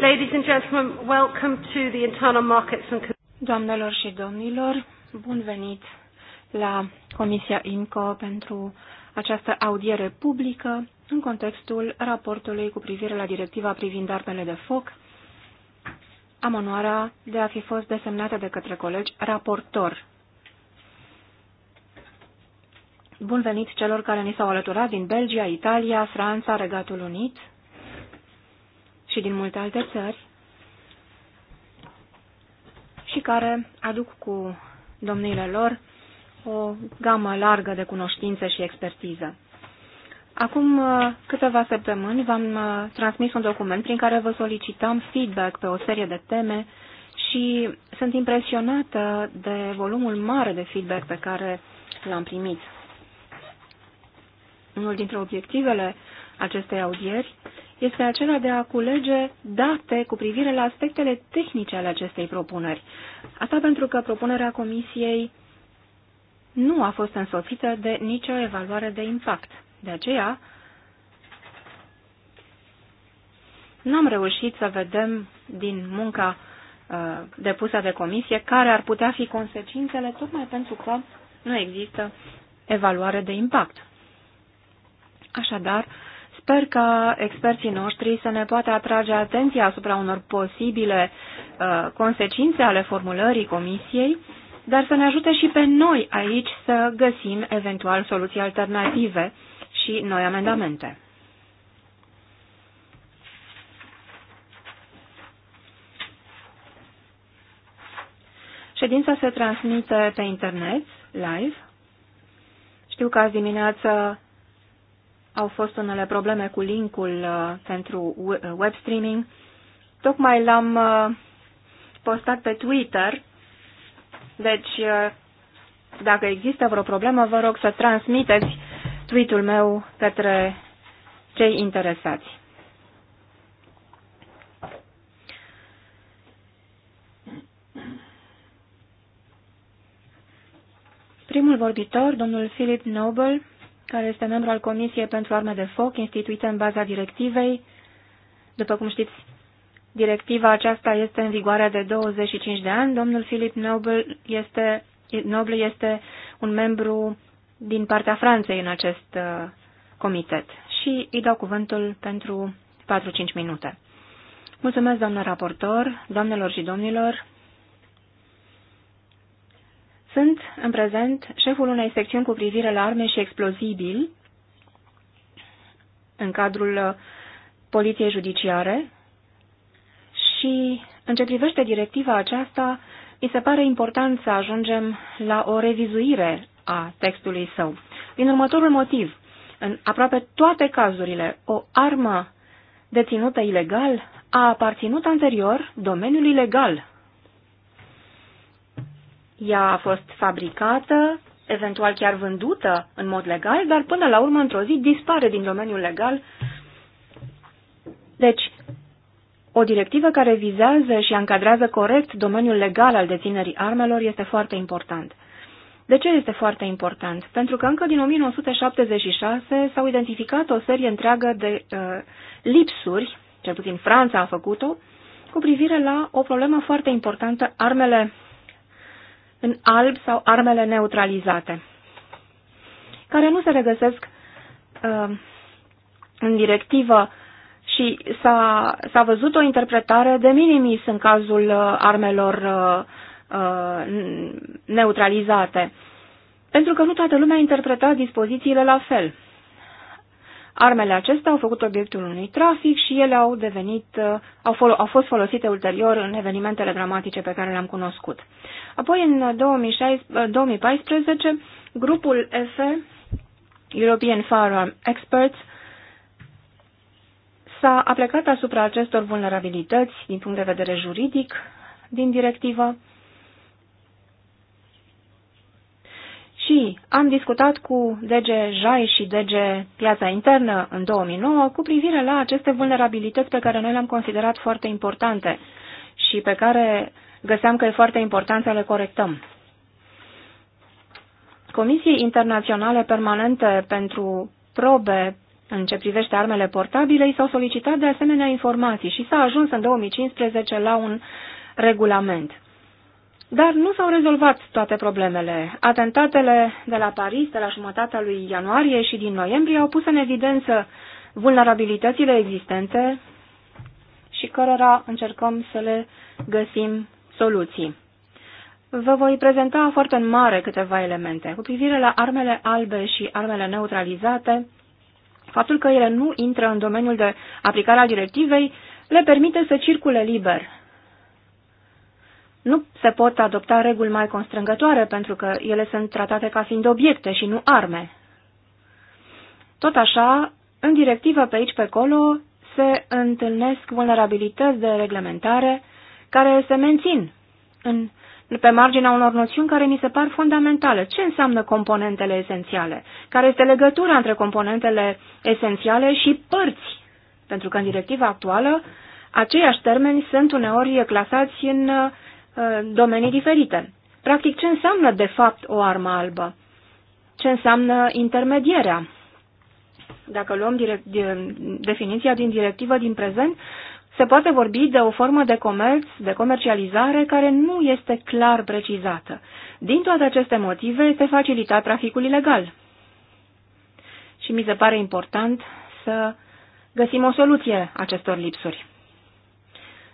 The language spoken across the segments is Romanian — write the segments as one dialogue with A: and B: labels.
A: Ladies and gentlemen, welcome to the Internal Markets and Doamnelor și domnilor, bun venit la Comisia IMCO pentru
B: această audiere publică în contextul raportului cu privire la directiva privind armele de foc. Am onoarea de a fi fost desemnată de către colegi raportor. Bun venit celor care ni s-au alăturat din Belgia, Italia, Franța, Regatul Unit, și din multe alte țări și care aduc cu domniile lor o gamă largă de cunoștințe și expertiză. Acum uh, câteva săptămâni v-am uh, transmis un document prin care vă solicitam feedback pe o serie de teme și sunt impresionată de volumul mare de feedback pe care l-am primit. Unul dintre obiectivele acestei audieri este acela de a culege date cu privire la aspectele tehnice ale acestei propuneri. Asta pentru că propunerea Comisiei nu a fost însoțită de nicio evaluare de impact. De aceea, nu am reușit să vedem din munca uh, depusă de comisie care ar putea fi consecințele, tocmai pentru că nu există evaluare de impact. Așadar, uh, Sper că experții noștri să ne poată atrage atenția asupra unor posibile uh, consecințe ale formulării comisiei, dar să ne ajute și pe noi aici să găsim eventual soluții alternative și noi amendamente. Ședința se transmite pe internet, live. Știu că azi dimineață au fost unele probleme cu linkul uh, pentru uh, web streaming. Tocmai l-am uh, postat pe Twitter, deci dacă există vreo problemă, vă rog să transmiteți tweet-ul meu către cei interesați. Primul vorbitor, domnul Philip Noble, care este membru al Comisiei pentru Arme de Foc, instituită în baza directivei. După cum știți, directiva aceasta este în vigoare de 25 de ani. Domnul Philip Noble este, Noble este un membru din partea Franței în acest uh, comitet. Și îi dau cuvântul pentru 4-5 minute. Mulțumesc, doamnă raportor, doamnelor și domnilor, sunt, în prezent, șeful unei secțiuni cu privire la arme și explozibili în cadrul uh, poliției judiciare și, în ce privește directiva aceasta, mi se pare important să ajungem la o revizuire a textului său. Din următorul motiv, în aproape toate cazurile, o armă deținută ilegal a aparținut anterior domeniului legal ea a fost fabricată, eventual chiar vândută în mod legal, dar până la urmă, într-o zi, dispare din domeniul legal. Deci, o directivă care vizează și încadrează corect domeniul legal al deținerii armelor este foarte important. De ce este foarte important? Pentru că încă din 1976 s-au identificat o serie întreagă de uh, lipsuri, cel puțin Franța a făcut-o, cu privire la o problemă foarte importantă, armele în alb sau armele neutralizate, care nu se regăsesc uh, în directivă și s-a, văzut o interpretare de minimis în cazul uh, armelor uh, uh, neutralizate, pentru că nu toată lumea interpreta dispozițiile la fel. Armele acestea au făcut obiectul unui trafic și ele au, devenit, uh, au, fol- au fost folosite ulterior în evenimentele dramatice pe care le-am cunoscut. Apoi, în 2016, 2014, uh, grupul EFE, European Firearm Experts, s-a aplecat asupra acestor vulnerabilități din punct de vedere juridic din directivă și am discutat cu DG Jai și DG Piața Internă în 2009 cu privire la aceste vulnerabilități pe care noi le-am considerat foarte importante și pe care găseam că e foarte important să le corectăm. Comisiei Internaționale Permanente pentru Probe în ce privește armele portabile i s-au solicitat de asemenea informații și s-a ajuns în 2015 la un regulament. Dar nu s-au rezolvat toate problemele. Atentatele de la Paris, de la jumătatea lui ianuarie și din noiembrie, au pus în evidență vulnerabilitățile existente și cărora încercăm să le găsim soluții. Vă voi prezenta foarte în mare câteva elemente. Cu privire la armele albe și armele neutralizate, faptul că ele nu intră în domeniul de aplicare a directivei le permite să circule liber, nu se pot adopta reguli mai constrângătoare pentru că ele sunt tratate ca fiind obiecte și nu arme. Tot așa, în directivă pe aici pe acolo se întâlnesc vulnerabilități de reglementare care se mențin în, pe marginea unor noțiuni care mi se par fundamentale. Ce înseamnă componentele esențiale? Care este legătura între componentele esențiale și părți? Pentru că în directiva actuală aceiași termeni sunt uneori clasați în Uh, domenii diferite. Practic, ce înseamnă de fapt o armă albă? Ce înseamnă intermedierea? Dacă luăm direct, definiția din directivă din prezent, se poate vorbi de o formă de comerț, de comercializare, care nu este clar precizată. Din toate aceste motive, este facilitat traficul ilegal. Și mi se pare important să găsim o soluție acestor lipsuri.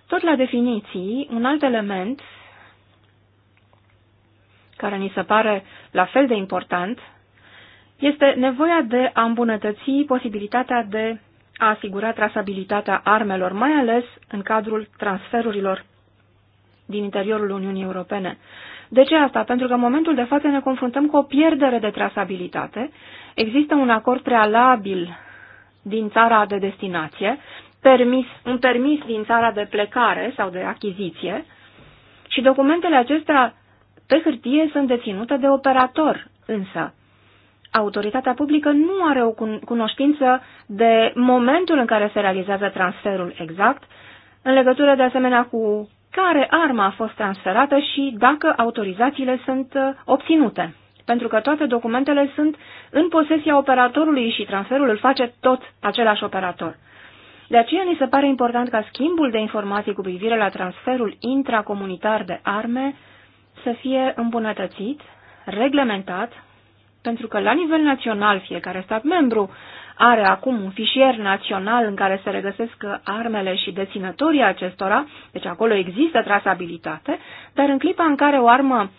B: Tot la definiții, un alt element care ni se pare la fel de important, este nevoia de a îmbunătăți posibilitatea de a asigura trasabilitatea armelor, mai ales în cadrul transferurilor din interiorul Uniunii Europene. De ce asta? Pentru că în momentul de față ne confruntăm cu o pierdere de trasabilitate. Există un acord prealabil din țara de destinație, permis, un permis din țara de plecare sau de achiziție și documentele acestea pe hârtie sunt deținute de operator, însă autoritatea publică nu are o cunoștință de momentul în care se realizează transferul exact, în legătură de asemenea cu care armă a fost transferată și dacă autorizațiile sunt uh, obținute. Pentru că toate documentele sunt în posesia operatorului și transferul îl face tot același operator. De aceea ni se pare important ca schimbul de informații cu privire la transferul intracomunitar de arme să fie îmbunătățit, reglementat, pentru că la nivel național fiecare stat membru are acum un fișier național în care se regăsesc armele și deținătorii acestora, deci acolo există trasabilitate, dar în clipa în care o armă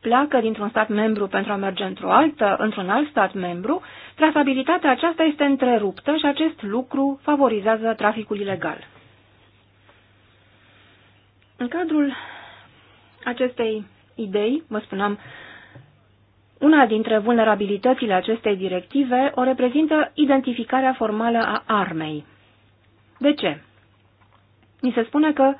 B: pleacă dintr-un stat membru pentru a merge într-o altă, într-un alt stat membru, trasabilitatea aceasta este întreruptă și acest lucru favorizează traficul ilegal. În cadrul acestei idei, vă spuneam, una dintre vulnerabilitățile acestei directive o reprezintă identificarea formală a armei. De ce? Ni se spune că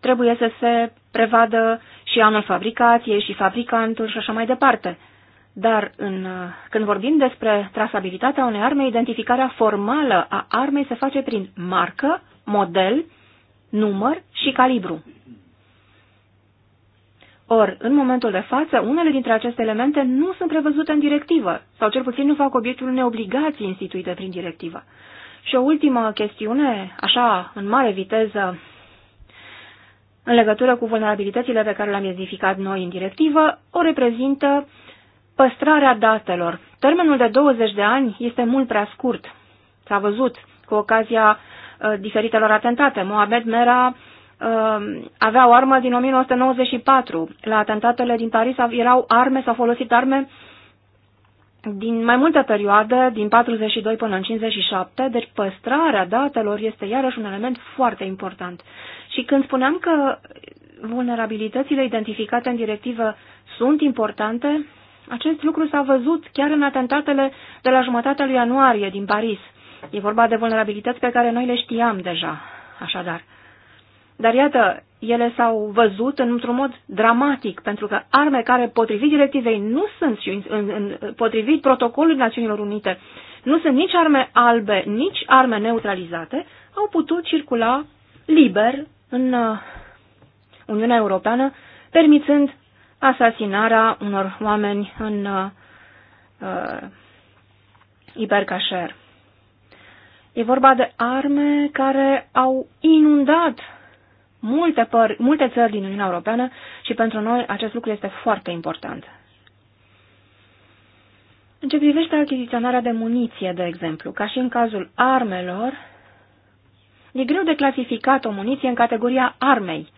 B: trebuie să se prevadă și anul fabricației și fabricantul și așa mai departe. Dar în, când vorbim despre trasabilitatea unei arme, identificarea formală a armei se face prin marcă, model, număr și calibru. Or, în momentul de față, unele dintre aceste elemente nu sunt prevăzute în directivă, sau cel puțin nu fac obiectul unei obligații instituite prin directivă. Și o ultimă chestiune, așa, în mare viteză, în legătură cu vulnerabilitățile pe care le-am identificat noi în directivă, o reprezintă păstrarea datelor. Termenul de 20 de ani este mult prea scurt. S-a văzut cu ocazia uh, diferitelor atentate. Mohamed Mera Um, avea o armă din 1994. La atentatele din Paris erau arme, s-au folosit arme din mai multă perioadă, din 42 până în 57, deci păstrarea datelor este iarăși un element foarte important. Și când spuneam că vulnerabilitățile identificate în directivă sunt importante, acest lucru s-a văzut chiar în atentatele de la jumătatea lui ianuarie din Paris. E vorba de vulnerabilități pe care noi le știam deja, așadar. Dar iată, ele s-au văzut într-un mod dramatic, pentru că arme care, potrivit directivei, nu sunt, și în, în, potrivit protocolului Națiunilor Unite, nu sunt nici arme albe, nici arme neutralizate, au putut circula liber în uh, Uniunea Europeană, permițând asasinarea unor oameni în uh, uh, Ibercașer. E vorba de arme care au inundat multe, păr, multe țări din Uniunea Europeană și pentru noi acest lucru este foarte important. În ce privește achiziționarea de muniție, de exemplu, ca și în cazul armelor, e greu de clasificat o muniție în categoria armei,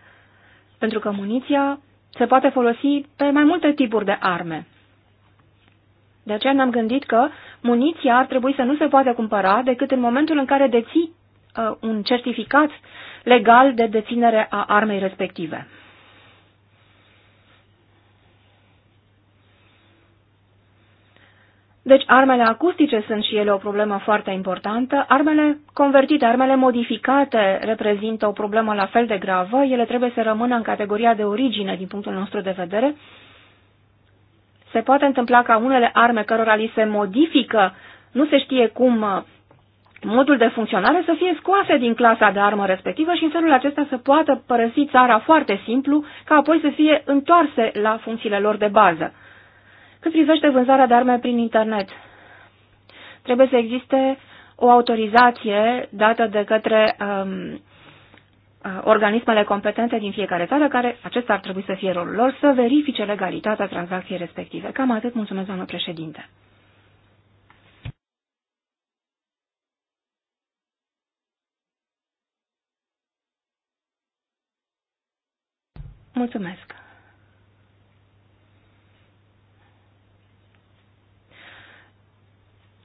B: pentru că muniția se poate folosi pe mai multe tipuri de arme. De aceea ne-am gândit că muniția ar trebui să nu se poate cumpăra decât în momentul în care deții Uh, un certificat legal de deținere a armei respective. Deci armele acustice sunt și ele o problemă foarte importantă. Armele convertite, armele modificate reprezintă o problemă la fel de gravă. Ele trebuie să rămână în categoria de origine din punctul nostru de vedere. Se poate întâmpla ca unele arme cărora li se modifică, nu se știe cum uh, modul de funcționare să fie scoase din clasa de armă respectivă și în felul acesta să poată părăsi țara foarte simplu, ca apoi să fie întoarse la funcțiile lor de bază. Cât privește vânzarea de arme prin internet, trebuie să existe o autorizație dată de către um, organismele competente din fiecare țară, care acesta ar trebui să fie rolul lor, să verifice legalitatea tranzacției respective. Cam atât. Mulțumesc, doamnă președinte. Mulțumesc!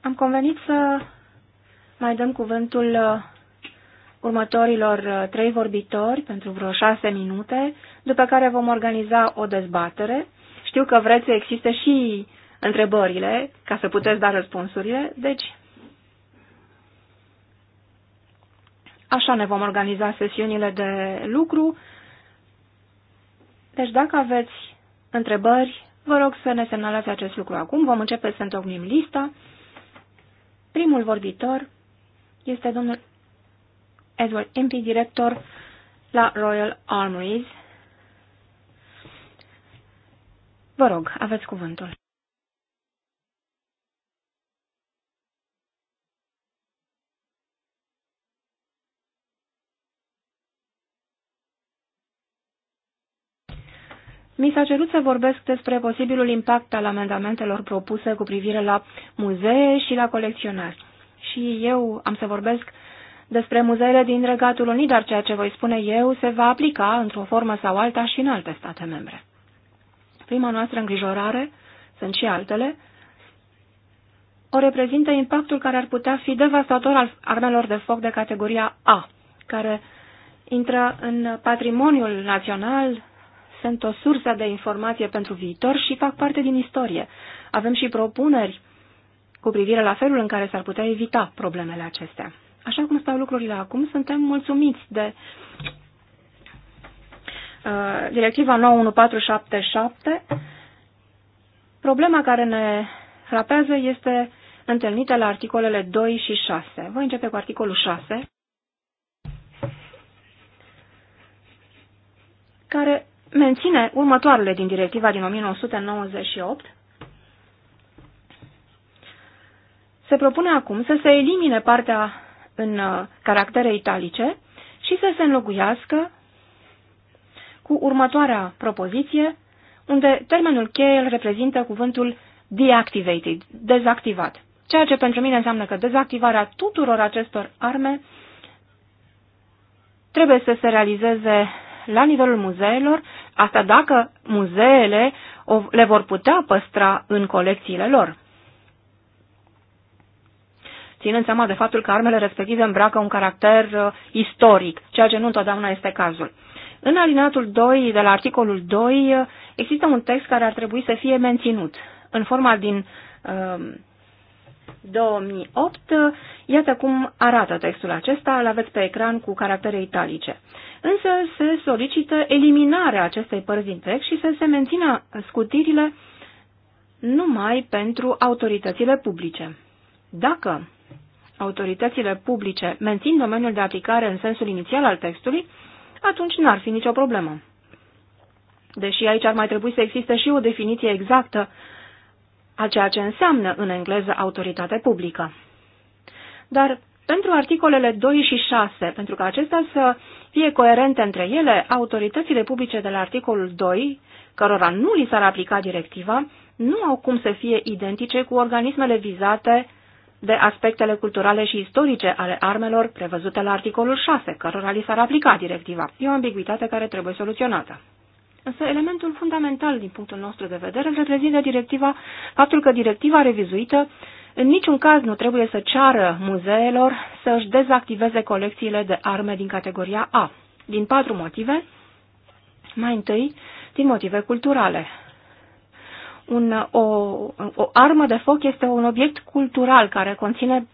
B: Am convenit să mai dăm cuvântul uh, următorilor uh, trei vorbitori pentru vreo șase minute, după care vom organiza o dezbatere. Știu că vreți să existe și întrebările, ca să puteți da răspunsurile, deci așa ne vom organiza sesiunile de lucru. Deci dacă aveți întrebări, vă rog să ne semnalați acest lucru acum. Vom începe să întocmim lista. Primul vorbitor este domnul Edward MP, director la Royal Armories.
A: Vă rog, aveți cuvântul.
B: Mi s-a cerut să vorbesc despre posibilul impact al amendamentelor propuse cu privire la muzee și la colecționari. Și eu am să vorbesc despre muzeele din Regatul Unit, dar ceea ce voi spune eu se va aplica într-o formă sau alta și în alte state membre. Prima noastră îngrijorare, sunt și altele, o reprezintă impactul care ar putea fi devastator al armelor de foc de categoria A, care intră în patrimoniul național sunt o sursă de informație pentru viitor și fac parte din istorie. Avem și propuneri cu privire la felul în care s-ar putea evita problemele acestea. Așa cum stau lucrurile acum, suntem mulțumiți de uh, Directiva 91477. Problema care ne frapează este întâlnită la articolele 2 și 6. Voi începe cu articolul 6, care menține următoarele din directiva din 1998. Se propune acum să se elimine partea în uh, caractere italice și să se înlocuiască cu următoarea propoziție, unde termenul cheie îl reprezintă cuvântul deactivated, dezactivat. Ceea ce pentru mine înseamnă că dezactivarea tuturor acestor arme trebuie să se realizeze la nivelul muzeelor Asta dacă muzeele le vor putea păstra în colecțiile lor. Ținând seama de faptul că armele respective îmbracă un caracter uh, istoric, ceea ce nu întotdeauna este cazul. În alineatul 2, de la articolul 2, uh, există un text care ar trebui să fie menținut. În forma din um, uh, 2008, iată cum arată textul acesta, îl aveți pe ecran cu caractere italice însă se solicită eliminarea acestei părți din text și să se mențină scutirile numai pentru autoritățile publice. Dacă autoritățile publice mențin domeniul de aplicare în sensul inițial al textului, atunci n-ar fi nicio problemă. Deși aici ar mai trebui să existe și o definiție exactă a ceea ce înseamnă în engleză autoritate publică. Dar pentru articolele 2 și 6, pentru că acestea să fie coerente între ele, autoritățile publice de la articolul 2, cărora nu li s-ar aplica directiva, nu au cum să fie identice cu organismele vizate de aspectele culturale și istorice ale armelor prevăzute la articolul 6, cărora li s-ar aplica directiva. E o ambiguitate care trebuie soluționată. Însă elementul fundamental din punctul nostru de vedere reprezintă directiva, faptul că directiva revizuită în niciun caz nu trebuie să ceară muzeelor să își dezactiveze colecțiile de arme din categoria A, din patru motive. Mai întâi, din motive culturale. Un, o, o armă de foc este un obiect cultural care conține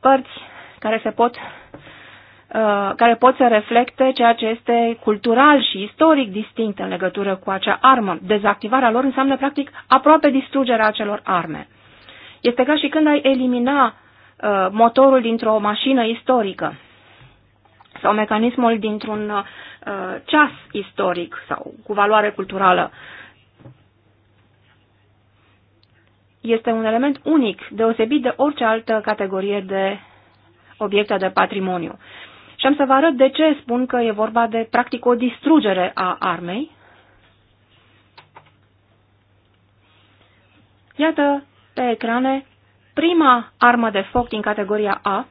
B: părți care se pot uh, care pot să reflecte ceea ce este cultural și istoric distinct în legătură cu acea armă. Dezactivarea lor înseamnă, practic, aproape distrugerea acelor arme. Este ca și când ai elimina uh, motorul dintr-o mașină istorică sau mecanismul dintr-un uh, ceas istoric sau cu valoare culturală. Este un element unic, deosebit de orice altă categorie de obiecte de patrimoniu. Și am să vă arăt de ce spun că e vorba de practic o distrugere a armei. Iată pe ecrane prima armă de foc din categoria A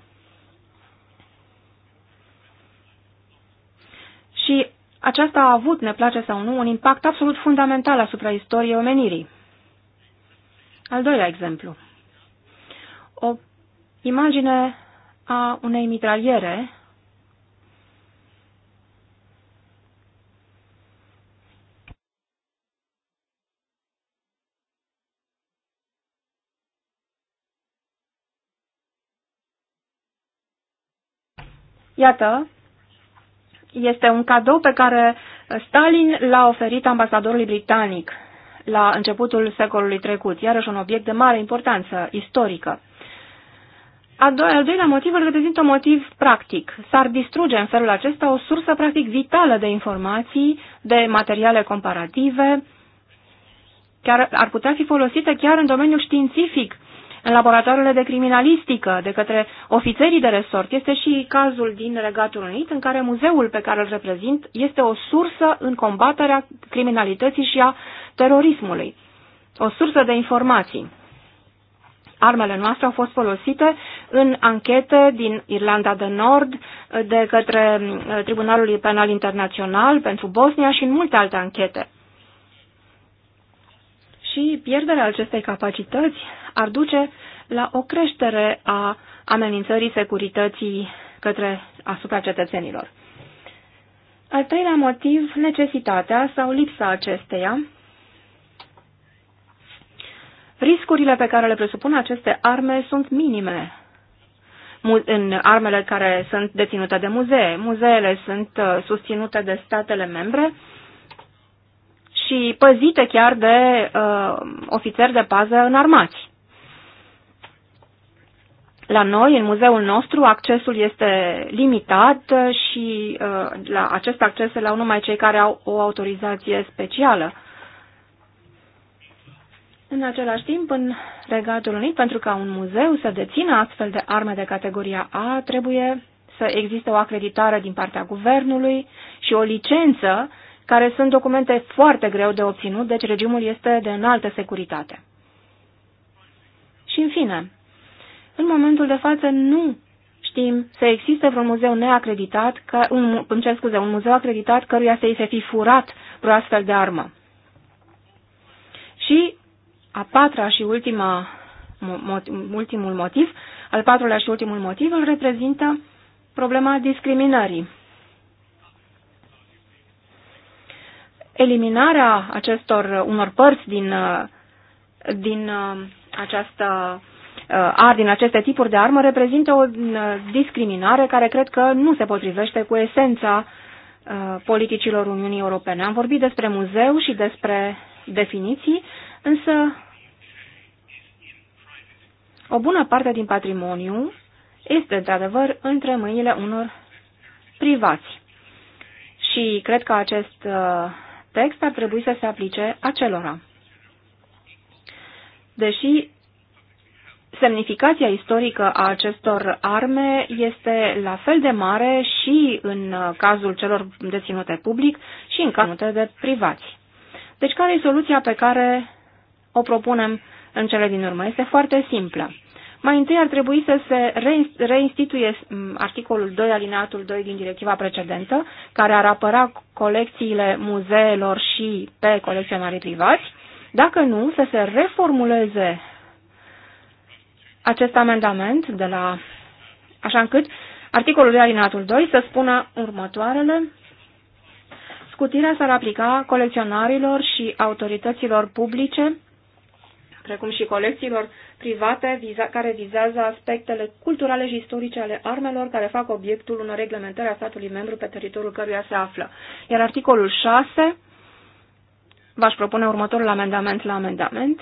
B: și aceasta a avut, ne place sau nu, un impact absolut fundamental asupra istoriei omenirii. Al doilea exemplu. O imagine a unei mitraliere Iată, este un cadou pe care Stalin l-a oferit ambasadorului britanic la începutul secolului trecut, iarăși un obiect de mare importanță istorică. al doilea motiv îl reprezintă un motiv practic. S-ar distruge în felul acesta o sursă practic vitală de informații, de materiale comparative, care ar putea fi folosite chiar în domeniul științific în laboratoarele de criminalistică de către ofițerii de resort. Este și cazul din Regatul Unit în care muzeul pe care îl reprezint este o sursă în combaterea criminalității și a terorismului. O sursă de informații. Armele noastre au fost folosite în anchete din Irlanda de Nord de către uh, Tribunalul Penal Internațional pentru Bosnia și în multe alte anchete. Și pierderea acestei capacități ar duce la o creștere a amenințării securității către asupra cetățenilor. Al treilea motiv, necesitatea sau lipsa acesteia. Riscurile pe care le presupun aceste arme sunt minime în armele care sunt deținute de muzee. Muzeele sunt uh, susținute de statele membre și păzite chiar de uh, ofițeri de pază înarmați. La noi, în muzeul nostru, accesul este limitat și uh, la acest acces la numai cei care au o autorizație specială. În același timp, în Regatul Unit, pentru ca un muzeu să dețină astfel de arme de categoria A, trebuie să existe o acreditare din partea guvernului și o licență, care sunt documente foarte greu de obținut, deci regimul este de înaltă securitate. Și în fine, în momentul de față nu știm să existe vreun muzeu neacreditat, că, un, îmi cer scuze, un muzeu acreditat căruia să-i se fi furat vreo astfel de armă. Și a patra și ultima, ultimul motiv, al patrulea și ultimul motiv îl reprezintă problema discriminării. Eliminarea acestor unor părți din, din uh, această Uh, ar din aceste tipuri de armă reprezintă o uh, discriminare care cred că nu se potrivește cu esența uh, politicilor Uniunii Europene. Am vorbit despre muzeu și despre definiții, însă o bună parte din patrimoniu este, într-adevăr, între mâinile unor privați. Și cred că acest text ar trebui să se aplice acelora. Deși semnificația istorică a acestor arme este la fel de mare și în cazul celor deținute public și în cazul de privați. Deci care e soluția pe care o propunem în cele din urmă? Este foarte simplă. Mai întâi ar trebui să se reinstituie mm, articolul 2, alineatul 2 din directiva precedentă, care ar apăra colecțiile muzeelor și pe colecționarii privați. Dacă nu, să se reformuleze acest amendament de la... Așa încât articolul de alinatul 2 să spună următoarele. Scutirea s-ar aplica colecționarilor și autorităților publice, precum și colecțiilor private viza, care vizează aspectele culturale și istorice ale armelor care fac obiectul unor reglementări a statului membru pe teritoriul căruia se află. Iar articolul 6, v-aș propune următorul amendament la amendament,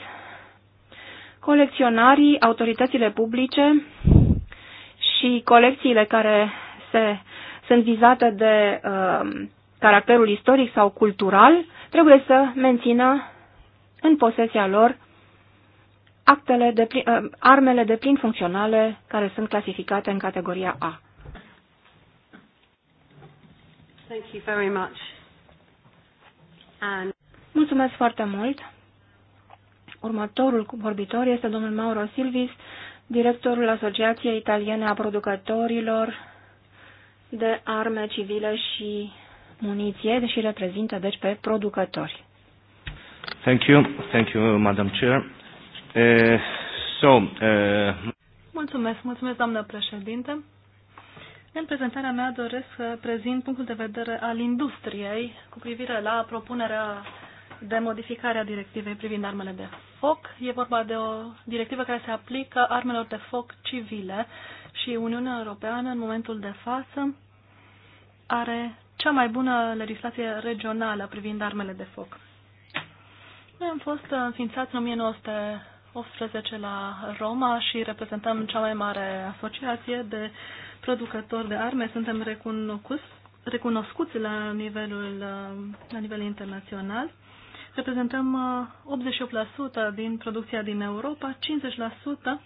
B: Colecționarii, autoritățile publice și colecțiile care se, sunt vizate de uh, caracterul istoric sau cultural trebuie să mențină în posesia lor actele de plin, uh, armele de plin funcționale care sunt clasificate în categoria A.
A: Thank you very much. And...
B: Mulțumesc foarte mult. Următorul vorbitor este domnul Mauro Silvis, directorul Asociației Italiene a Producătorilor de Arme Civile și Muniție și reprezintă, deci, pe producători.
C: Thank you. Thank you, Madam Chair. Uh, so, uh...
D: Mulțumesc, mulțumesc, doamnă președinte. În prezentarea mea doresc să prezint punctul de vedere al industriei cu privire la propunerea de modificare a directivei privind armele de foc. E vorba de o directivă care se aplică armelor de foc civile și Uniunea Europeană, în momentul de față, are cea mai bună legislație regională privind armele de foc. Noi am fost înființați în 1918 la Roma și reprezentăm cea mai mare asociație de producători de arme. Suntem recunoscuți recunoscuți la nivelul la nivel internațional reprezentăm 88% uh, din producția din Europa, 50%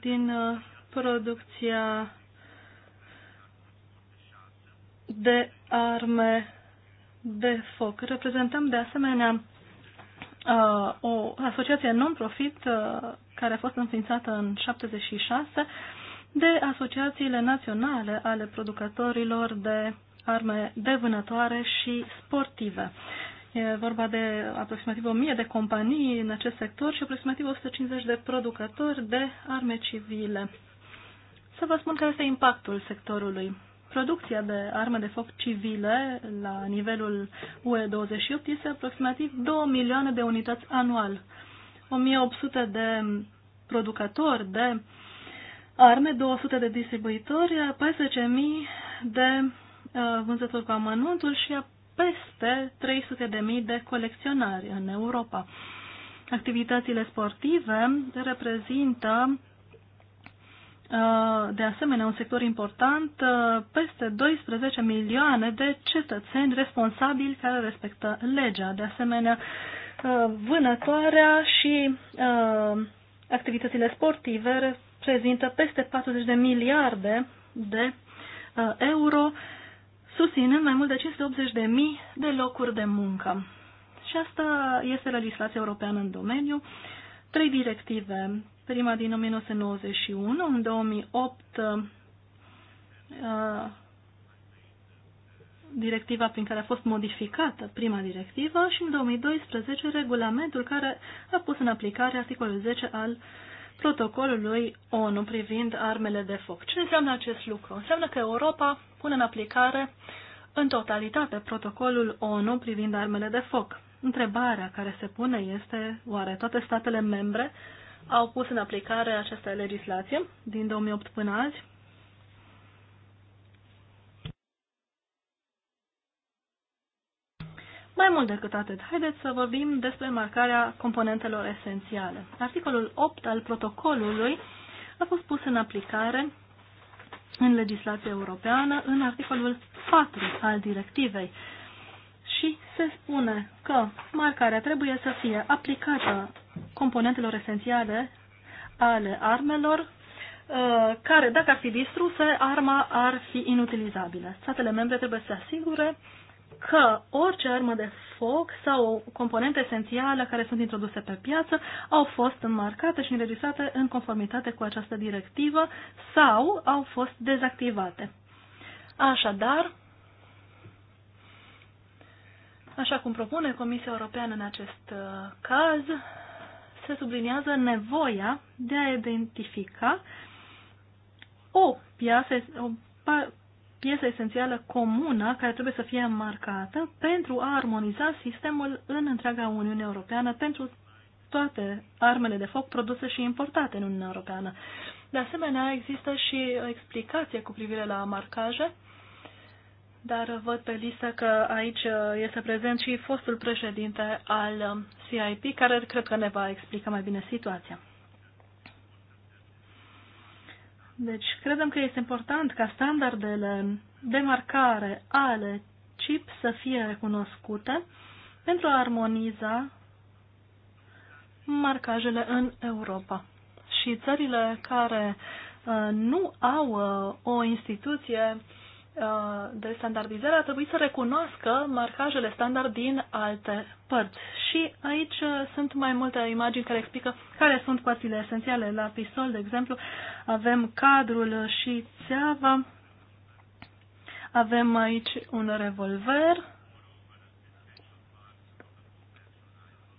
D: din uh, producția de arme de foc. Reprezentăm de asemenea uh, o asociație non-profit uh, care a fost înființată în 76 de asociațiile naționale ale producătorilor de arme de vânătoare și sportive. E vorba de aproximativ 1000 de companii în acest sector și aproximativ 150 de producători de arme civile. Să vă spun care este impactul sectorului. Producția de arme de foc civile la nivelul UE28 este aproximativ 2 milioane de unități anual. 1800 de producători de arme, 200 de distribuitori, 14.000 de uh, vânzători cu amănuntul și peste 300.000 de colecționari în Europa. Activitățile sportive reprezintă uh, de asemenea un sector important, uh, peste 12 milioane de cetățeni responsabili care respectă legea. De asemenea, uh, vânătoarea și activitățile sportive reprezintă peste 40 de miliarde de euro susținând mai mult de 580.000 de locuri de muncă. Și asta este legislația europeană în domeniu. Trei directive. Prima din 1991, în 2008 uh, directiva prin care a fost modificată prima directivă și în 2012 regulamentul care a pus în aplicare articolul 10 al protocolului ONU privind armele de foc. Ce înseamnă acest lucru? Înseamnă că Europa pune în aplicare în totalitate protocolul ONU privind armele de foc. Întrebarea care se pune este oare toate statele membre au pus în aplicare această legislație din 2008 până azi? Mai mult decât atât, haideți să vorbim despre marcarea componentelor esențiale. Articolul 8 al protocolului a fost pus în aplicare în legislația europeană în articolul 4 al directivei și se spune că marcarea trebuie să fie aplicată componentelor esențiale ale armelor uh, care, dacă ar fi distruse, arma ar fi inutilizabilă. Statele membre trebuie să asigure că orice armă de foc sau componente esențiale care sunt introduse pe piață au fost înmarcate și înregistrate în conformitate cu această directivă sau au fost dezactivate. Așadar, așa cum propune Comisia Europeană în acest uh, caz, se subliniază nevoia de a identifica o piață, o piesă esențială comună care trebuie să fie marcată pentru a armoniza sistemul în întreaga Uniune Europeană pentru toate armele de foc produse și importate în Uniunea Europeană. De asemenea, există și o explicație cu privire la marcaje, dar văd pe listă că aici este prezent și fostul președinte al CIP, care cred că ne va explica mai bine situația. Deci, credem că este important ca standardele de marcare ale chip să fie recunoscute pentru a armoniza marcajele în Europa. Și țările care uh, nu au uh, o instituție uh, Uh, de standardizare ar trebui să recunoască marcajele standard din alte părți. Și aici uh, sunt mai multe imagini care explică care sunt părțile esențiale. La pistol, de exemplu, avem cadrul și țeava, avem aici un revolver,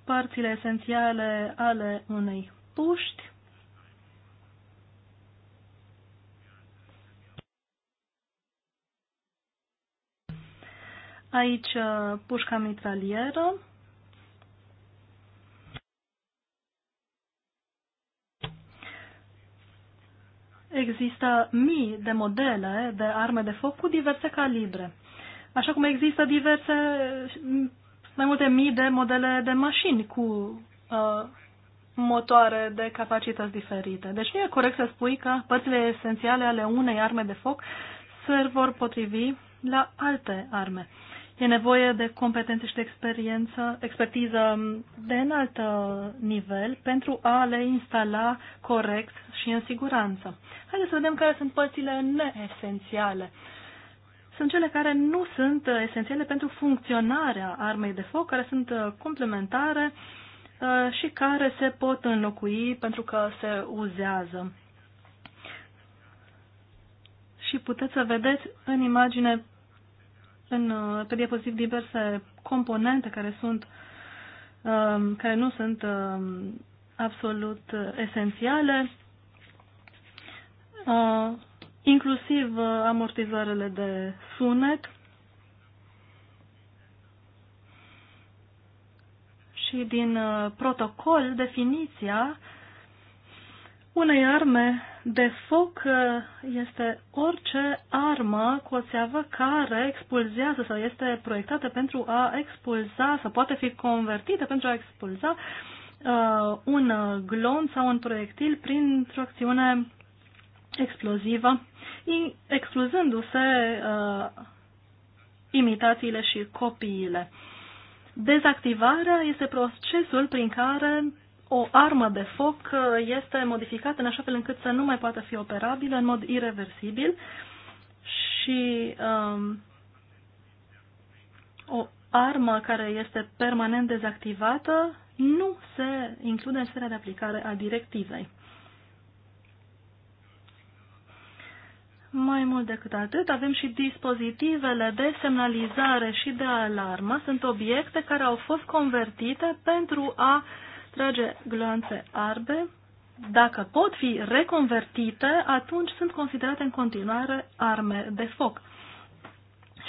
D: părțile esențiale ale unei puști, Aici uh, pușca mitralieră. Există mii de modele de arme de foc cu diverse calibre. Așa cum există diverse, mai multe mii de modele de mașini cu uh, motoare de capacități diferite. Deci nu e corect să spui că părțile esențiale ale unei arme de foc se vor potrivi la alte arme. Uh, E nevoie de competențe și de experiență, expertiză de înalt uh, nivel pentru a le instala corect și în siguranță. Haideți să vedem care sunt părțile neesențiale. Sunt cele care nu sunt esențiale pentru funcționarea armei de foc, care sunt uh, complementare uh, și care se pot înlocui pentru că se uzează. Și puteți să vedeți în imagine în, uh, pe diapozitiv diverse componente care sunt um, care nu sunt um, absolut uh, esențiale, uh, inclusiv amortizoarele de sunet și din protocol definiția unei arme de foc uh, este orice armă cu o țeavă care expulzează sau este proiectată pentru a expulza sau poate fi convertită pentru a expulza uh, un glon sau un proiectil printr-o acțiune explozivă, excluzându-se uh, imitațiile și copiile. Dezactivarea este procesul prin care o armă de foc uh, este modificată în așa fel încât să nu mai poată fi operabilă în mod irreversibil și um, o armă care este permanent dezactivată nu se include în sfera de aplicare a directivei. Mai mult decât atât, avem și dispozitivele de semnalizare și de alarmă. Sunt obiecte care au fost convertite pentru a uh, trage glanțe arbe, dacă pot fi reconvertite, atunci sunt considerate în continuare arme de foc.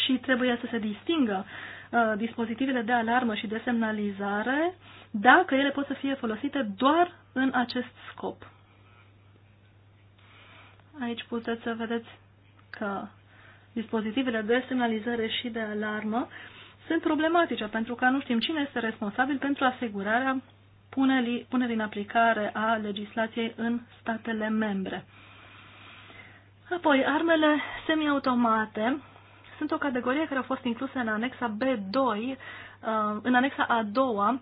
D: Și trebuie să se distingă uh, dispozitivele de alarmă și de semnalizare dacă ele pot să fie folosite doar în acest scop. Aici puteți să vedeți că dispozitivele de semnalizare și de alarmă sunt problematice pentru că nu știm cine este responsabil pentru asigurarea punerii, în aplicare a legislației în statele membre. Apoi, armele semiautomate sunt o categorie care a fost inclusă în anexa B2, uh, în anexa a doua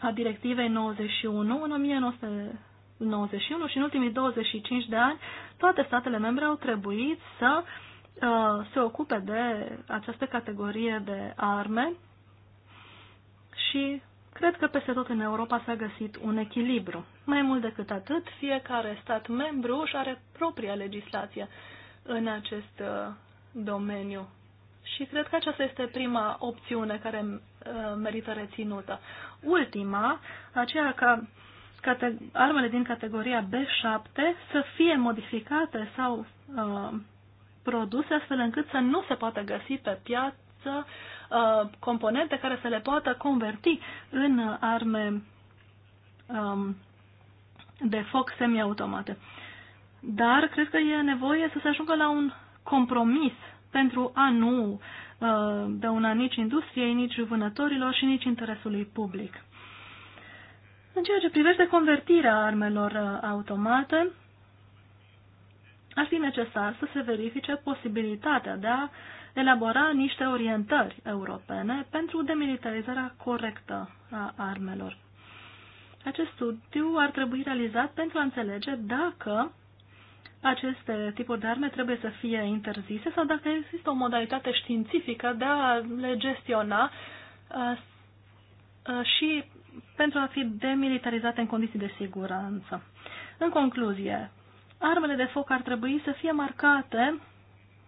D: a directivei 91 în 1991 și în ultimii 25 de ani toate statele membre au trebuit să uh, se ocupe de această categorie de arme și Cred că peste tot în Europa s-a găsit un echilibru. Mai mult decât atât, fiecare stat membru își are propria legislație în acest uh, domeniu. Și cred că aceasta este prima opțiune care uh, merită reținută. Ultima, aceea ca armele din categoria B7 să fie modificate sau uh, produse astfel încât să nu se poată găsi pe piață Uh, componente care să le poată converti în arme um, de foc semiautomate. Dar cred că e nevoie să se ajungă la un compromis pentru a nu uh, dăuna nici industriei, nici vânătorilor și nici interesului public. În ceea ce privește convertirea armelor uh, automate, ar fi necesar să se verifice posibilitatea de a elabora niște orientări europene pentru demilitarizarea corectă a armelor. Acest studiu ar trebui realizat pentru a înțelege dacă aceste tipuri de arme trebuie să fie interzise sau dacă există o modalitate științifică de a le gestiona și pentru a fi demilitarizate în condiții de siguranță. În concluzie, armele de foc ar trebui să fie marcate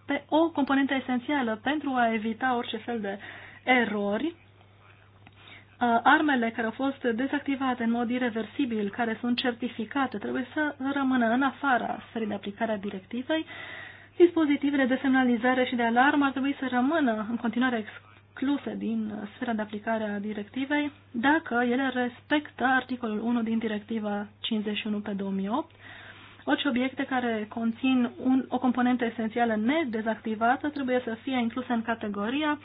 D: pe o componentă esențială pentru a evita orice fel de erori. Armele care au fost dezactivate în mod irreversibil, care sunt certificate, trebuie să rămână în afara sferii de aplicare a directivei. Dispozitivele de semnalizare și de alarmă ar trebui să rămână în continuare excluse din sfera de aplicare a directivei dacă ele respectă articolul 1 din directiva 51 pe 2008 Orice obiecte care conțin un, o componentă esențială nedezactivată trebuie să fie incluse în categoria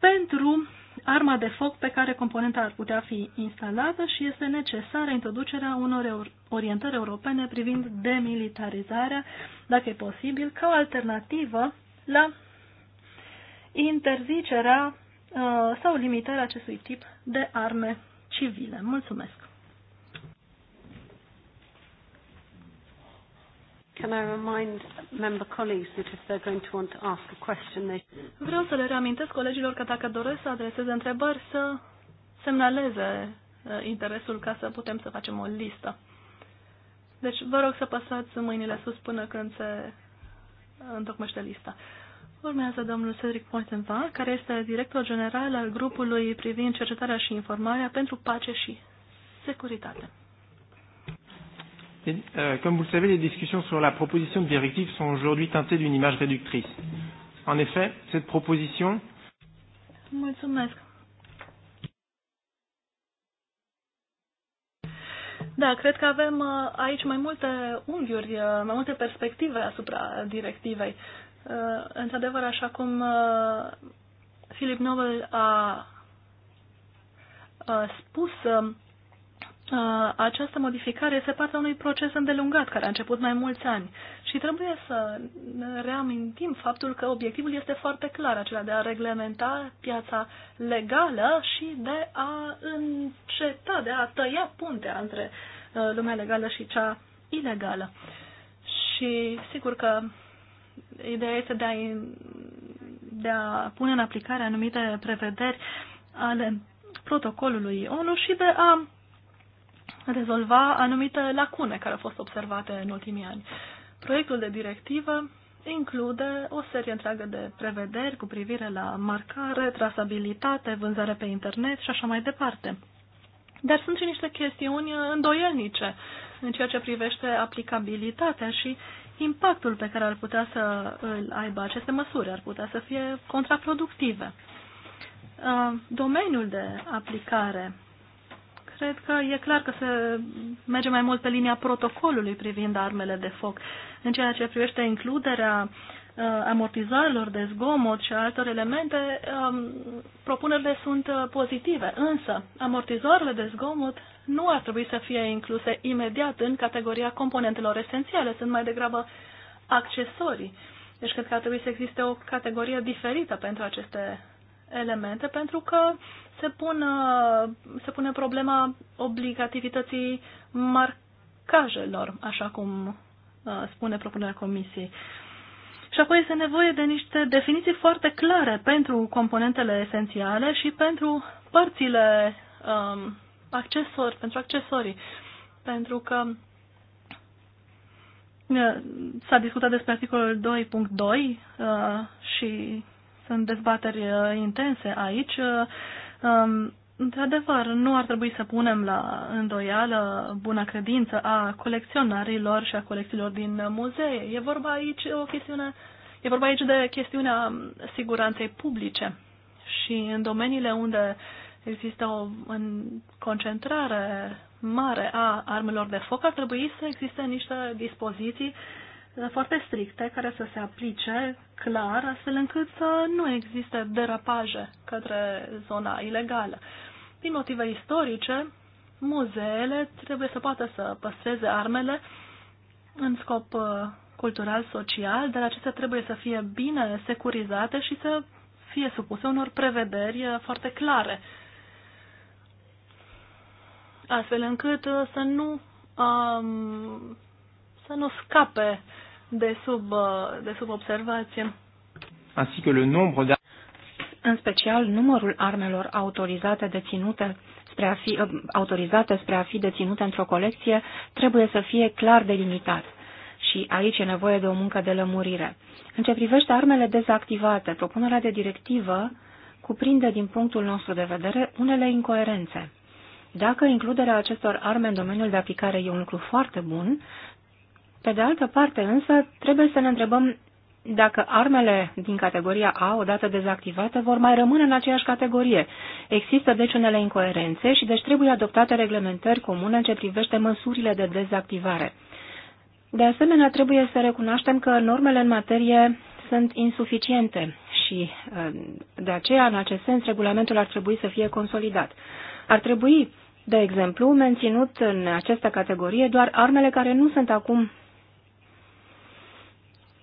D: pentru arma de foc pe care componenta ar putea fi instalată și este necesară introducerea unor orientări europene privind demilitarizarea, dacă e posibil, ca o alternativă la interzicerea uh, sau limitarea acestui tip de arme civile. Mulțumesc!
A: Can I remind member colleagues that if they're going to want to ask a question, they...
D: Vreau să le reamintesc colegilor că dacă doresc să adreseze întrebări, să semnaleze uh, interesul ca să putem să facem o listă. Deci vă rog să păsați mâinile sus până când se întocmește lista. Urmează domnul Cedric Poitenva, care este director general al grupului privind cercetarea și informarea pentru pace și securitate.
C: Euh, comme
B: vous le savez, les discussions sur la proposition de directive sont aujourd'hui teintées d'une image réductrice. En effet, cette proposition.
D: Mulțumesc. Da, cred că avem uh, aici mai multe unghiuri, uh, mai multe perspective asupra directivei. Uh, într-adevăr, așa cum Philip Nobel a spus, um, această modificare este partea unui proces îndelungat care a început mai mulți ani și trebuie să reamintim faptul că obiectivul este foarte clar, acela de a reglementa piața legală și de a înceta, de a tăia puntea între uh, lumea legală și cea ilegală. Și sigur că ideea este de a, de a pune în aplicare anumite prevederi ale protocolului ONU și de a rezolva anumite lacune care au fost observate în ultimii ani. Proiectul de directivă include o serie întreagă de prevederi cu privire la marcare, trasabilitate, vânzare pe internet și așa mai departe. Dar sunt și niște chestiuni îndoielnice în ceea ce privește aplicabilitatea și impactul pe care ar putea să îl aibă aceste măsuri, ar putea să fie contraproductive. Uh, domeniul de aplicare cred că e clar că se merge mai mult pe linia protocolului privind armele de foc. În ceea ce privește includerea uh, amortizoarelor de zgomot și altor elemente, um, propunerile sunt uh, pozitive, însă amortizoarele de zgomot nu ar trebui să fie incluse imediat în categoria componentelor esențiale, sunt mai degrabă accesorii. Deci cred că ar trebui să existe o categorie diferită pentru aceste elemente pentru că se, pun, se pune problema obligativității marcajelor, așa cum uh, spune propunerea comisiei. Și apoi este nevoie de niște definiții foarte clare pentru componentele esențiale și pentru părțile um, accesori, pentru accesorii. Pentru că uh, s-a discutat despre articolul 2.2 uh, și sunt dezbateri uh, intense aici. Uh, um, într-adevăr, nu ar trebui să punem la îndoială buna credință a colecționarilor și a colecțiilor din muzee. E vorba aici o chestiune, e vorba aici de chestiunea siguranței publice și în domeniile unde există o concentrare mare a armelor de foc, ar trebui să existe niște dispoziții uh, foarte stricte care să se aplice clar, astfel încât să nu existe derapaje către zona ilegală. Din motive istorice, muzeele trebuie să poată să păstreze armele în scop uh, cultural, social, dar acestea trebuie să fie bine securizate și să fie supuse unor prevederi uh, foarte clare, astfel încât uh, să nu um, să nu scape de sub, uh, de sub observație.
C: Ainsi que le nombre de...
B: În special, numărul armelor autorizate deținute spre a fi, uh, autorizate spre a fi deținute într-o colecție trebuie să fie clar delimitat și aici e nevoie de o muncă de lămurire. În ce privește armele dezactivate, propunerea de directivă cuprinde, din punctul nostru de vedere, unele incoerențe. Dacă includerea acestor arme în domeniul de aplicare e un lucru foarte bun, pe de altă parte, însă, trebuie să ne întrebăm dacă armele din categoria A, odată dezactivate, vor mai rămâne în aceeași categorie. Există deci unele incoerențe și deci trebuie adoptate reglementări comune în ce privește măsurile de dezactivare. De asemenea, trebuie să recunoaștem că normele în materie sunt insuficiente și eh, de aceea, în acest sens, regulamentul ar trebui să fie consolidat. Ar trebui, de exemplu, menținut în această categorie doar armele care nu sunt acum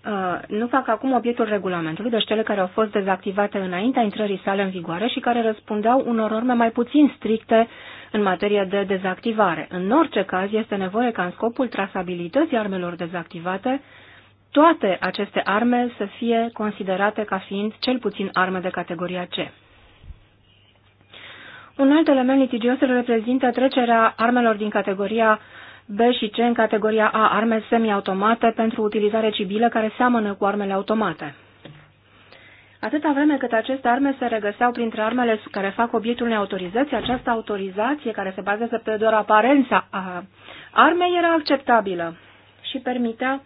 B: Uh, nu fac acum obiectul regulamentului, deci cele care au fost dezactivate înaintea intrării sale în vigoare și care răspundeau unor norme mai puțin stricte în materie de dezactivare. În orice caz, este nevoie ca în scopul trasabilității armelor dezactivate, toate aceste arme să fie considerate ca fiind cel puțin arme de categoria C. Un alt element litigios reprezintă trecerea armelor din categoria B și C în categoria A, arme semiautomate pentru utilizare civilă care seamănă cu armele automate. Atâta vreme cât aceste arme se regăseau printre armele care fac obiectul neautorizării această autorizație care se bazează pe doar aparența a armei era acceptabilă și permitea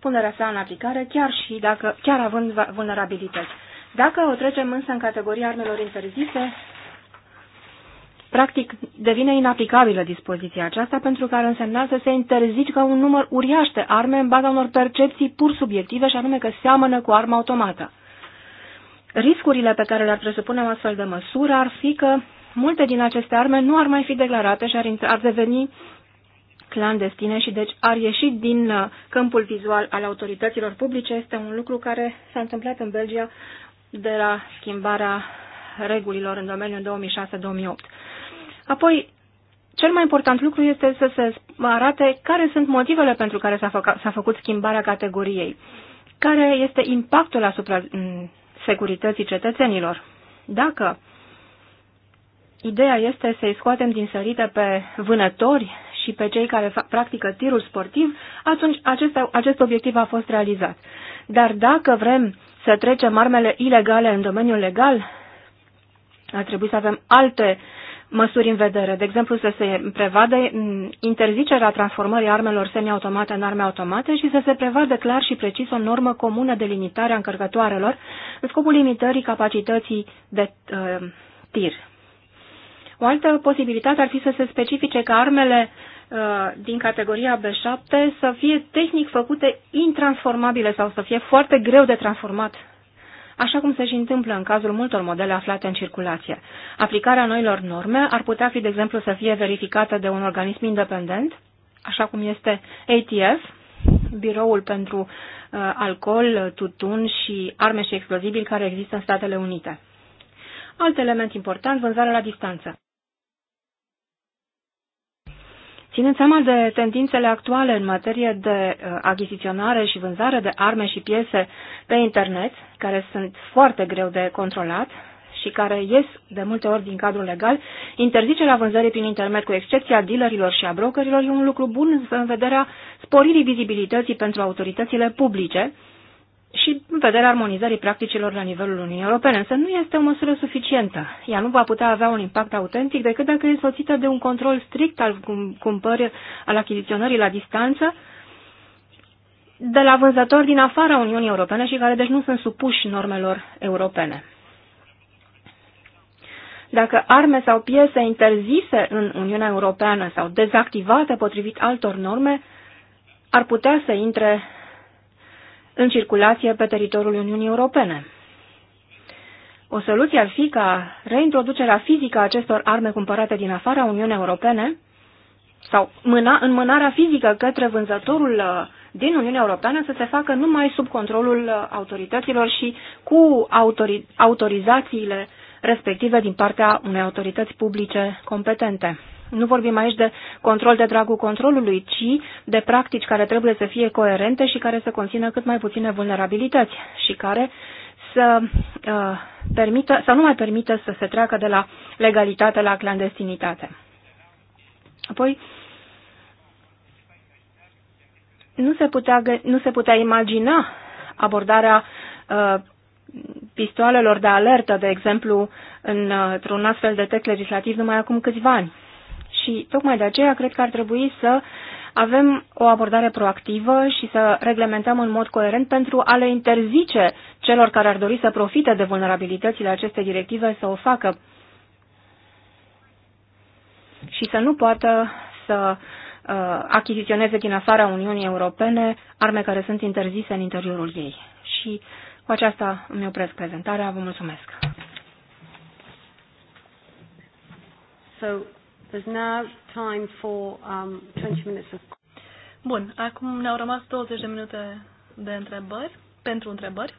B: punerea sa în aplicare chiar și dacă, chiar având vulnerabilități. Dacă o trecem însă în categoria armelor interzise, Practic, devine inaplicabilă dispoziția aceasta pentru că ar însemna să se interzică un număr uriaș de arme în baza unor percepții pur subiective și anume că seamănă cu arma automată. Riscurile pe care le-ar presupune o astfel de măsură ar fi că multe din aceste arme nu ar mai fi declarate și ar, ar deveni clandestine și deci ar ieși din uh, câmpul vizual al autorităților publice. Este un lucru care s-a întâmplat în Belgia de la schimbarea regulilor în domeniul 2006-2008. Apoi, cel mai important lucru este să se arate care sunt motivele pentru care s-a, făcut, făcut schimbarea categoriei, care este impactul asupra mm, securității cetățenilor. Dacă ideea este să-i scoatem din sărite pe vânători și pe cei care practică tirul sportiv, atunci acest, acest obiectiv a fost realizat. Dar dacă vrem să trecem armele ilegale în domeniul legal, ar trebui să avem alte uh, măsuri în vedere. De exemplu, să se prevadă interzicerea transformării armelor semiautomate în arme automate și să se prevadă clar și precis o normă comună de limitare a încărcătoarelor în scopul limitării capacității de uh, tir. O altă posibilitate ar fi să se specifice că armele uh, din categoria B7 să fie tehnic făcute intransformabile sau să fie foarte greu de transformat așa cum se și întâmplă în cazul multor modele aflate în circulație. Aplicarea noilor norme ar putea fi, de exemplu, să fie verificată de un organism independent, așa cum este ATF, Biroul pentru uh, Alcool, Tutun și Arme și Explozibili care există în Statele Unite. Alt element important, vânzarea la distanță. Ținând seama de tendințele actuale în materie de uh, achiziționare și vânzare de arme și piese pe internet, care sunt foarte greu de controlat și care ies de multe ori din cadrul legal, interzicerea vânzării prin internet, cu excepția dealerilor și a brokerilor, e un lucru bun în vederea sporirii vizibilității pentru autoritățile publice, și în vederea armonizării practicilor la nivelul Uniunii Europene, însă nu este o măsură suficientă. Ea nu va putea avea un impact autentic decât dacă e însoțită de un control strict al cumpării, al achiziționării la distanță, de la vânzători din afara Uniunii Europene și care deci nu sunt supuși normelor europene. Dacă arme sau piese interzise în Uniunea Europeană sau dezactivate potrivit altor norme ar putea să intre în circulație pe teritoriul Uniunii Europene. O soluție ar fi ca reintroducerea fizică a acestor arme cumpărate din afara Uniunii Europene sau mâna, înmânarea fizică către vânzătorul uh, din Uniunea Europeană să se facă numai sub controlul uh, autorităților și cu autori, autorizațiile respective din partea unei autorități publice competente. Nu vorbim aici de control de dragul controlului, ci de practici care trebuie să fie coerente și care să conțină cât mai puține vulnerabilități și care să uh, permită sau nu mai permită să se treacă de la legalitate la clandestinitate. Apoi, nu se putea, nu se putea imagina abordarea uh, pistoalelor de alertă, de exemplu, uh, într-un astfel de text legislativ numai acum câțiva ani și tocmai de aceea cred că ar trebui să avem o abordare proactivă și să reglementăm în mod coerent pentru a le interzice celor care ar dori să profite de vulnerabilitățile acestei directive să o facă și să nu poată să uh, achiziționeze din afara Uniunii Europene arme care sunt interzise în interiorul ei. Și cu aceasta îmi opresc prezentarea.
A: Vă mulțumesc! So There's now time for um, 20 minutes of...
D: Bun, acum ne-au rămas 20 de minute de întrebări, pentru întrebări.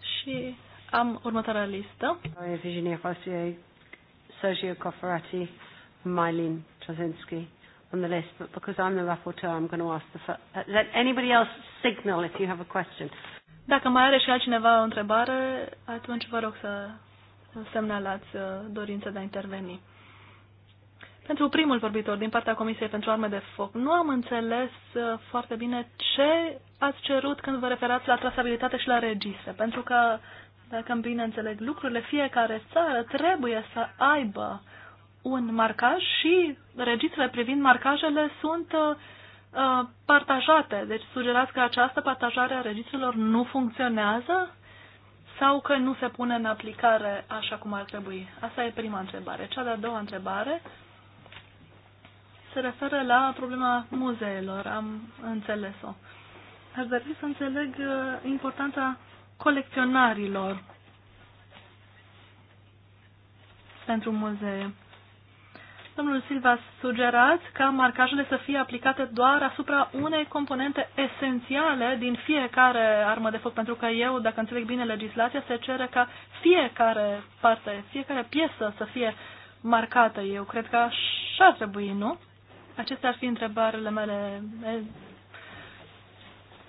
D: Și am următoarea listă.
A: Virginia Fossier, Sergio Cofferati, Mylin Trzynski, on the list, but because I'm the rapporteur, I'm going to ask the first. Uh, let anybody else signal if you have a question.
D: Dacă mai are și altcineva o întrebare, atunci vă rog să semnalați uh, dorința de a interveni. Pentru primul vorbitor din partea Comisiei pentru Arme de Foc, nu am înțeles uh, foarte bine ce ați cerut când vă referați la trasabilitate și la registre, pentru că, dacă îmi bine înțeleg lucrurile, fiecare țară trebuie să aibă un marcaj și registrele privind marcajele sunt uh, uh, partajate. Deci sugerați că această partajare a registrelor nu funcționează sau că nu se pune în aplicare așa cum ar trebui? Asta e prima întrebare. Cea de-a doua întrebare se referă la problema muzeelor, am înțeles-o. Aș dori să înțeleg uh, importanța colecționarilor pentru muzee. Domnul Silva sugerați sugerat ca marcajele să fie aplicate doar asupra unei componente esențiale din fiecare armă de foc, pentru că eu, dacă înțeleg bine legislația, se cere ca fiecare parte, fiecare piesă să fie marcată. Eu cred că așa ar trebui, nu? Acestea ar fi întrebările mele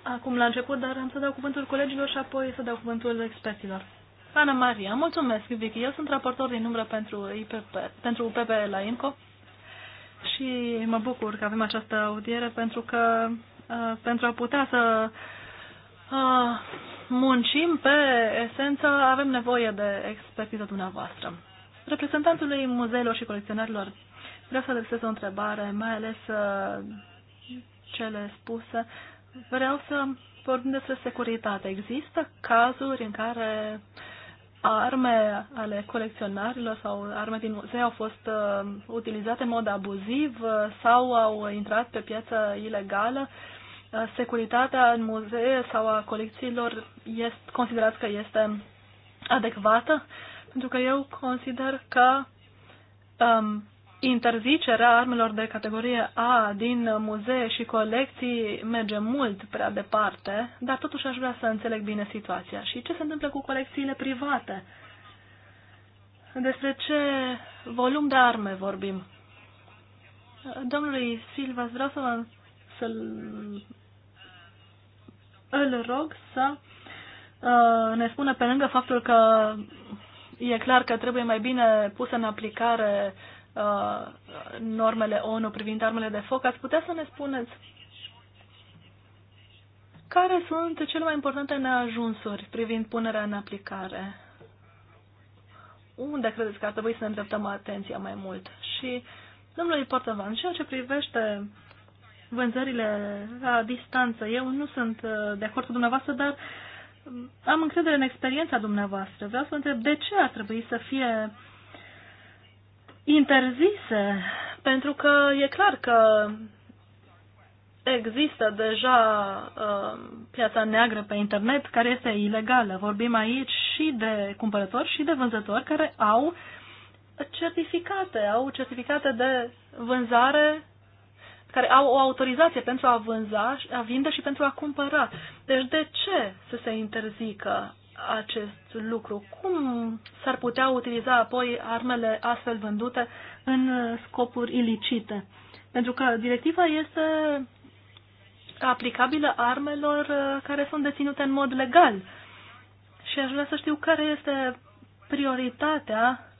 D: acum la început, dar am să dau cuvântul colegilor și apoi să dau cuvântul experților. Ana Maria, mulțumesc, Vicky. Eu sunt raportor din umbră pentru, IPP, pentru UPP la INCO și mă bucur că avem această audiere pentru că uh, pentru a putea să uh, muncim pe esență avem nevoie de expertiza dumneavoastră. Reprezentantului muzeilor și colecționarilor Vreau să adresez o întrebare, mai ales uh, cele spuse. Vreau să vorbim despre securitate. Există cazuri în care arme ale colecționarilor sau arme din muzee au fost uh, utilizate în mod abuziv uh, sau au intrat pe piață ilegală. Uh, securitatea în muzee sau a colecțiilor este, considerat că este adecvată? Pentru că eu consider că um, interzicerea armelor de categorie A din muzee și colecții merge mult prea departe, dar totuși aș vrea să înțeleg bine situația. Și ce se întâmplă cu colecțiile private? Despre ce volum de arme vorbim? Domnului Silva, vreau să vă, să îl rog să uh, ne spună pe lângă faptul că e clar că trebuie mai bine pusă în aplicare uh, uh, normele ONU privind armele de foc, ați putea să ne spuneți care sunt cele mai importante neajunsuri privind punerea în aplicare? Unde credeți că ar trebui să ne îndreptăm atenția mai mult? Și, domnului Portavan, ceea ce privește vânzările la distanță, eu nu sunt uh, de acord cu dumneavoastră, dar um, am încredere în experiența dumneavoastră. Vreau să întreb de ce ar trebui să fie interzise, pentru că e clar că există deja uh, piața neagră pe internet care este ilegală. Vorbim aici și de cumpărători și de vânzători care au certificate, au certificate de vânzare care au o autorizație pentru a vânza, a vinde și pentru a cumpăra. Deci de ce să se interzică acest lucru? Cum s-ar putea utiliza apoi armele astfel vândute în scopuri ilicite? Pentru că directiva este aplicabilă armelor uh, care sunt deținute în mod legal. Și aș vrea să știu care este prioritatea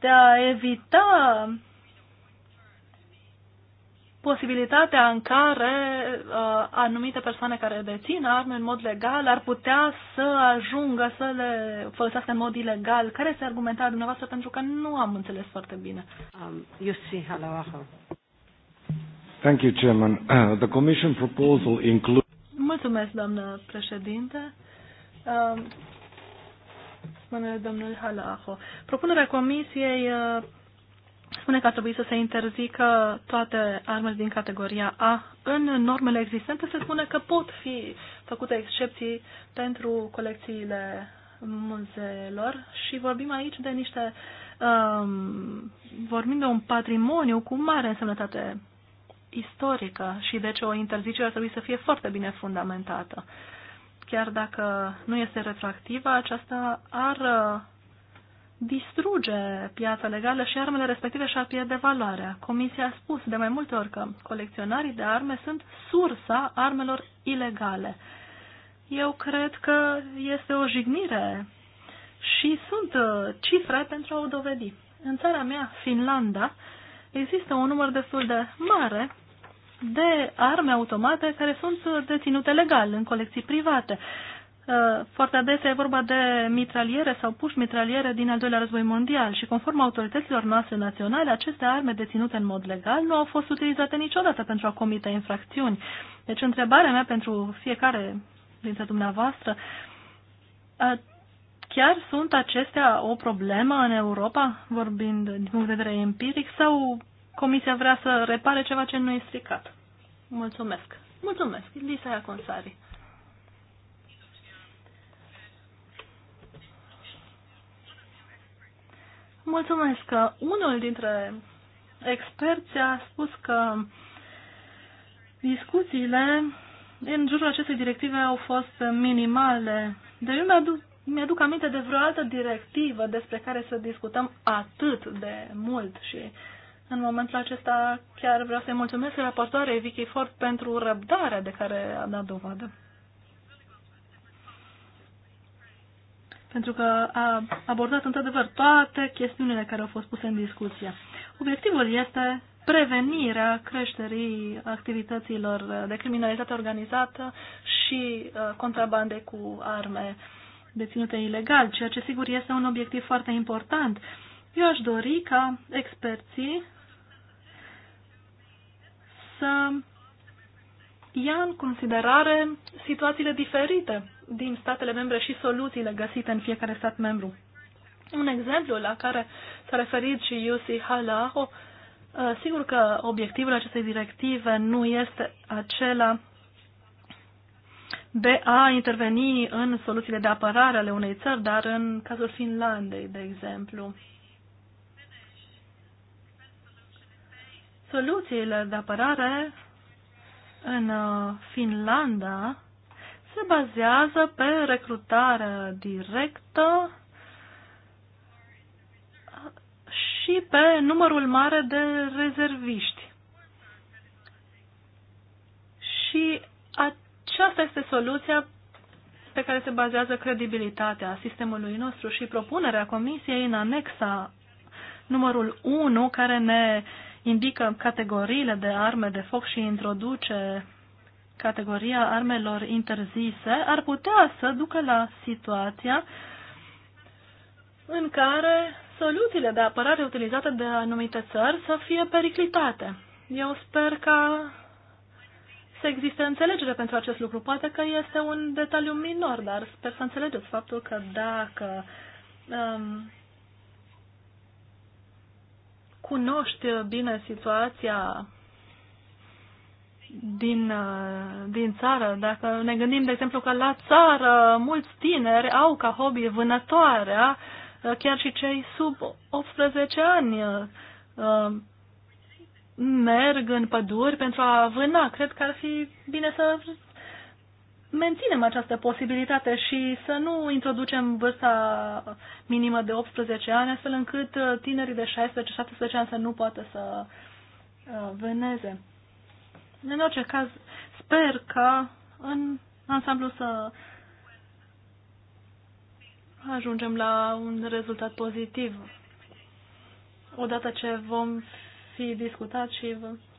D: de a evita posibilitatea în care uh, anumite persoane care dețin arme în mod legal ar putea să ajungă să le folosească în mod ilegal. Care este argumentarea dumneavoastră? Pentru că nu am înțeles foarte bine. Um,
C: Thank you, Chairman.
B: Uh, the Commission proposal includes...
D: Mulțumesc, doamnă președinte. Uh, spune domnul Halaho. Propunerea Comisiei uh, spune că ar trebui să se interzică toate armele din categoria A. În normele existente se spune că pot fi făcute excepții pentru colecțiile muzeelor și vorbim aici de niște um, vorbim de un patrimoniu cu mare însemnătate istorică și deci o interzicere ar trebui să fie foarte bine fundamentată. Chiar dacă nu este retroactivă, aceasta ar uh, distruge piața legală și armele respective și-ar pierde valoarea. Comisia a spus de mai multe ori că colecționarii de arme sunt sursa armelor ilegale. Eu cred că este o jignire și sunt uh, cifre pentru a o dovedi. În țara mea, Finlanda, există un număr destul de mare de arme automate care sunt uh, deținute legal în colecții private. Uh, foarte adesea e vorba de mitraliere sau puși mitraliere din al doilea război mondial și conform autorităților noastre naționale, aceste arme deținute în mod legal nu au fost utilizate niciodată pentru a comite infracțiuni. Deci întrebarea mea pentru fiecare dintre dumneavoastră, uh, chiar sunt acestea o problemă în Europa, vorbind din punct de vedere empiric, sau Comisia vrea să repare ceva ce nu e stricat? Mulțumesc! Mulțumesc, Lisa Consari. Mulțumesc că unul dintre experți a spus că discuțiile în jurul acestei directive au fost minimale. Deci mi-aduc, mi-aduc aminte de vreo altă directivă despre care să discutăm atât de mult și în momentul acesta chiar vreau să-i mulțumesc raportoarei Vicky Ford pentru răbdarea de care a dat dovadă. pentru că a abordat într-adevăr toate chestiunile care au fost puse în discuție. Obiectivul este prevenirea creșterii activităților de criminalitate organizată și uh, contrabande cu arme deținute ilegal, ceea ce sigur este un obiectiv foarte important. Eu aș dori ca experții să ia în considerare situațiile diferite din statele membre și soluțiile găsite în fiecare stat membru. Un exemplu la care s-a referit și UC Halaho, uh, sigur că obiectivul acestei directive nu este acela de a interveni în soluțiile de apărare ale unei țări, dar în cazul Finlandei, de exemplu. Soluțiile de apărare în uh, Finlanda se bazează pe recrutarea directă și pe numărul mare de rezerviști. Și aceasta este soluția pe care se bazează credibilitatea sistemului nostru și propunerea Comisiei în anexa numărul 1, care ne indică categoriile de arme de foc și introduce categoria armelor interzise ar putea să ducă la situația în care soluțiile de apărare utilizate de anumite țări să fie periclitate. Eu sper că să existe înțelegere pentru acest lucru. Poate că este un detaliu minor, dar sper să înțelegeți faptul că dacă um, cunoști bine situația din, uh, din țară. Dacă ne gândim, de exemplu, că la țară mulți tineri au ca hobby vânătoarea, uh, chiar și cei sub 18 ani uh, merg în păduri pentru a vâna. Cred că ar fi bine să menținem această posibilitate și să nu introducem vârsta minimă de 18 ani, astfel încât tinerii de 16-17 ani să nu poată să vâneze. În orice caz, sper că în ansamblu să ajungem la un rezultat pozitiv odată ce vom fi discutat și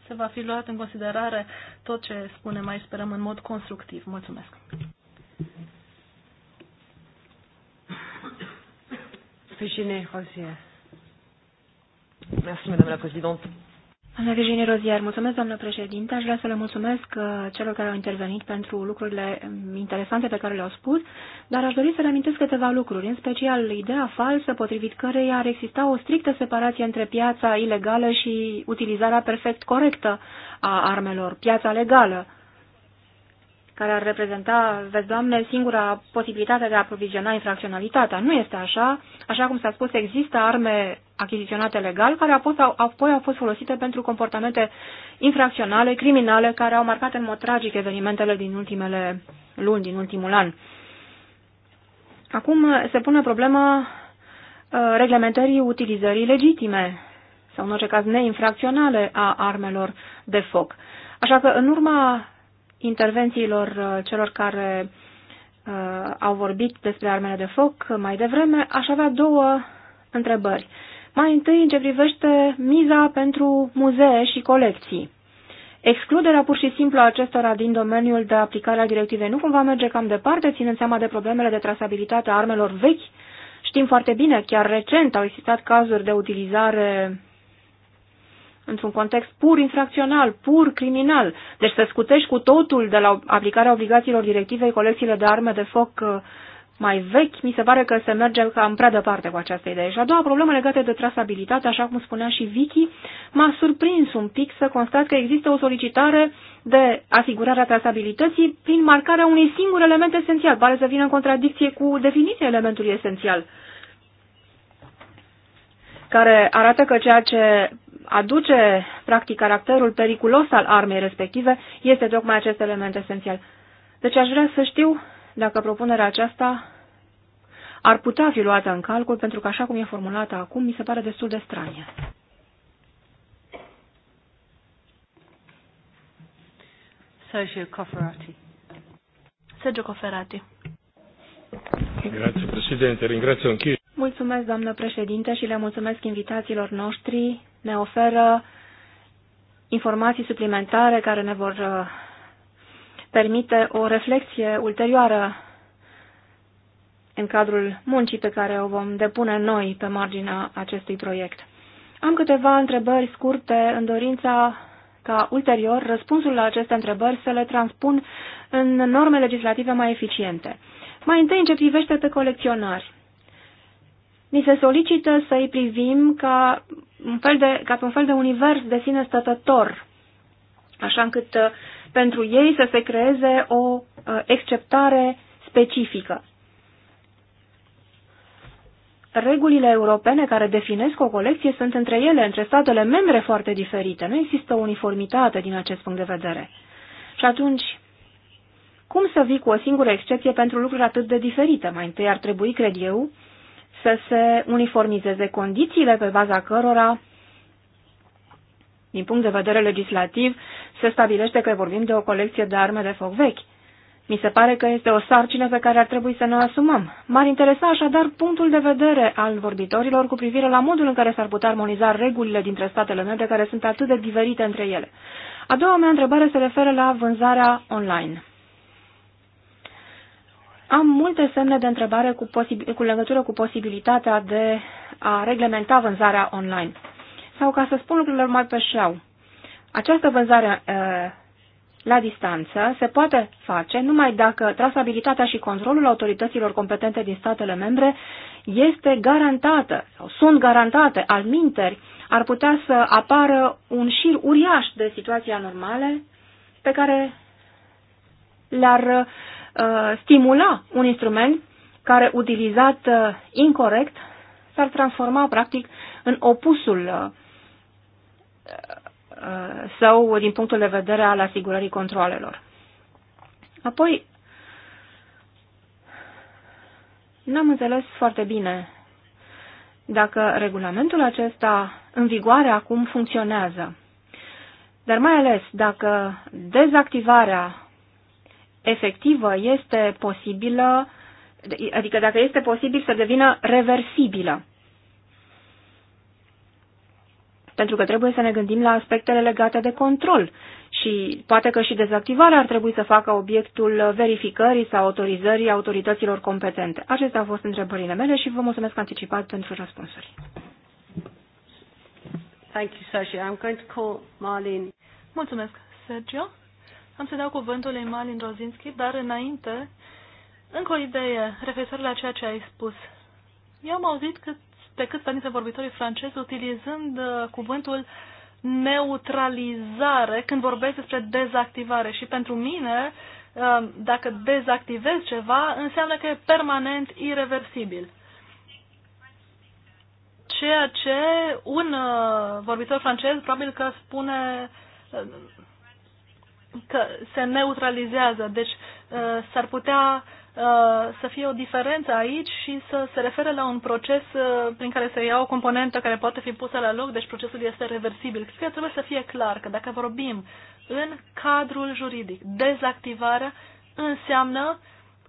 D: se va fi luat în considerare tot ce spune mai sperăm în mod constructiv. Mulțumesc! Virginie Rosier.
A: Merci, Madame la Présidente.
B: Doamna Virginie Rozier, mulțumesc, doamnă președinte. Aș vrea să le mulțumesc uh, celor care au intervenit pentru lucrurile um, interesante pe care le-au spus, dar aș dori să reamintesc câteva lucruri, în special ideea falsă potrivit căreia ar exista o strictă separație între piața ilegală și utilizarea perfect corectă a armelor, piața legală care ar reprezenta, vezi, Doamne, singura posibilitate de a aproviziona infracționalitatea. Nu este așa. Așa cum s-a spus, există arme achiziționate legal, care apoi au fost folosite pentru comportamente infracționale, criminale, care au marcat în mod tragic evenimentele din ultimele luni, din ultimul an. Acum eh, se pune problema eh, reglementării utilizării legitime sau în orice caz neinfracționale a armelor de foc. Așa că în urma intervențiilor eh, celor care au vorbit despre armele de foc mai devreme, aș avea două întrebări. Mai întâi, în ce privește miza pentru muzee și colecții. Excluderea pur și simplu a acestora din domeniul de aplicare a directivei nu cumva merge cam departe, ținând seama de problemele de trasabilitate a armelor vechi. Știm foarte bine, chiar recent au existat cazuri de utilizare într-un context pur infracțional, pur criminal. Deci să scutești cu totul de la aplicarea obligațiilor directivei colecțiile de arme de foc uh, mai vechi, mi se pare că se merge cam prea departe cu această idee. Și a doua problemă legată de trasabilitate, așa cum spunea și Vicky, m-a surprins un pic să constat că există o solicitare de asigurarea trasabilității prin marcarea unui singur element esențial. Pare să vină în contradicție cu definiția elementului esențial, care arată că ceea ce aduce, practic, caracterul periculos al armei respective este tocmai acest element esențial. Deci aș vrea să știu dacă propunerea aceasta ar putea fi luată în calcul, pentru că așa cum e formulată acum, mi se pare destul de stranie.
A: Sergio Cofferati.
D: Sergio Cofferati. Grazie, Presidente. Ringrazio anch'io.
B: Mulțumesc, doamnă președinte, și le mulțumesc invitațiilor noștri. Ne oferă informații suplimentare care ne vor uh, permite o reflexie ulterioară în cadrul muncii pe care o vom depune noi pe marginea acestui proiect. Am câteva întrebări scurte în dorința ca ulterior răspunsul la aceste întrebări să le transpun în norme legislative mai eficiente. Mai întâi în ce privește pe colecționari. Ni se solicită să îi privim ca, un fel de, ca pe un fel de univers de sine stătător, așa încât pentru ei să se creeze o uh, exceptare specifică. Regulile europene care definesc o colecție sunt între ele, între statele membre, foarte diferite. Nu există uniformitate din acest punct de vedere. Și atunci, cum să vii cu o singură excepție pentru lucruri atât de diferite? Mai întâi ar trebui, cred eu, să se uniformizeze condițiile pe baza cărora din punct de vedere legislativ, se stabilește că vorbim de o colecție de arme de foc vechi. Mi se pare că este o sarcină pe care ar trebui să ne o asumăm. M-ar interesa așadar punctul de vedere al vorbitorilor cu privire la modul în care s-ar putea armoniza regulile dintre statele membre care sunt atât de diferite între ele. A doua mea întrebare se referă la vânzarea online. Am multe semne de întrebare cu, cu legătură cu posibilitatea de a reglementa vânzarea online. Sau ca să spun lucrurile mai pe șau. această vânzare uh, la distanță se poate face numai dacă trasabilitatea și controlul autorităților competente din statele membre este garantată sau sunt garantate al minteri, ar putea să apară un șir uriaș de situații anormale pe care le-ar uh, stimula un instrument care, utilizat uh, incorrect, s-ar transforma practic în opusul uh, Uh, său din punctul de vedere al asigurării controlelor. Apoi, n-am înțeles foarte bine dacă regulamentul acesta în vigoare acum funcționează, dar mai ales dacă dezactivarea efectivă este posibilă, adică dacă este posibil să devină reversibilă pentru că trebuie să ne gândim la aspectele legate de control și poate că și dezactivarea ar trebui să facă obiectul verificării sau autorizării autorităților competente. Acestea au fost întrebările mele și vă mulțumesc anticipat pentru răspunsuri.
D: Thank you, Sergio. I'm going to call Marlene. Mulțumesc, Sergio. Am să dau cuvântul lui Marlin Rozinski, dar înainte, încă o idee referitor la ceea ce ai spus. Eu am auzit că cât permite vorbitorii francezi utilizând uh, cuvântul neutralizare când vorbesc despre dezactivare. Și pentru mine, uh, dacă dezactivez ceva, înseamnă că e permanent irreversibil ceea ce un uh, vorbitor francez probabil că spune uh, că se neutralizează. Deci uh, s-ar putea Uh, să fie o diferență aici și să se refere la un proces uh, prin care se ia o componentă care poate fi pusă la loc, deci procesul este reversibil. Cred că trebuie să fie clar că dacă vorbim în cadrul juridic, dezactivarea înseamnă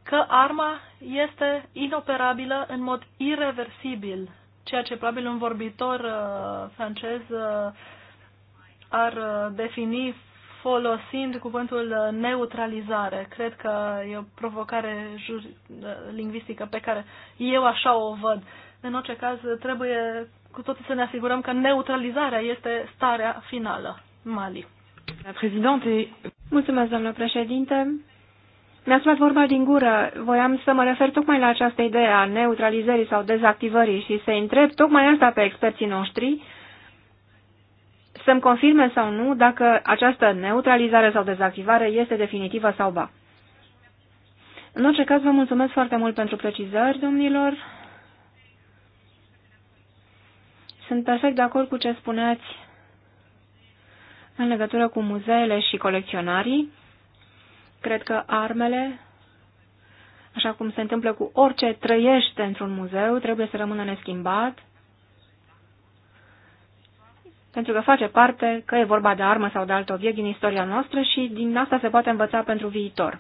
D: că arma este inoperabilă în mod irreversibil, ceea ce probabil un vorbitor uh, francez ar defini folosind cuvântul uh, neutralizare. Cred că e o provocare uh, lingvistică pe care eu așa o văd. În orice caz, trebuie cu toții să ne asigurăm că neutralizarea este starea finală. Mali.
A: Președinte.
B: Mulțumesc, doamnă președinte. Mi-a luat vorba din gură. Voiam să mă refer tocmai la această idee a neutralizării sau dezactivării și să întreb tocmai asta pe experții noștri, să-mi confirme sau nu dacă această neutralizare sau dezactivare este definitivă sau ba. În orice caz, vă mulțumesc foarte mult pentru precizări, domnilor. Sunt perfect de acord cu ce spuneați în legătură cu muzeele și colecționarii. Cred că armele, așa cum se întâmplă cu orice trăiește într-un muzeu, trebuie să rămână neschimbat pentru că face parte, că e vorba de armă sau de alt obiect din istoria noastră și din asta se poate învăța pentru viitor.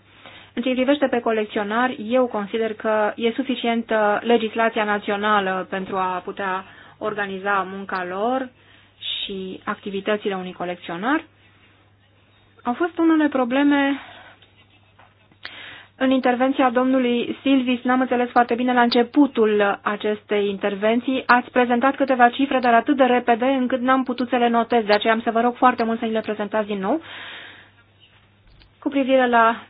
B: În ce privește pe colecționari, eu consider că e suficientă uh, legislația națională pentru a putea organiza munca lor și activitățile unui colecționar. Au fost unele probleme în intervenția domnului Silvis, n-am înțeles foarte bine la începutul acestei intervenții, ați prezentat câteva cifre, dar atât de repede încât n-am putut să le notez, de aceea am să vă rog foarte mult să ni le prezentați din nou. Cu privire la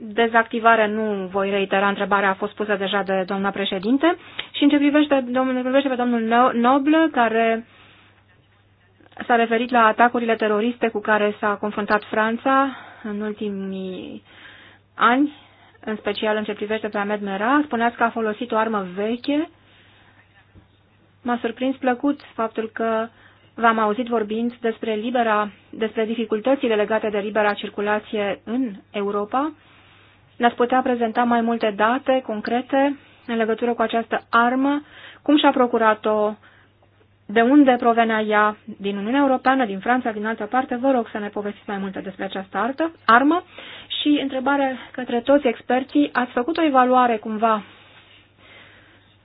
B: dezactivare, nu voi reitera, întrebarea a fost pusă deja de doamna președinte. Și în ce privește, domnul, privește pe domnul Noble, care s-a referit la atacurile teroriste cu care s-a confruntat Franța în ultimii ani, în special în ce privește pe Ahmed Mera. Spuneați că a folosit o armă veche. M-a surprins plăcut faptul că v-am auzit vorbind despre, libera, despre dificultățile legate de libera circulație în Europa. Ne-ați putea prezenta mai multe date concrete în legătură cu această armă, cum și-a procurat-o, de unde provenea ea, din Uniunea Europeană, din Franța, din altă parte. Vă rog să ne povestiți mai multe despre această artă, armă. Și întrebare către toți experții, ați făcut o evaluare cumva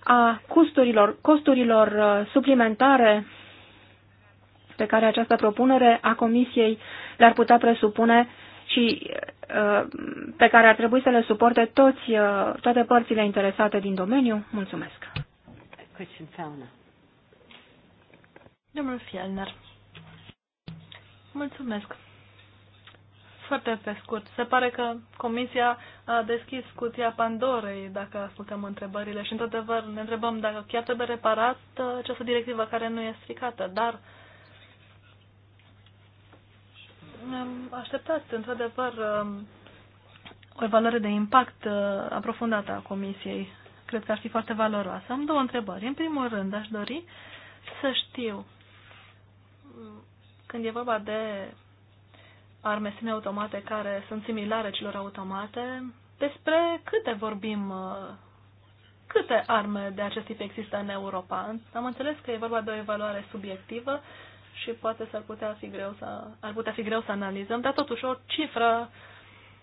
B: a costurilor, costurilor uh, suplimentare pe care această propunere a Comisiei le-ar putea presupune și uh, pe care ar trebui să le suporte toți, uh, toate părțile interesate din domeniu. Mulțumesc.
A: Domnul
D: Fielner. Mulțumesc. Foarte pe scurt, se pare că Comisia a deschis cutia Pandorei, dacă ascultăm întrebările, și într-adevăr ne întrebăm dacă chiar trebuie reparat uh, această directivă care nu e stricată, dar am um, așteptat, într-adevăr, um, o evaluare de impact uh, aprofundată a Comisiei. Cred că ar fi foarte valoroasă. Am două întrebări. În primul rând, aș dori să știu, um, când e vorba de arme semiautomate care sunt similare celor automate, despre câte vorbim, uh, câte arme de acest tip există în Europa. Am înțeles că e vorba de o evaluare subiectivă și poate s-ar putea fi greu să, ar putea fi greu să analizăm, dar totuși o cifră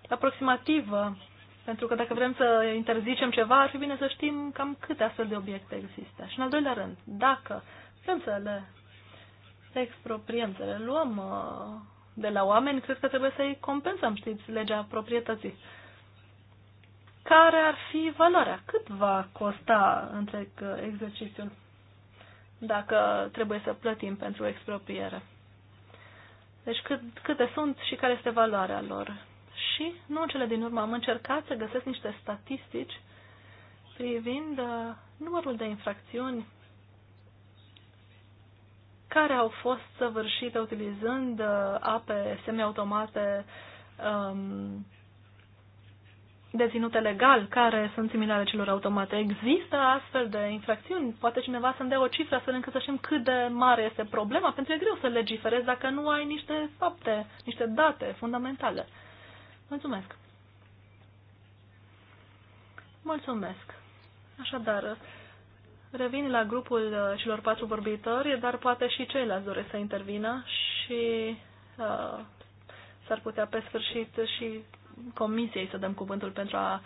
D: aproximativă, pentru că dacă vrem să interzicem ceva, ar fi bine să știm cam câte astfel de obiecte există. Și în al doilea rând, dacă vrem să le expropriem, să le luăm uh, de la oameni, cred că trebuie să-i compensăm, știți, legea proprietății. Care ar fi valoarea? Cât va costa întreg uh, exercițiul dacă trebuie să plătim pentru expropiere? Deci cât, câte sunt și care este valoarea lor? Și, nu în cele din urmă, am încercat să găsesc niște statistici privind uh, numărul de infracțiuni care au fost săvârșite utilizând uh, ape semiautomate um, deținute legal, care sunt similare celor automate. Există astfel de infracțiuni? Poate cineva să-mi dea o cifră astfel încât să știm cât de mare este problema, pentru că e greu să legiferezi dacă nu ai niște fapte, niște date fundamentale. Mulțumesc! Mulțumesc! Așadar, Revin la grupul uh, celor patru vorbitori, dar poate și ceilalți doresc să intervină și uh, s-ar putea pe sfârșit și comisiei să dăm cuvântul pentru a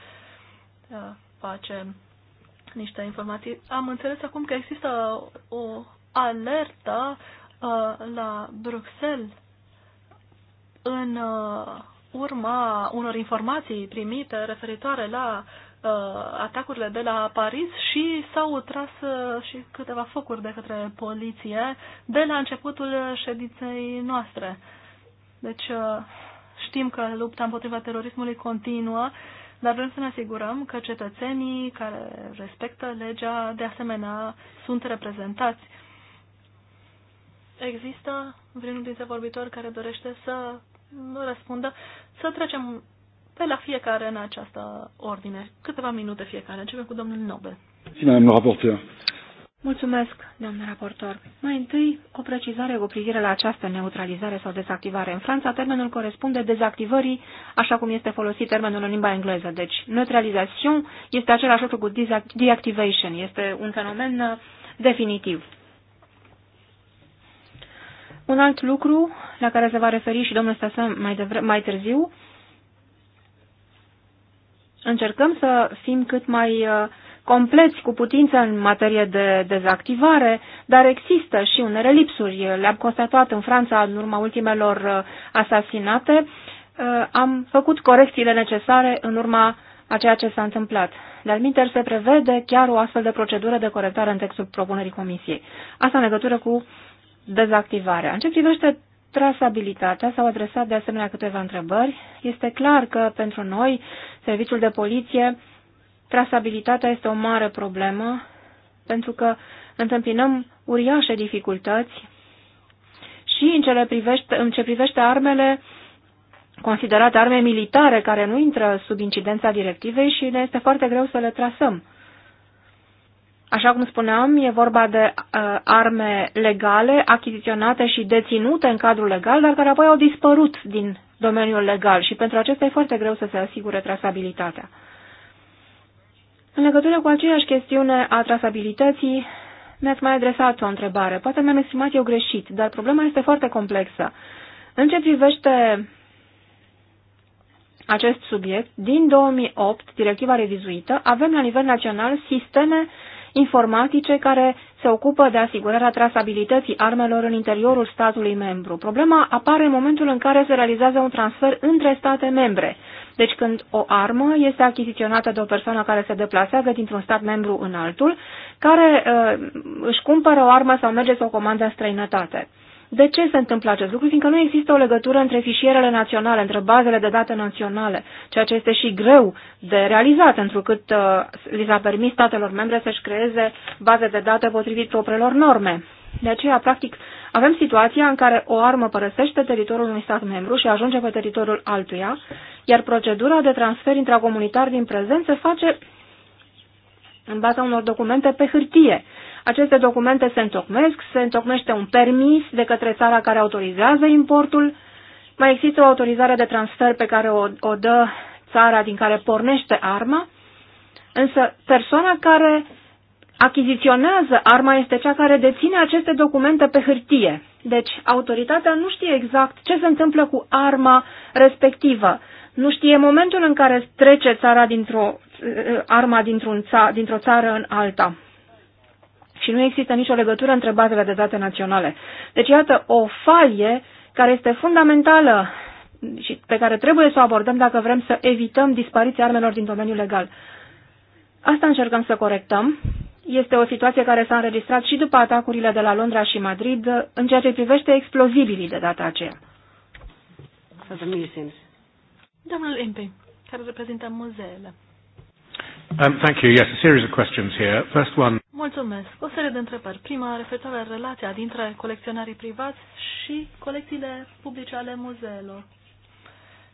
D: uh, face niște informații. Am înțeles acum că există o alertă uh, la Bruxelles în uh, urma unor informații primite referitoare la Uh, atacurile de la Paris și s-au tras uh, și câteva focuri de către poliție de la începutul ședinței noastre. Deci uh, știm că lupta împotriva terorismului continuă, dar vrem să ne asigurăm că cetățenii care respectă legea de asemenea sunt reprezentați. Există vreunul dintre vorbitori care dorește să răspundă? Să trecem pe la fiecare în această ordine. Câteva minute fiecare. Începem cu domnul Nobel.
C: Mulțumesc, raportor.
D: Mulțumesc, domnul raportor. Mai întâi, o precizare
B: cu privire la această neutralizare sau dezactivare. În Franța, termenul corespunde dezactivării, așa cum este folosit termenul în limba engleză. Deci, neutralization este același lucru cu deactivation. Este un fenomen uh, definitiv. Un alt lucru la care se va referi și domnul Stasem mai, mai târziu Încercăm să fim cât mai uh, compleți cu putință în materie de dezactivare, dar există și unele lipsuri. Le-am constatat în Franța în urma ultimelor uh, asasinate. Uh, am făcut corecțiile necesare în urma a ceea ce s-a întâmplat. Dar minter se prevede chiar o astfel de procedură de corectare în textul propunerii comisiei. Asta în legătură cu dezactivarea. În ce privește trasabilitatea, s-au adresat de asemenea câteva întrebări. Este clar că pentru noi, serviciul de poliție, trasabilitatea este o mare problemă, pentru că întâmpinăm uriașe dificultăți și în, cele privește, în ce privește armele, considerate arme militare care nu intră sub incidența directivei și ne este foarte greu să le trasăm. Așa cum spuneam, e vorba de uh, arme legale, achiziționate și deținute în cadrul legal, dar care apoi au dispărut din domeniul legal și pentru acesta e foarte greu să se asigure trasabilitatea. În legătură cu aceeași chestiune a trasabilității, mi-ați mai adresat o întrebare. Poate mi-am estimat eu greșit, dar problema este foarte complexă. În ce privește acest subiect, din 2008, directiva revizuită, avem la nivel național sisteme uh, informatice care se ocupă de asigurarea trasabilității armelor în interiorul statului membru. Problema apare în momentul în care se realizează un transfer între state membre. Deci când o armă este achiziționată de o persoană care se deplasează dintr-un stat membru în altul, care uh, își cumpără o armă sau merge să o comandă în străinătate. De ce se întâmplă acest lucru? Fiindcă nu există o legătură între fișierele naționale, între bazele de date naționale, ceea ce este și greu de realizat, întrucât uh, li s-a permis statelor membre să-și creeze baze de date potrivit propriilor norme. De aceea, practic, avem situația în care o armă părăsește teritoriul unui stat membru și ajunge pe teritoriul altuia, iar procedura de transfer intracomunitar din prezent se face în baza unor documente pe hârtie, aceste documente se întocmesc, se întocmește un permis de către țara care autorizează importul, mai există o autorizare de transfer pe care o, o dă țara din care pornește arma, însă persoana care achiziționează arma este cea care deține aceste documente pe hârtie. Deci autoritatea nu știe exact ce se întâmplă cu arma respectivă. Nu știe momentul în care trece țara dintr-o, eh, arma dintr dintr-o țară în alta și nu există nicio legătură între bazele de date naționale. Deci, iată, o falie care este fundamentală și pe care trebuie să o abordăm dacă vrem să evităm dispariția armelor din domeniul legal. Asta încercăm să corectăm. Este o situație care s-a înregistrat și după atacurile de la Londra și Madrid în ceea ce privește explozibilii de data aceea.
D: Domnul Impe, care reprezintă muzeele. Um, thank you. Yes, a series of questions here. First one. Mulțumesc. O serie de întrebări. Prima, referitoare la relația dintre colecționarii privați și colecțiile publice ale muzeelor.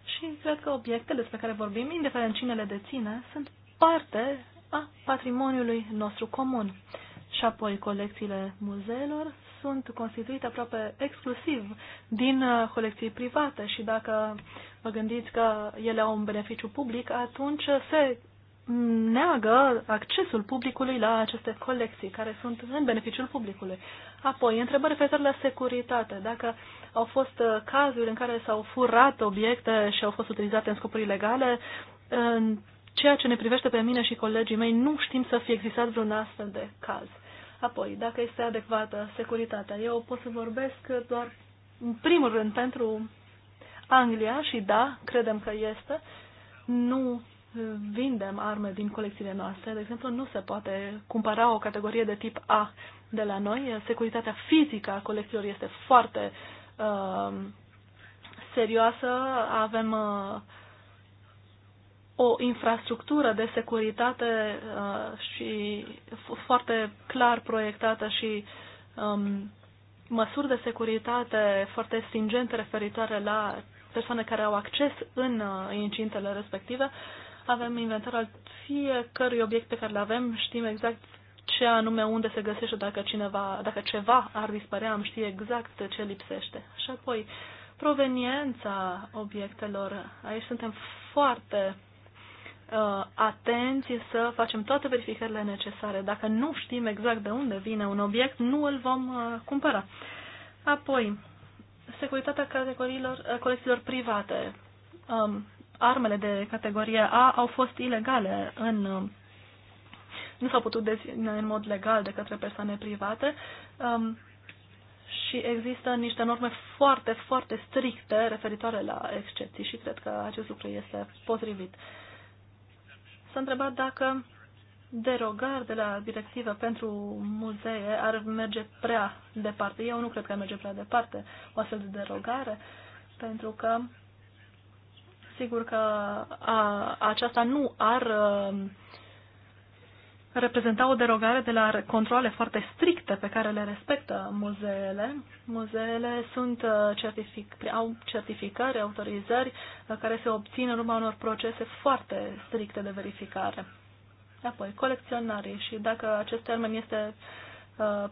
D: Și cred că obiectele despre care vorbim, indiferent cine le deține, sunt parte a patrimoniului nostru comun. Și apoi colecțiile muzeelor sunt constituite aproape exclusiv din uh, colecții private și dacă vă gândiți că ele au un beneficiu public, atunci se neagă accesul publicului la aceste colecții care sunt în beneficiul publicului. Apoi, întrebări referitoare la securitate. Dacă au fost uh, cazuri în care s-au furat obiecte și au fost utilizate în scopuri ilegale, în ceea ce ne privește pe mine și colegii mei, nu știm să fie existat vreun astfel de caz. Apoi, dacă este adecvată securitatea, eu pot să vorbesc doar în primul rând pentru Anglia și da, credem că este. Nu vindem arme din colecțiile noastre. De exemplu, nu se poate cumpăra o categorie de tip A de la noi. Securitatea fizică a colecțiilor este foarte uh, serioasă. Avem uh, o infrastructură de securitate uh, și foarte clar proiectată și um, măsuri de securitate foarte stringente referitoare la persoane care au acces în uh, incintele respective. Uh, avem inventar al fiecărui obiect pe care le avem, știm exact ce anume unde se găsește, dacă, cineva, dacă ceva ar dispărea, am ști exact ce lipsește. Și apoi, proveniența obiectelor. Aici suntem foarte uh, atenți să facem toate verificările necesare. Dacă nu știm exact de unde vine un obiect, nu îl vom uh, cumpăra. Apoi, securitatea categoriilor, uh, colecțiilor private. Um, armele de categorie A au fost ilegale în um, nu s-au putut deține în mod legal de către persoane private um, și există niște norme foarte, foarte stricte referitoare la excepții și cred că acest lucru este potrivit. S-a întrebat dacă derogări de la directivă pentru muzee ar merge prea departe. Eu nu cred că ar merge prea departe o astfel de derogare, pentru că Sigur că a, aceasta nu ar a, reprezenta o derogare de la controle foarte stricte pe care le respectă muzeele. Muzeele sunt certific, au certificări, autorizări care se obțin în urma unor procese foarte stricte de verificare. Apoi, colecționarii și dacă acest termen este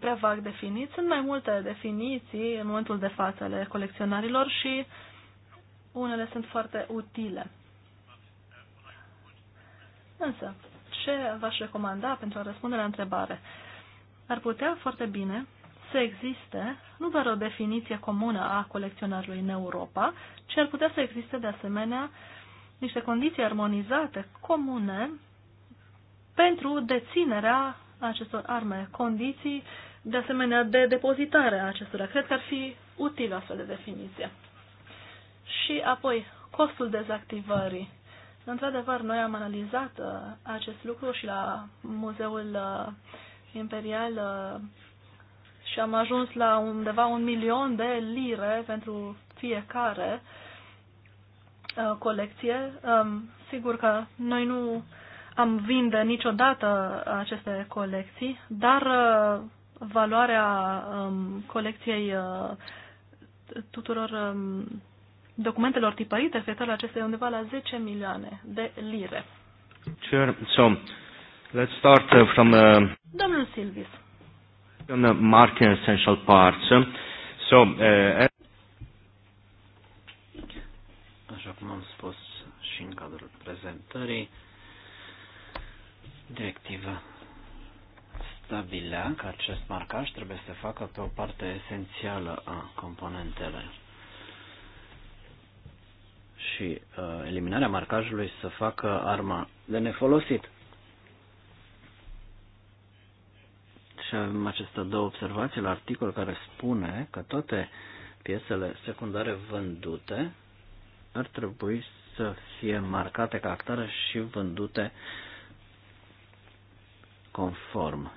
D: prea vag definit, sunt mai multe definiții în momentul de față ale colecționarilor și uh, unele sunt foarte utile. Însă, ce v-aș recomanda pentru a răspunde la întrebare? Ar putea foarte bine să existe nu doar o definiție comună a colecționarului în Europa, ci ar putea să existe de asemenea niște condiții armonizate, comune, pentru deținerea acestor arme, condiții de asemenea de depozitare a acestora. Cred că ar fi utilă astfel de definiție. Și apoi, costul dezactivării. Într-adevăr, noi am analizat uh, acest lucru și la Muzeul uh, Imperial uh, și am ajuns la undeva un milion de lire pentru fiecare uh, colecție. Um, sigur că noi nu am vinde niciodată aceste colecții, dar uh, valoarea um, colecției uh, tuturor um, documentelor tipărite referitor la acestea undeva la 10 milioane de lire.
C: Sure. So, let's start uh, from... the... Uh,
D: Domnul Silvis.
C: On the market essential parts. So, uh, Așa cum am spus și în cadrul prezentării, directiva stabilea că acest marcaj trebuie să facă pe o parte esențială a componentelor și uh, eliminarea marcajului să facă arma de nefolosit. Și avem aceste două observații la articol care spune că toate piesele secundare vândute ar trebui să fie marcate ca actare și vândute conform.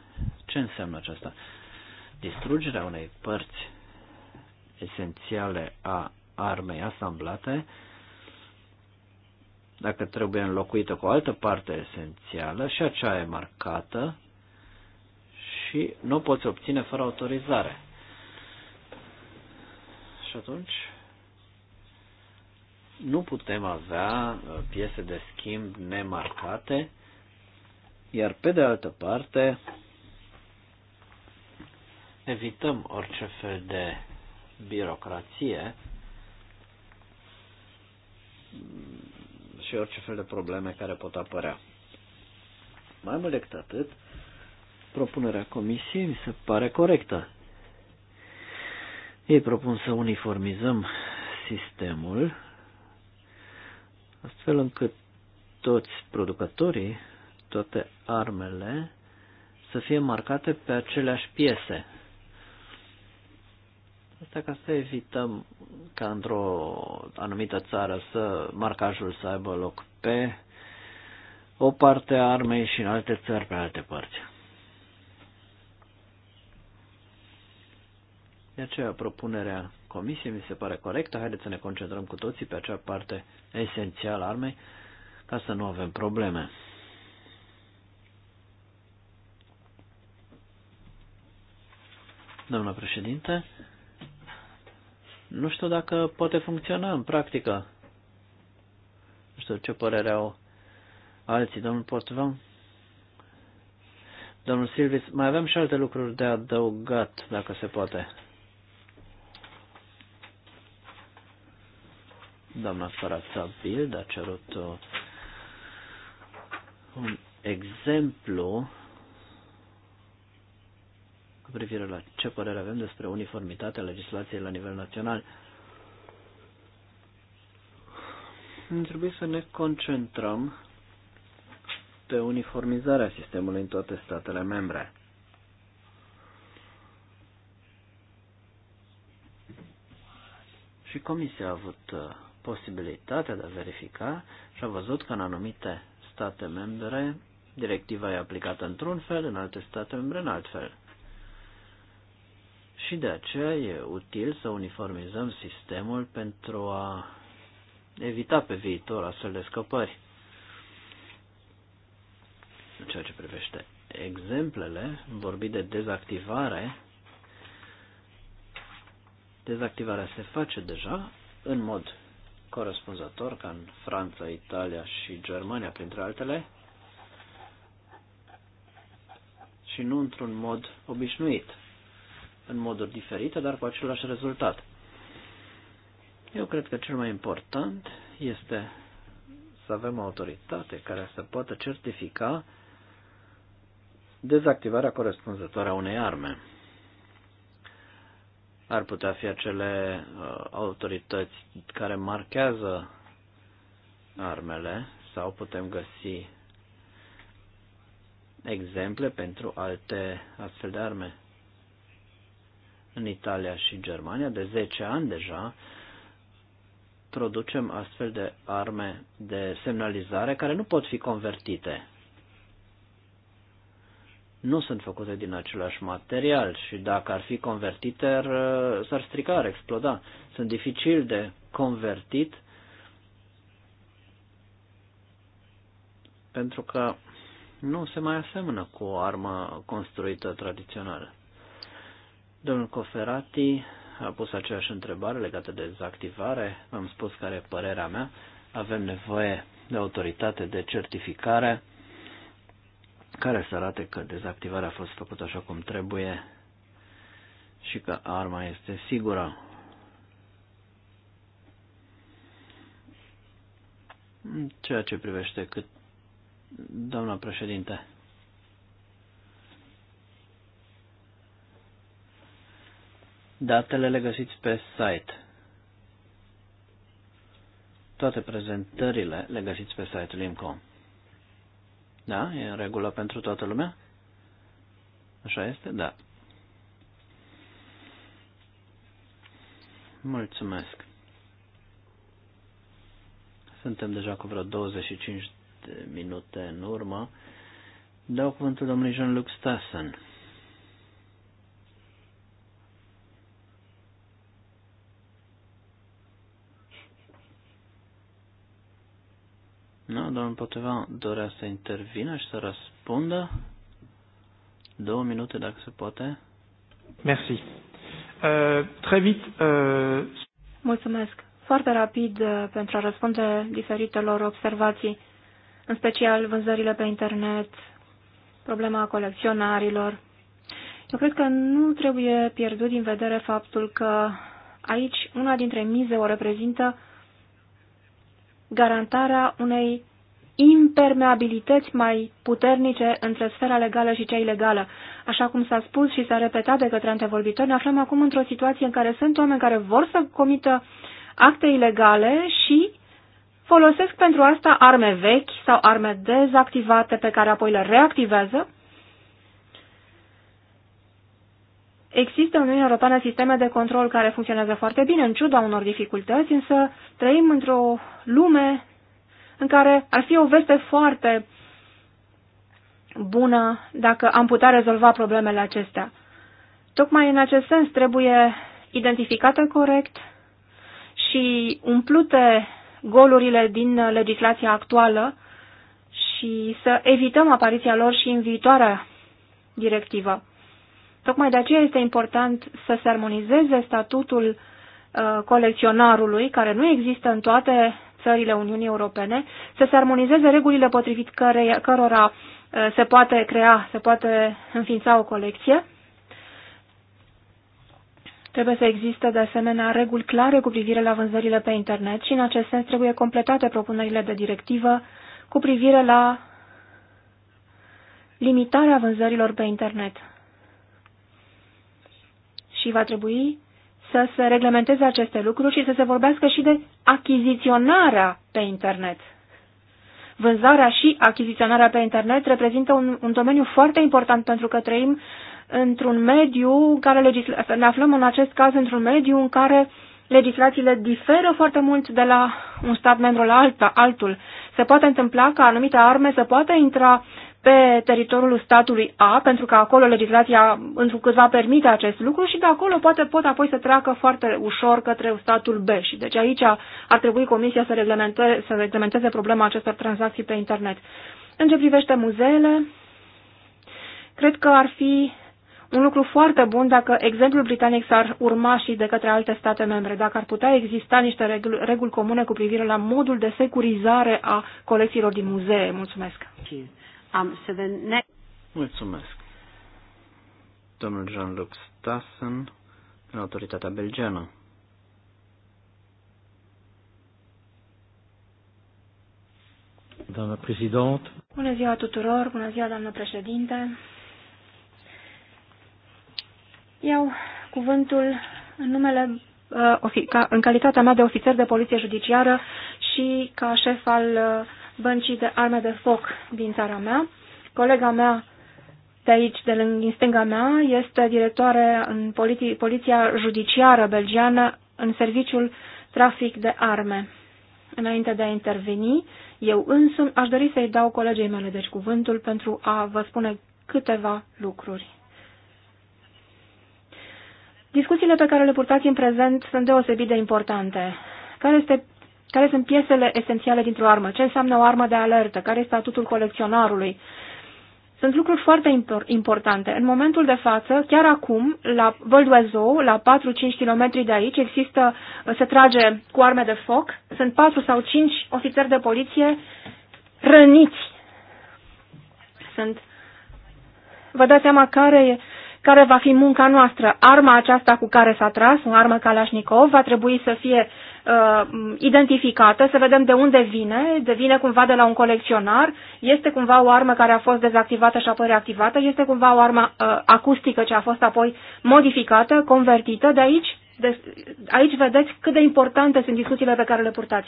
C: Ce înseamnă aceasta? Distrugerea unei părți esențiale a armei asamblate dacă trebuie înlocuită cu o altă parte esențială și aceea e marcată și nu o poți obține fără autorizare. Și atunci nu putem avea uh, piese de schimb nemarcate, iar pe de altă parte evităm orice fel de birocrație și orice fel de probleme care pot apărea. Mai mult decât atât, propunerea comisiei mi se pare corectă. Ei propun să uniformizăm sistemul astfel încât toți producătorii, toate armele, să fie marcate pe aceleași piese, Asta ca să evităm ca într-o anumită țară să marcajul să aibă loc pe o parte a armei și în alte țări pe alte părți. De aceea propunerea comisiei mi se pare corectă. Haideți să ne concentrăm cu toții pe acea parte esențială a armei ca să nu avem probleme. Doamna președinte, nu știu dacă poate funcționa în practică. Nu știu ce părere au alții, domnul Potvan. Domnul Silvis, mai avem și alte lucruri de adăugat, dacă se poate. Doamna Farața Bild a cerut un exemplu cu privire la ce părere avem despre uniformitatea legislației la nivel național. Trebuie să ne concentrăm pe uniformizarea sistemului în toate statele membre. Și Comisia a avut uh, posibilitatea de a verifica și a văzut că în anumite state membre directiva e aplicată într-un fel, în alte state membre în alt fel. Și de aceea e util să uniformizăm sistemul pentru a evita pe viitor astfel de scăpări. În ceea ce privește exemplele, vorbi de dezactivare. Dezactivarea se face deja în mod corespunzător, ca în Franța, Italia și Germania, printre altele, și nu într-un mod obișnuit în moduri diferite, dar cu același rezultat. Eu cred că cel mai important este să avem o autoritate care să poată certifica dezactivarea corespunzătoare a unei arme. Ar putea fi acele uh, autorități care marchează armele sau putem găsi exemple pentru alte astfel de arme în Italia și Germania, de 10 ani deja, producem astfel de arme de semnalizare care nu pot fi convertite. Nu sunt făcute din același material și dacă ar fi convertite ar, s-ar strica, ar exploda. Sunt dificil de convertit pentru că nu se mai asemănă cu o armă construită tradițională. Domnul Coferati a pus aceeași întrebare legată de dezactivare. V-am spus care e părerea mea. Avem nevoie de autoritate de certificare care să arate că dezactivarea a fost făcută așa cum trebuie și că arma este sigură. Ceea ce privește cât, doamna președinte, Datele le găsiți pe site. Toate prezentările le găsiți pe site limcom. Da? E în regulă pentru toată lumea? Așa este? Da. Mulțumesc. Suntem deja cu vreo 25 de minute în urmă. Dau cuvântul domnului Jean-Luc Stassen. Nu, domnul Poteva dorea să intervină și să răspundă. Două minute, dacă se poate. Merci. Uh, très vite, uh...
B: Mulțumesc. Foarte rapid uh, pentru a răspunde diferitelor observații, în special vânzările pe internet, problema colecționarilor. Eu cred că nu trebuie pierdut din vedere faptul că aici una dintre mize o reprezintă uh, garantarea unei impermeabilități mai puternice între sfera legală și cea ilegală. Așa cum s-a spus și s-a repetat de către antevorbitori, ne aflăm acum într-o situație în care sunt oameni care vor să comită acte ilegale și folosesc pentru asta arme vechi sau arme dezactivate pe care apoi le reactivează Există în Uniunea Europeană sisteme de control care funcționează foarte bine, în ciuda unor dificultăți, însă trăim într-o lume în care ar fi o veste foarte bună dacă am putea rezolva problemele acestea. Tocmai în acest sens trebuie identificate corect și umplute golurile din legislația actuală și să evităm apariția lor și în viitoarea directivă. Tocmai de aceea este important să se armonizeze statutul uh, colecționarului, care nu există în toate țările Uniunii Europene, să se armonizeze regulile potrivit care, cărora uh, se poate crea, se poate înființa o colecție. Trebuie să existe de asemenea reguli clare cu privire la vânzările pe internet și în acest sens trebuie completate propunerile de directivă cu privire la limitarea vânzărilor pe internet și va trebui să se reglementeze aceste lucruri și să se vorbească și de achiziționarea pe internet. Vânzarea și achiziționarea pe internet reprezintă un, un domeniu foarte important pentru că trăim într-un mediu în care legisla... ne aflăm în acest caz într-un mediu în care legislațiile diferă foarte mult de la un stat membru la alta, altul. Se poate întâmpla ca anumite arme să poată intra pe teritoriul statului A, pentru că acolo legislația întrucâtva permite acest lucru și de acolo poate pot apoi să treacă foarte ușor către statul B. Și deci aici ar trebui Comisia să, reglementeze, să reglementeze problema acestor tranzacții pe internet. În ce privește muzeele, cred că ar fi un lucru foarte bun dacă exemplul britanic s-ar urma și de către alte state membre, dacă ar putea exista niște reguli, reguli comune cu privire la modul de securizare a
A: colecțiilor din muzee. Mulțumesc! Um, so the next...
C: Mulțumesc. Domnul Jean-Luc Stassen, în autoritatea belgeană. Doamna președinte.
B: Bună ziua tuturor, bună ziua doamnă președinte. Iau cuvântul în numele uh, în calitatea mea de ofițer de poliție judiciară și ca șef al uh, băncii de arme de foc din țara mea. Colega mea de aici, de lângă, stânga mea, este directoare în politi- poliția judiciară belgiană în serviciul trafic de arme. Înainte de a interveni, eu însă aș dori să-i dau colegei mele deci cuvântul pentru a vă spune câteva lucruri. Discuțiile pe care le purtați în prezent sunt deosebit de importante. Care este care sunt piesele esențiale dintr-o armă? Ce înseamnă o armă de alertă? Care este statutul colecționarului? Sunt lucruri foarte importante. În momentul de față, chiar acum, la Vălduezou, la 4-5 km de aici, există, se trage cu arme de foc. Sunt 4 sau 5 ofițeri de poliție răniți. Sunt... Vă dați seama care, care va fi munca noastră. Arma aceasta cu care s-a tras, o armă Kalashnikov, va trebui să fie uh, uh, identificată, să vedem de unde vine, devine cumva de la un colecționar, este cumva o armă care a fost dezactivată și apoi reactivată, este cumva o armă uh, acustică ce a fost apoi modificată, convertită, de aici, de, aici vedeți cât de importante sunt discuțiile pe care le purtați.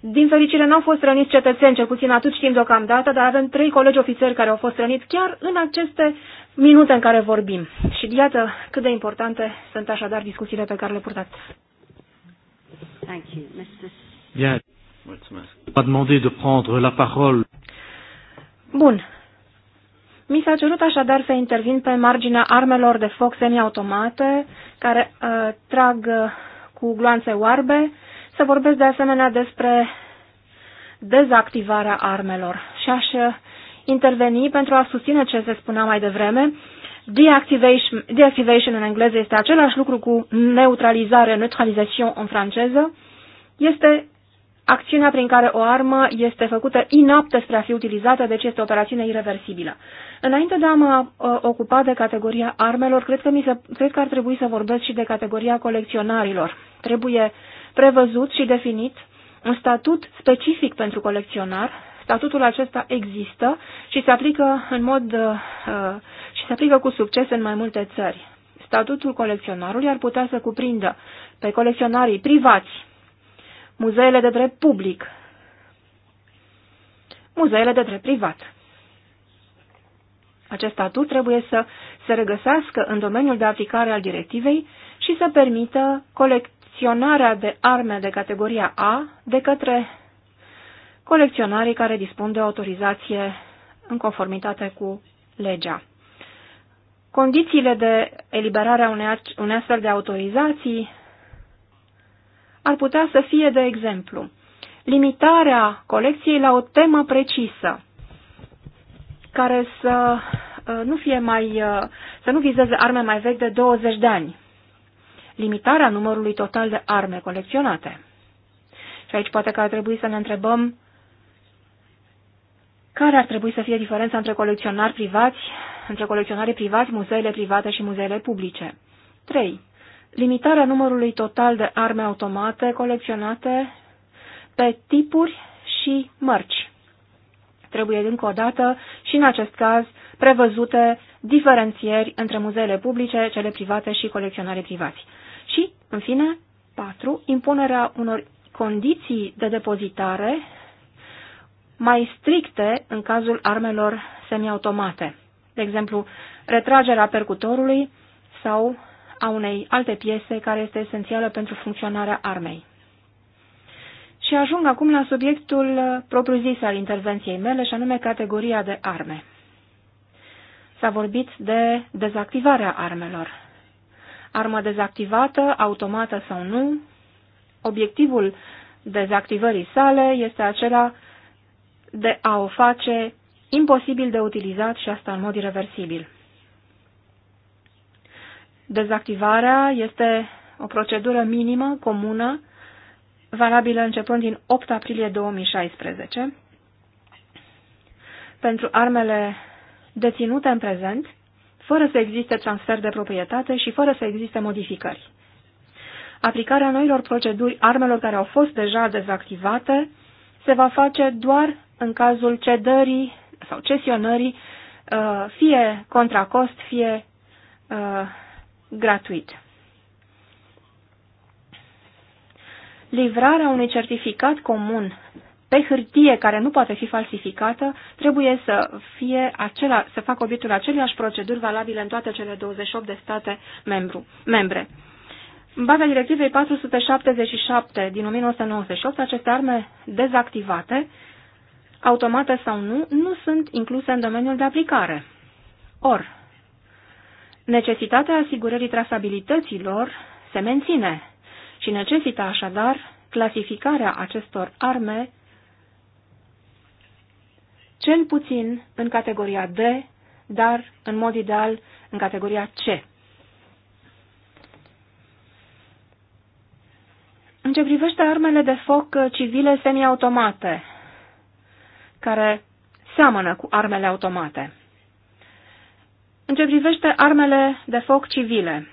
B: Din fericire n-au fost răniți cetățeni, cel puțin atât știm deocamdată, dar avem trei colegi ofițeri care au fost răniți chiar în aceste minute în care vorbim. Și iată cât de importante sunt așadar discuțiile pe care le
A: purtați. Thank you. Mr.
C: Bien. Mulțumesc. A demandé de prendre la parole.
A: Bun. Mi s-a cerut așadar
B: să intervin pe marginea armelor de foc semiautomate care uh, trag uh, cu gloanțe oarbe, să vorbesc de asemenea despre dezactivarea armelor și aș uh, interveni pentru a susține ce se spunea mai devreme, Deactivation, deactivation în engleză este același lucru cu neutralizare, neutralisation în franceză. Este acțiunea prin care o armă este făcută inaptă spre a fi utilizată, deci este o operație irreversibilă. Înainte de a mă uh, ocupa de categoria armelor, cred că, mi se, cred că ar trebui să vorbesc și de categoria colecționarilor. Trebuie prevăzut și definit un statut specific pentru colecționar. Statutul acesta există și se aplică în mod uh, uh și se aplică cu succes în mai multe țări. Statutul colecționarului ar putea să cuprindă pe colecționarii privați, muzeele de drept public, muzeele de drept privat. Acest statut trebuie să se regăsească în domeniul de aplicare al directivei și să permită colecționarea de arme de categoria A de către colecționarii care dispun de autorizație în conformitate cu legea. Condițiile de eliberare a unei, astfel de autorizații ar putea să fie, de exemplu, limitarea colecției la o temă precisă, care să uh, nu, fie mai, uh, să nu vizeze arme mai vechi de 20 de ani, limitarea numărului total de arme colecționate. Și aici poate că ar trebui să ne întrebăm care ar trebui să fie diferența între colecționari privați între colecționarii privați, muzeele private și muzeele publice. 3. Limitarea numărului total de arme automate colecționate pe tipuri și mărci. Trebuie încă o dată și în acest caz prevăzute diferențieri între muzeele publice, cele private și colecționarii privați. Și, în fine, 4. Impunerea unor condiții de depozitare mai stricte în cazul armelor semiautomate de exemplu, retragerea percutorului sau a unei alte piese care este esențială pentru funcționarea armei. Și ajung acum la subiectul propriu-zis al intervenției mele, și anume categoria de arme. S-a vorbit de dezactivarea armelor. Armă dezactivată, automată sau nu, obiectivul dezactivării sale este acela de a o face imposibil de utilizat și asta în mod irreversibil. Dezactivarea este o procedură minimă, comună, valabilă începând din 8 aprilie 2016, pentru armele deținute în prezent, fără să existe transfer de proprietate și fără să existe modificări. Aplicarea noilor proceduri armelor care au fost deja dezactivate se va face doar în cazul cedării sau cesionării, uh, fie contra cost, fie uh, gratuit. Livrarea unui certificat comun pe hârtie care nu poate fi falsificată trebuie să, fie acela, să facă obiectul aceleași proceduri valabile în toate cele 28 de state membru, membre. În baza directivei 477 din 1998, aceste arme dezactivate automată sau nu, nu sunt incluse în domeniul de aplicare. Or, necesitatea asigurării trasabilităților se menține și necesită așadar clasificarea acestor arme cel puțin în categoria D, dar în mod ideal în categoria C. În ce privește armele de foc uh, civile semiautomate, care seamănă cu armele automate. În ce privește armele de foc civile,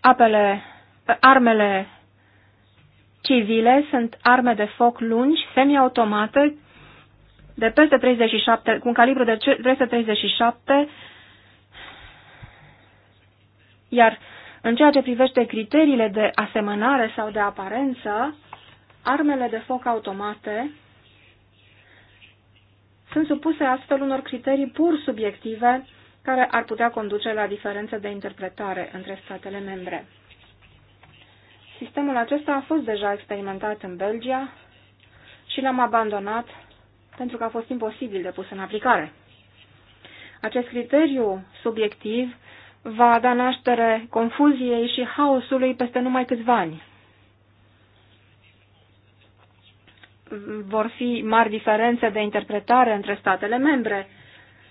B: apele, armele civile sunt arme de foc lungi, semiautomate, de peste 37, cu un calibru de 337, iar în ceea ce privește criteriile de asemănare sau de aparență, Armele de foc automate sunt supuse astfel unor criterii pur subiective care ar putea conduce la diferențe de interpretare între statele membre. Sistemul acesta a fost deja experimentat în Belgia și l-am abandonat pentru că a fost imposibil de pus în aplicare. Acest criteriu subiectiv va da naștere confuziei și haosului peste numai câțiva ani. vor fi mari diferențe de interpretare între statele membre,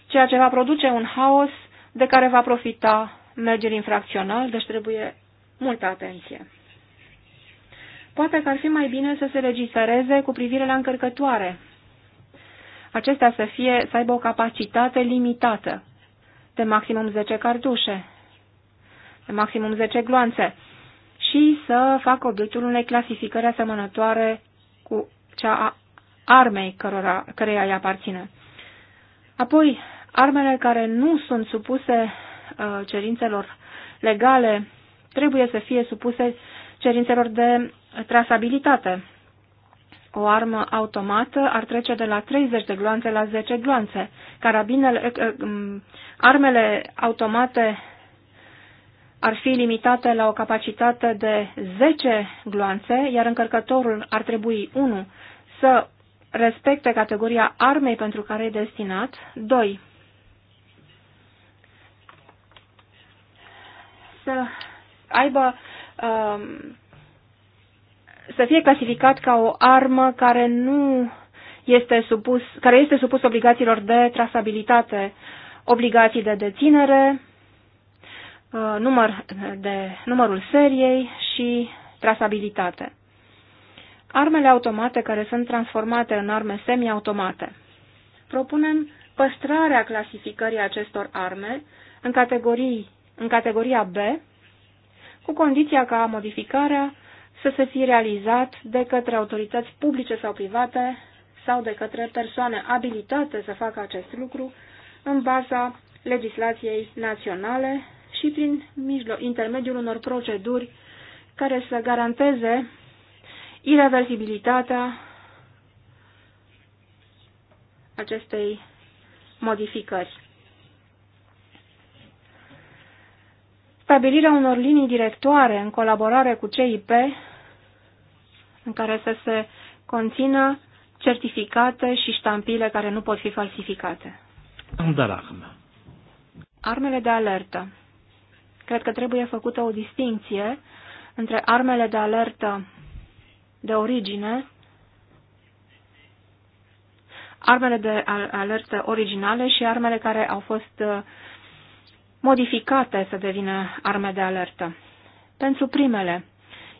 B: ceea ce va produce un haos de care va profita mergeri infracțional, deci trebuie multă atenție. Poate că ar fi mai bine să se legifereze cu privire la încărcătoare. Acestea să, fie, să aibă o capacitate limitată, de maximum 10 cartușe, de maximum 10 gloanțe, și să facă obiectul unei clasificări asemănătoare cu cea a armei cărora, căreia îi aparține. Apoi, armele care nu sunt supuse uh, cerințelor legale trebuie să fie supuse cerințelor de trasabilitate. O armă automată ar trece de la 30 de gloanțe la 10 gloanțe. Carabinele, uh, uh, armele automate ar fi limitate la o capacitate de 10 gloanțe, iar încărcătorul ar trebui 1. Să respecte categoria armei pentru care e destinat. 2. Să aibă um, să fie clasificat ca o armă care nu este supus, care este supus obligațiilor de trasabilitate, obligații de deținere, Uh, număr de, numărul seriei și trasabilitate. Armele automate care sunt transformate în arme semiautomate. Propunem păstrarea clasificării acestor arme în, categorii, în categoria B, cu condiția ca modificarea să se fi realizat de către autorități publice sau private sau de către persoane abilitate să facă acest lucru în baza legislației naționale și prin mijlo- intermediul unor proceduri care să garanteze irreversibilitatea acestei modificări. Stabilirea unor linii directoare în colaborare cu CIP, în care să se conțină certificate și ștampile care nu pot fi falsificate. Armele de alertă. Cred că trebuie făcută o distinție între armele de alertă de origine, armele de alertă originale și armele care au fost uh, modificate să devină arme de alertă. Pentru primele,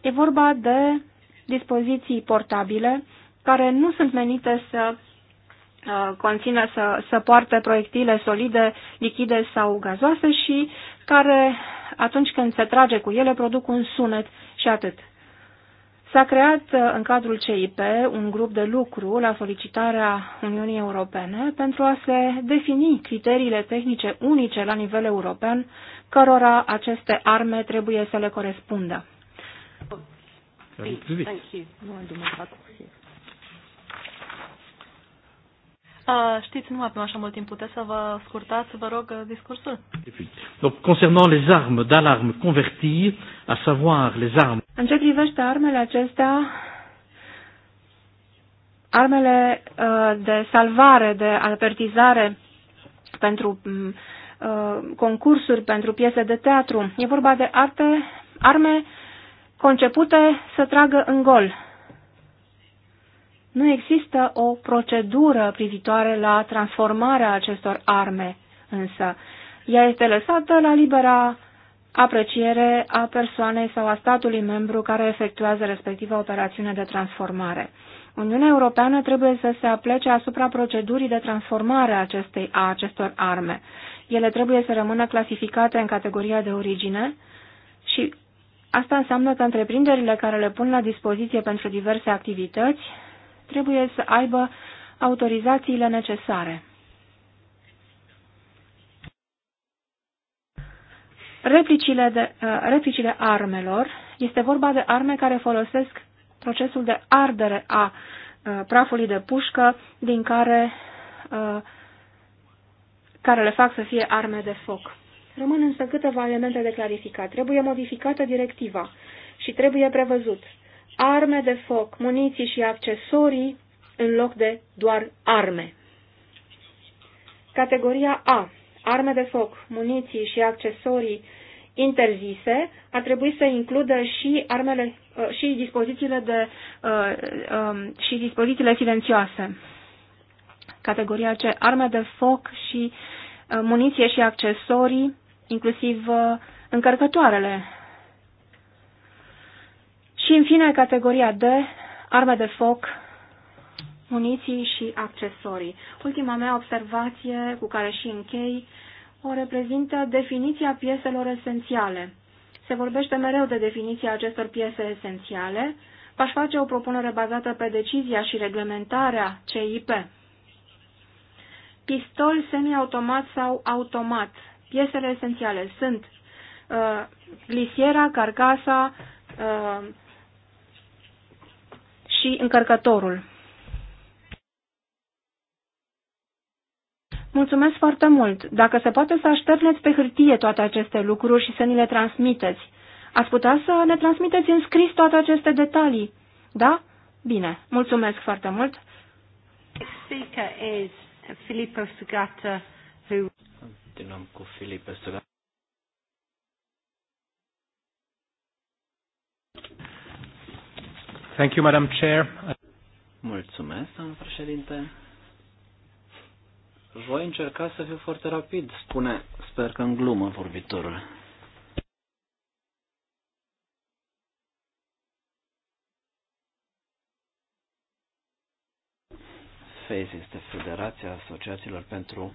B: e vorba de dispoziții portabile care nu sunt menite să uh, conține, să, să poarte proiectile solide, lichide sau gazoase și care, atunci când se trage cu ele, produc un sunet și atât. S-a creat uh, în cadrul CIP un grup de lucru la solicitarea Uniunii Europene pentru a se defini criteriile tehnice unice la nivel european cărora aceste arme trebuie să le corespundă
D: știți, nu avem așa mult timp. Puteți să vă scurtați, vă rog, discursul?
C: Donc, concernant les armes d'alarme converties, à savoir les armes...
D: În ce privește armele acestea,
B: armele uh, de salvare, de apertizare pentru uh, concursuri, pentru piese de teatru, e vorba de arte, arme concepute să tragă în gol nu există o procedură privitoare la transformarea acestor arme, însă ea este lăsată la libera apreciere a persoanei sau a statului membru care efectuează respectiva operațiune de transformare. Uniunea Europeană trebuie să se aplece asupra procedurii de transformare a, acestei, a acestor arme. Ele trebuie să rămână clasificate în categoria de origine și asta înseamnă că întreprinderile care le pun la dispoziție pentru diverse activități trebuie să aibă autorizațiile necesare. Replicile, de, uh, replicile armelor. Este vorba de arme care folosesc procesul de ardere a uh, prafului de pușcă din care, uh, care le fac să fie arme de foc. Rămân însă câteva elemente de clarificat. Trebuie modificată directiva și trebuie prevăzut arme de foc, muniții și accesorii în loc de doar arme. Categoria A. Arme de foc, muniții și accesorii interzise ar trebui să includă și armele uh, și dispozițiile de uh, um, și dispozițiile silențioase. Categoria C. Arme de foc și uh, muniție și accesorii, inclusiv încărcătoarele și, în fine, categoria D, arme de foc, muniții și accesorii. Ultima mea observație, cu care și închei, o reprezintă definiția pieselor esențiale. Se vorbește mereu de definiția acestor piese esențiale. V-aș face o propunere bazată pe decizia și reglementarea CIP. Pistol semiautomat sau automat. Piesele esențiale sunt uh, glisiera, carcasa, uh, și încărcătorul. Mulțumesc foarte mult. Dacă se poate să așterneți pe hârtie toate aceste lucruri și să ni le transmiteți. Ați putea să ne transmiteți în scris toate aceste detalii. Da? Bine. Mulțumesc foarte mult.
C: Continuăm cu Filipe Sugata. Thank you, Madam Chair. Mulțumesc, domnul președinte. Voi încerca să fiu foarte rapid, spune, sper că în glumă, vorbitorul. FACE este Federația Asociațiilor pentru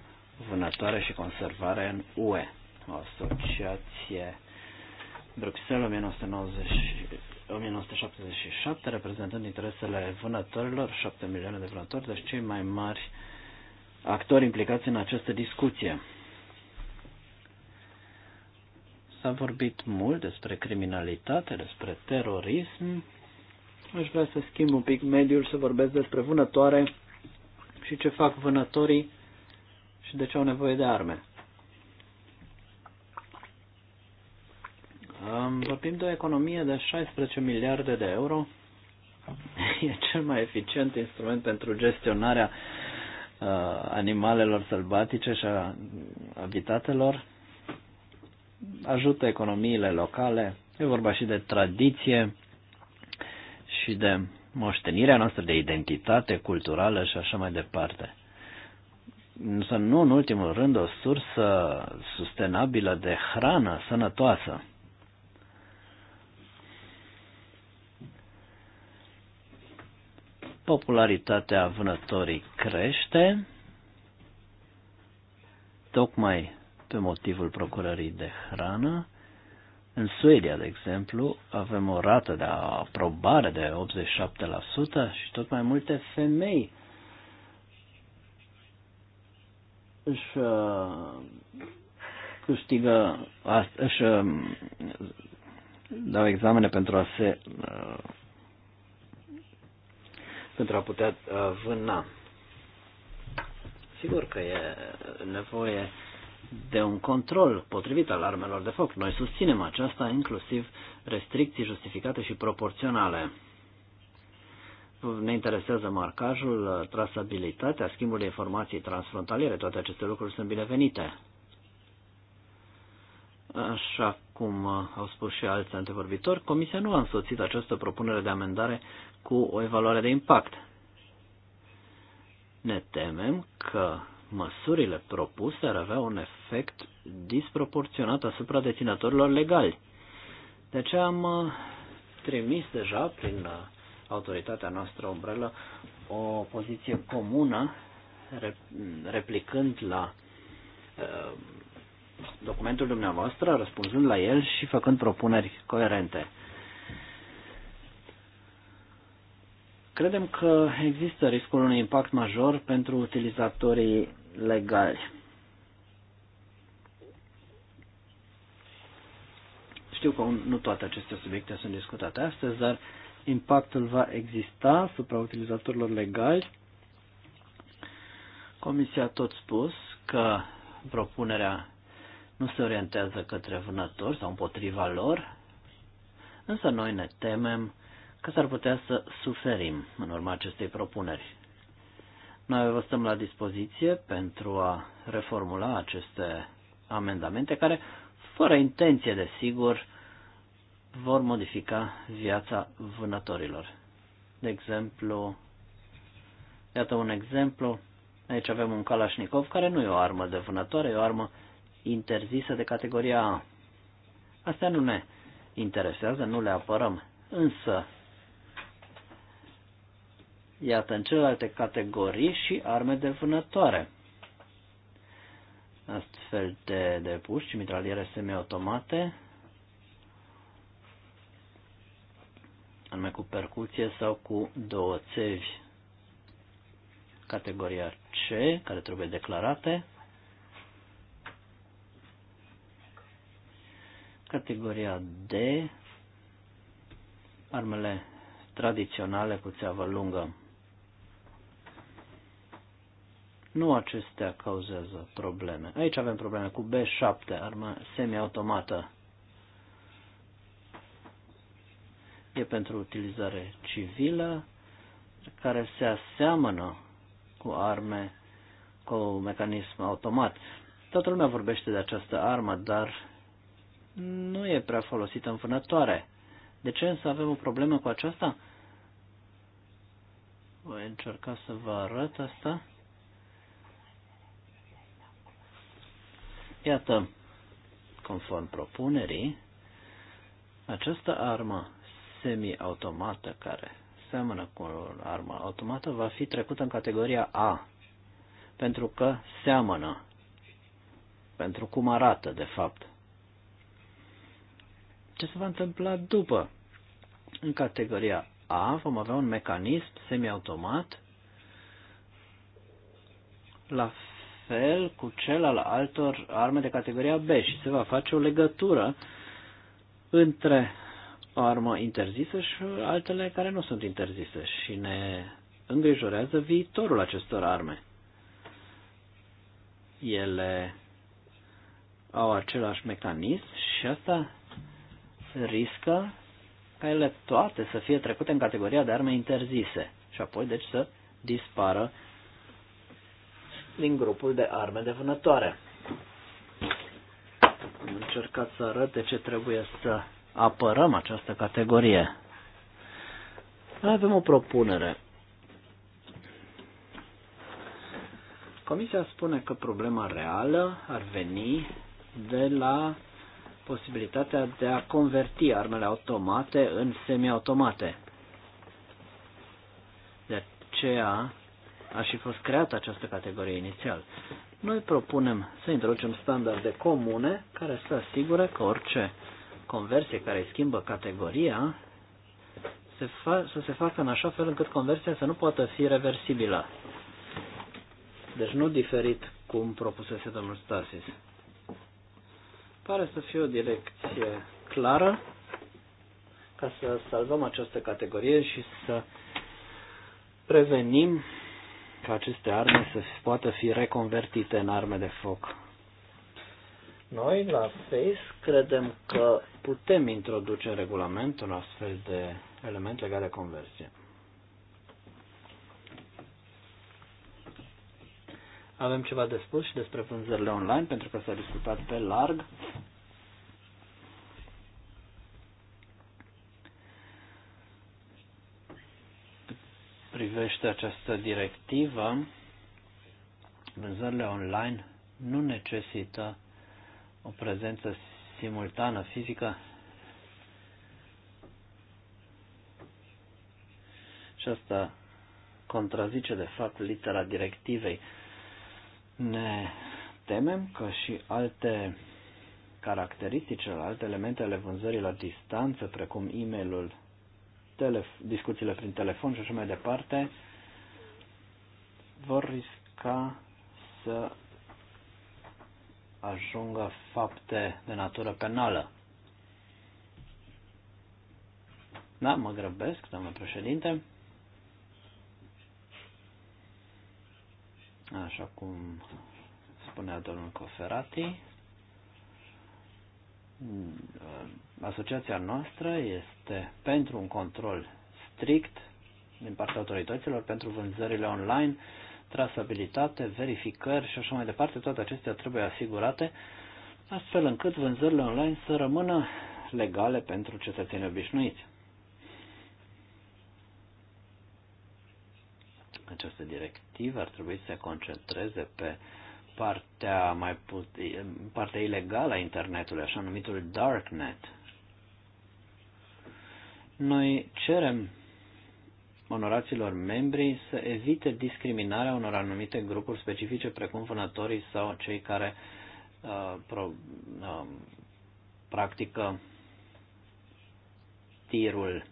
C: Vânătoare și Conservare în UE, o asociație Bruxelles 1990 1977, reprezentând interesele vânătorilor, 7 milioane de vânători, deci cei mai mari actori implicați în această discuție. S-a vorbit mult despre criminalitate, despre terorism. Aș vrea să schimb un pic mediul, să vorbesc despre vânătoare și ce fac vânătorii și de ce au nevoie de arme. Vorbim de o economie de 16 miliarde de euro. E cel mai eficient instrument pentru gestionarea uh, animalelor sălbatice și a habitatelor. Ajută economiile locale. E vorba și de tradiție și de moștenirea noastră de identitate culturală și așa mai departe. Însă nu în ultimul rând o sursă sustenabilă de hrană sănătoasă. Popularitatea vânătorii crește, tocmai pe motivul procurării de hrană. În Suedia, de exemplu, avem o rată de aprobare de 87% și tot mai multe femei își uh, câștigă, își um, dau examene pentru a se uh, pentru a putea uh, vâna. Sigur că e nevoie de un control potrivit al armelor de foc. Noi susținem aceasta, inclusiv restricții justificate și proporționale. Ne interesează marcajul, trasabilitatea, schimbul de informații transfrontaliere, toate aceste lucruri sunt binevenite. Așa cum au spus și alți antevorbitori, Comisia nu a însoțit această propunere de amendare cu o evaluare de impact. Ne temem că măsurile propuse ar avea un efect disproporționat asupra deținătorilor legali. De aceea am uh, trimis deja prin uh, autoritatea noastră umbrelă o poziție comună replicând la uh, documentul dumneavoastră, răspunzând la el și făcând propuneri coerente. Credem că există riscul unui impact major pentru utilizatorii legali. Știu că nu toate aceste subiecte sunt discutate astăzi, dar impactul va exista asupra utilizatorilor legali. Comisia a tot spus că propunerea nu se orientează către vânători sau împotriva lor, însă noi ne temem că s-ar putea să suferim în urma acestei propuneri. Noi vă stăm la dispoziție pentru a reformula aceste amendamente care, fără intenție de sigur, vor modifica viața vânătorilor. De exemplu, iată un exemplu, aici avem un Kalashnikov care nu e o armă de vânătoare, e o armă interzisă de categoria A. Astea nu ne interesează, nu le apărăm, însă iată, în celelalte categorii și arme de vânătoare. Astfel de, de puși și mitraliere semiautomate, anume cu percuție sau cu două țevi. Categoria C, care trebuie declarate. Categoria D, armele tradiționale cu țeavă lungă. Nu acestea cauzează probleme. Aici avem probleme cu B7, armă semiautomată. E pentru utilizare civilă, care se aseamănă cu arme cu mecanism automat. Toată lumea vorbește de această armă, dar nu e prea folosită în vânătoare. De ce însă avem o problemă cu aceasta? Voi încerca să vă arăt asta. Iată, conform propunerii, această armă semi-automată care seamănă cu o armă automată va fi trecută în categoria A, pentru că seamănă, pentru cum arată, de fapt. Ce se va întâmpla după? În categoria A vom avea un mecanism semi-automat, la fel cu cel al altor arme de categoria B și se va face o legătură între o armă interzisă și altele care nu sunt interzise și ne îngrijorează viitorul acestor arme. Ele au același mecanism și asta riscă ca ele toate să fie trecute în categoria de arme interzise și apoi deci să dispară din grupul de arme de vânătoare. Am încercat să de ce trebuie să apărăm această categorie. Mai avem o propunere. Comisia spune că problema reală ar veni de la posibilitatea de a converti armele automate în semiautomate. De aceea a și fost creată această categorie inițial. Noi propunem să introducem standarde comune care să asigure că orice conversie care schimbă categoria se fa- să se facă în așa fel încât conversia să nu poată fi reversibilă. Deci nu diferit cum propusese domnul Stasis. Pare să fie o direcție clară ca să salvăm această categorie și să prevenim ca aceste arme să poată fi reconvertite în arme de foc. Noi la FACE credem că putem introduce în regulament un astfel de element legat de conversie. Avem ceva de spus și despre vânzările online, pentru că s-a discutat pe larg privește această directivă, vânzările online nu necesită o prezență simultană fizică și asta contrazice de fapt litera directivei. Ne temem că și alte caracteristici, alte elemente ale vânzării la distanță, precum e-mailul telef- discuțiile prin telefon și așa mai departe, vor risca să ajungă fapte de natură penală. Da, mă grăbesc, domnule președinte. Așa cum spunea domnul Coferati. Mm, uh, asociația noastră este pentru un control strict din partea autorităților pentru vânzările online, trasabilitate, verificări și așa mai departe. Toate acestea trebuie asigurate astfel încât vânzările online să rămână legale pentru cetățenii obișnuiți. Această directivă ar trebui să se concentreze pe partea, mai put, partea ilegală a internetului, așa numitul darknet. Noi cerem onoraților membri să evite discriminarea unor anumite grupuri specifice, precum vânătorii sau cei care uh, pro, uh, practică tirul.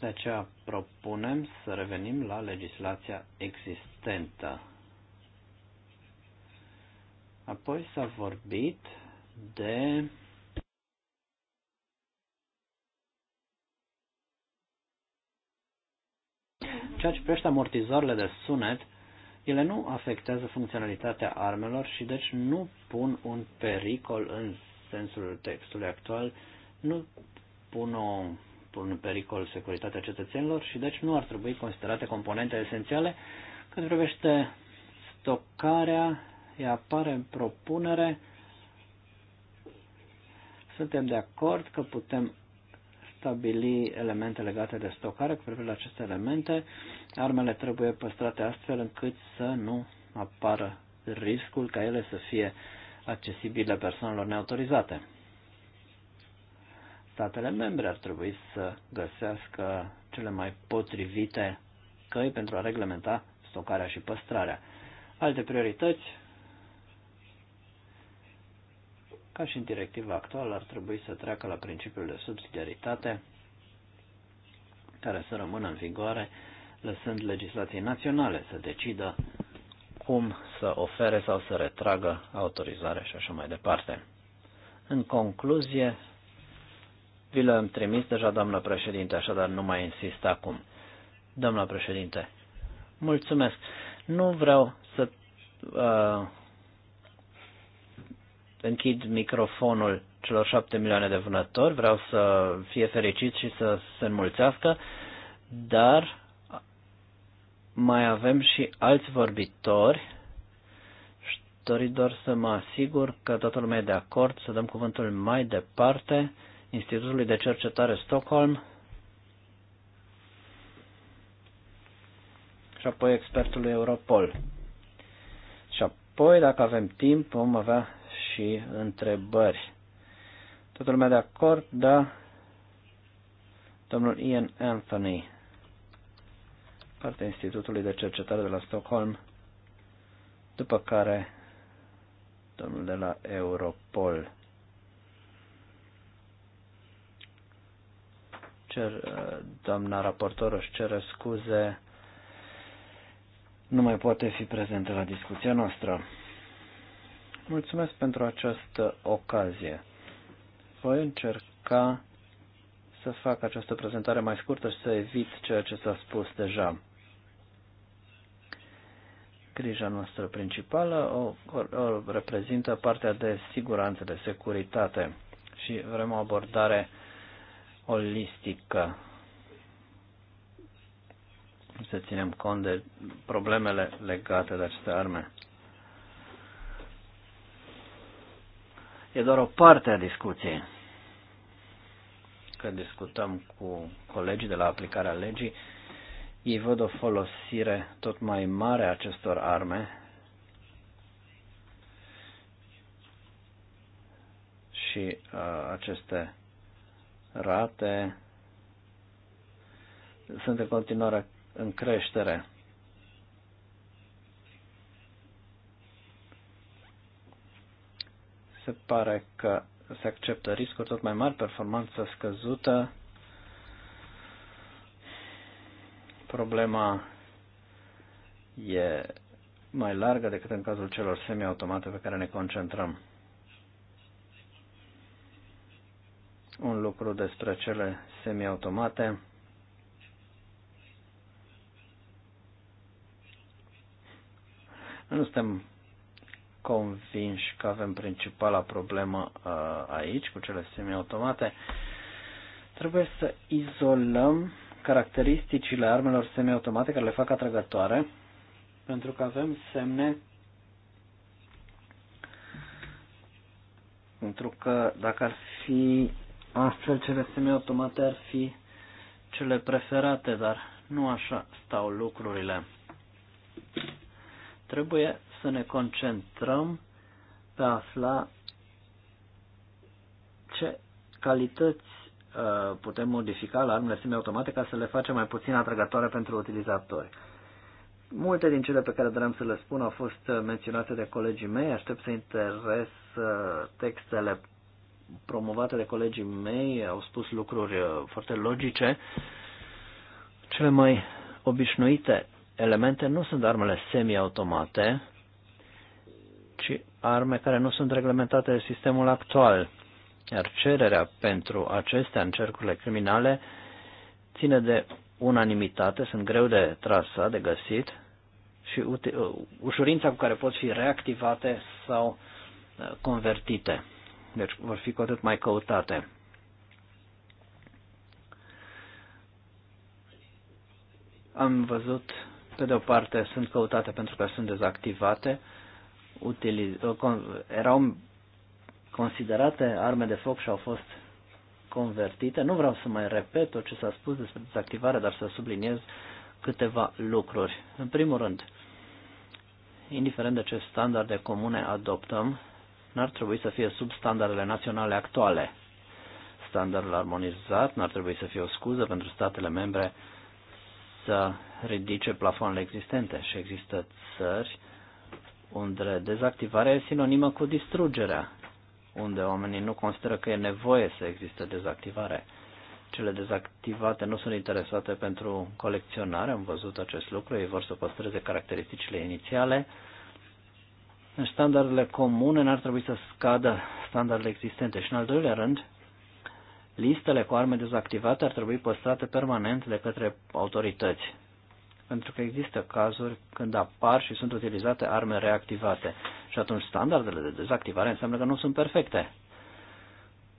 C: De aceea propunem să revenim la legislația existentă. Apoi s-a vorbit de ceea ce privește amortizoarele de sunet, ele nu afectează funcționalitatea armelor și deci nu pun un pericol în sensul textului actual, nu pun, o, pun în pericol securitatea cetățenilor și deci nu ar trebui considerate componente esențiale cât privește stocarea îi apare în propunere. Suntem de acord că putem stabili elemente legate de stocare cu privire la aceste elemente. Armele trebuie păstrate astfel încât să nu apară riscul ca ele să fie accesibile persoanelor neautorizate. Statele membre ar trebui să găsească cele mai potrivite căi pentru a reglementa stocarea și păstrarea. Alte priorități Ca și în directiva actuală, ar trebui să treacă la principiul de subsidiaritate, care să rămână în vigoare, lăsând legislației naționale să decidă cum să ofere sau să retragă autorizarea și așa mai departe. În concluzie, vi l-am trimis deja, doamnă președinte, așadar nu mai insist acum. Doamna președinte, mulțumesc. Nu vreau să uh, închid microfonul celor șapte milioane de vânători, vreau să fie fericiți și să se înmulțească, dar mai avem și alți vorbitori și dori doar să mă asigur că toată lumea e de acord să dăm cuvântul mai departe Institutului de Cercetare Stockholm și apoi expertului Europol. Și apoi, dacă avem timp, vom avea și întrebări. Toată lumea de acord, da? Domnul Ian Anthony, partea Institutului de Cercetare de la Stockholm, după care domnul de la Europol. Cer, uh, doamna raportor își cere scuze, nu mai poate fi prezentă la discuția noastră. Mulțumesc pentru această ocazie. Voi încerca să fac această prezentare mai scurtă și să evit ceea ce s-a spus deja. Grija noastră principală o, o, o reprezintă partea de siguranță, de securitate și vrem o abordare olistică. Să ținem cont de problemele legate de aceste arme. e doar o parte a discuției. Că discutăm cu colegii de la aplicarea legii, ei văd o folosire tot mai mare a acestor arme și uh, aceste rate sunt în continuare în creștere. cât pare că se acceptă riscuri tot mai mari, performanță scăzută, problema e mai largă decât în cazul celor semi-automate pe care ne concentrăm. Un lucru despre cele semi-automate, Nu suntem convinși că avem principala problemă uh, aici cu cele semiautomate. Trebuie să izolăm caracteristicile armelor semiautomate care le fac atrăgătoare, pentru că avem semne pentru că dacă ar fi astfel cele semiautomate ar fi cele preferate, dar nu așa stau lucrurile. Trebuie să ne concentrăm pe a afla ce calități uh, putem modifica la armele semiautomate ca să le facem mai puțin atrăgătoare pentru utilizatori. Multe din cele pe care doream să le spun au fost uh, menționate de colegii mei. Aștept să interes uh, textele promovate de colegii mei. Au spus lucruri foarte logice. Cele mai obișnuite elemente nu sunt armele semiautomate, ci arme care nu sunt reglementate de sistemul actual, iar cererea pentru acestea în cercurile criminale ține de unanimitate, sunt greu de trasat, de găsit și ușurința cu care pot fi reactivate sau uh, convertite. Deci vor fi cu atât mai căutate. Am văzut, pe de o parte, sunt căutate pentru că sunt dezactivate, utiliz, uh, erau considerate arme de foc și au fost convertite. Nu vreau să mai repet tot ce s-a spus despre dezactivare, dar să subliniez câteva lucruri. În primul rând, indiferent de ce standarde comune adoptăm, n-ar trebui să fie sub standardele naționale actuale. Standardul armonizat n-ar trebui să fie o scuză pentru statele membre să ridice plafoanele existente și există țări unde dezactivarea e sinonimă cu distrugerea, unde oamenii nu consideră că e nevoie să existe dezactivare. Cele dezactivate nu sunt interesate pentru colecționare, am văzut acest lucru, ei vor să păstreze caracteristicile inițiale. În deci standardele comune n-ar trebui să scadă standardele existente. Și în al doilea rând, listele cu arme dezactivate ar trebui păstrate permanent de către autorități pentru că există cazuri când apar și sunt utilizate arme reactivate. Și atunci standardele de dezactivare înseamnă că nu sunt perfecte.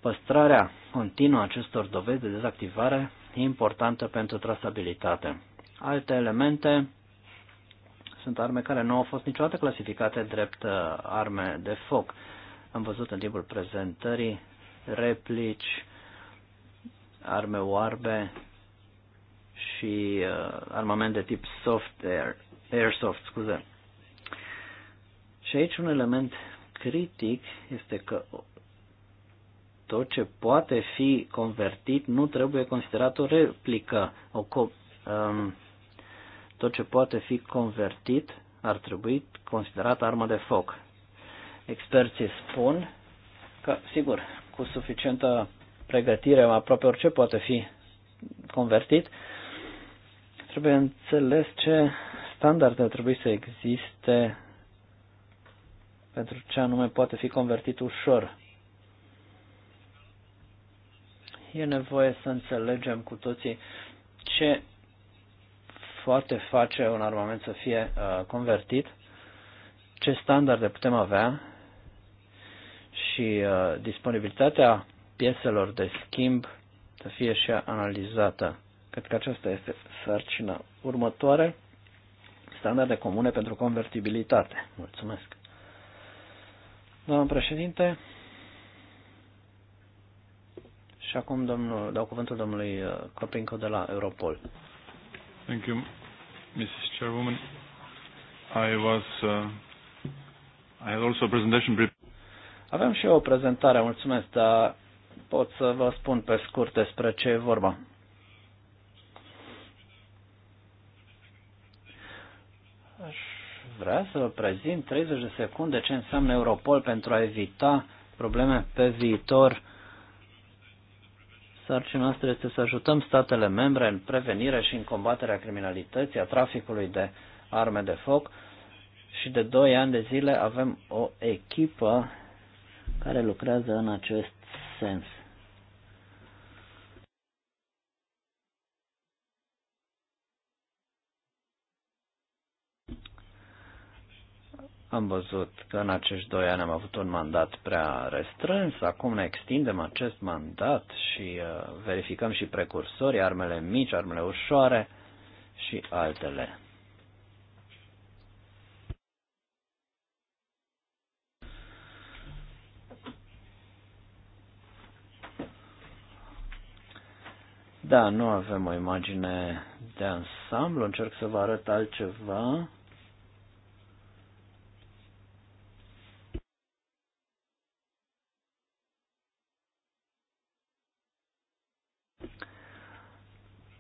C: Păstrarea continuă a acestor dovezi de dezactivare e importantă pentru trasabilitate. Alte elemente sunt arme care nu au fost niciodată clasificate drept uh, arme de foc. Am văzut în timpul prezentării replici, arme oarbe, și uh, armament de tip soft air, airsoft, scuze. Și aici un element critic este că tot ce poate fi convertit nu trebuie considerat o replică. O co- um, tot ce poate fi convertit ar trebui considerat armă de foc. Experții spun că, sigur, cu suficientă pregătire, aproape orice poate fi convertit, Trebuie înțeles ce standarde trebuie să existe pentru ce anume poate fi convertit ușor. E nevoie să înțelegem cu toții ce poate face un armament să fie uh, convertit, ce standarde putem avea și uh, disponibilitatea pieselor de schimb să fie și analizată. Cred că aceasta este sarcina următoare. Standarde comune pentru convertibilitate. Mulțumesc. Doamna președinte, și acum domnul, dau cuvântul domnului uh, Copinco de la Europol. Thank you, Mrs. Chairwoman. I was, uh, I had also a presentation brief. Avem și eu o prezentare, mulțumesc, dar pot să vă spun pe scurt despre ce e vorba. vrea să vă prezint 30 de secunde ce înseamnă Europol pentru a evita probleme pe viitor. Sarcina noastră este să ajutăm statele membre în prevenirea și în combaterea criminalității, a traficului de arme de foc și de 2 ani de zile avem o echipă care lucrează în acest sens. Am văzut că în acești doi ani am avut un mandat prea restrâns, acum ne extindem acest mandat și uh, verificăm și precursorii, armele mici, armele ușoare și altele. Da, nu avem o imagine de ansamblu, încerc să vă arăt altceva.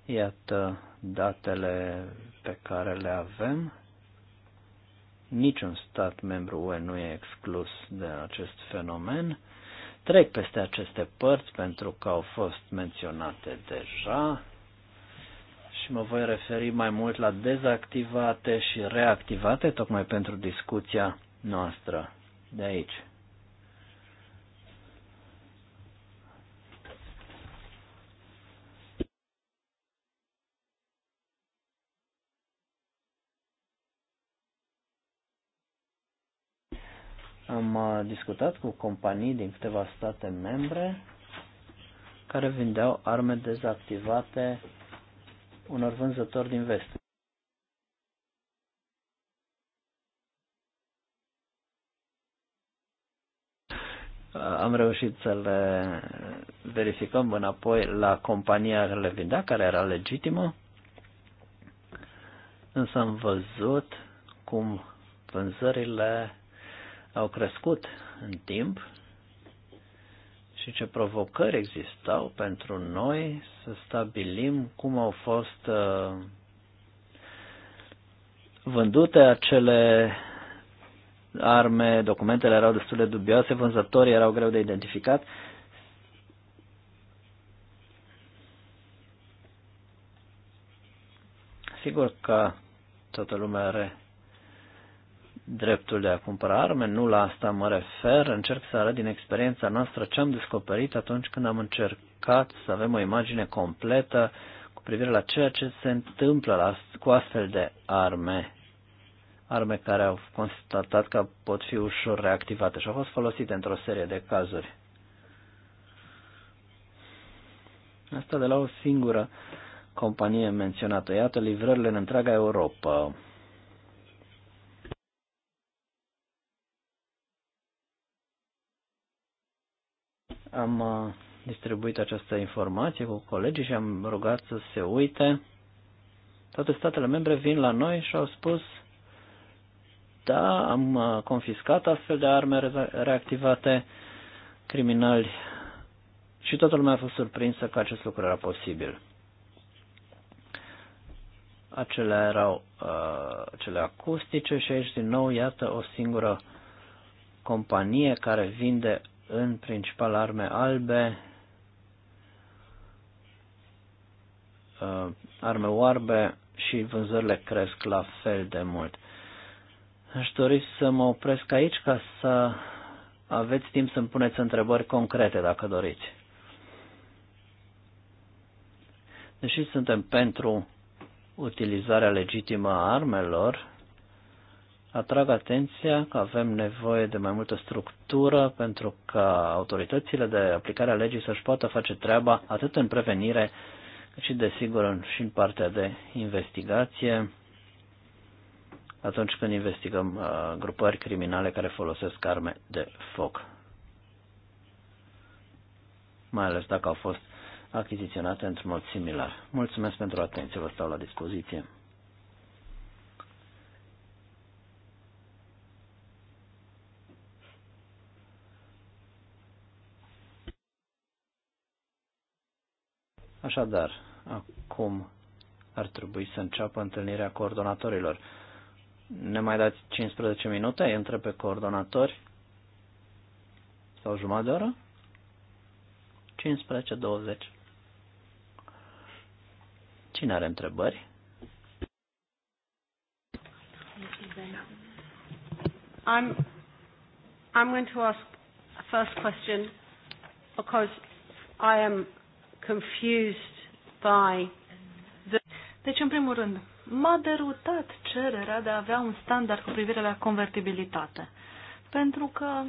C: Iată datele pe care le avem. Niciun stat membru UE nu e exclus de acest fenomen. Trec peste aceste părți pentru că au fost menționate deja și mă voi referi mai mult la dezactivate și reactivate, tocmai pentru discuția noastră de aici. Am uh, discutat cu companii din câteva state membre care vindeau arme dezactivate unor vânzători din vest. Am reușit să le verificăm înapoi la compania care le vindea, care era legitimă, însă am văzut cum vânzările au crescut în timp și ce provocări existau pentru noi să stabilim cum au fost uh, vândute acele arme, documentele erau destul de dubioase, vânzătorii erau greu de identificat. Sigur că toată lumea are dreptul de a cumpăra arme, nu la asta mă refer, încerc să arăt din experiența noastră ce am descoperit atunci când am încercat să avem o imagine completă cu privire la ceea ce se întâmplă la, cu astfel de arme, arme care au constatat că pot fi ușor reactivate și au fost folosite într-o serie de cazuri. Asta de la o singură companie menționată. Iată livrările în întreaga Europa. Am uh, distribuit această informație cu colegii și am rugat să se uite. Toate statele membre vin la noi și au spus da, am uh, confiscat astfel de arme reactivate, criminali și toată lumea a fost surprinsă că acest lucru era posibil. Acelea erau uh, cele acustice și aici din nou iată o singură companie care vinde în principal arme albe, uh, arme oarbe și vânzările cresc la fel de mult. Aș dori să mă opresc aici ca să aveți timp să-mi puneți întrebări concrete dacă doriți. Deși suntem pentru utilizarea legitimă a armelor, atrag atenția că avem nevoie de mai multă structură pentru ca autoritățile de aplicare a legii să-și poată face treaba atât în prevenire cât și, desigur, și în partea de investigație atunci când investigăm uh, grupări criminale care folosesc arme de foc. Mai ales dacă au fost achiziționate într-un mod similar. Mulțumesc pentru atenție, vă stau la dispoziție. Așadar, acum ar trebui să înceapă întâlnirea coordonatorilor. Ne mai dați 15 minute? Intră pe coordonatori? Sau jumătate de oră? 15-20. Cine are întrebări?
A: I'm, I'm going to ask a first question
D: because I am confused by the... Deci, în primul rând, m-a derutat cererea de a avea un standard cu privire la convertibilitate. Pentru că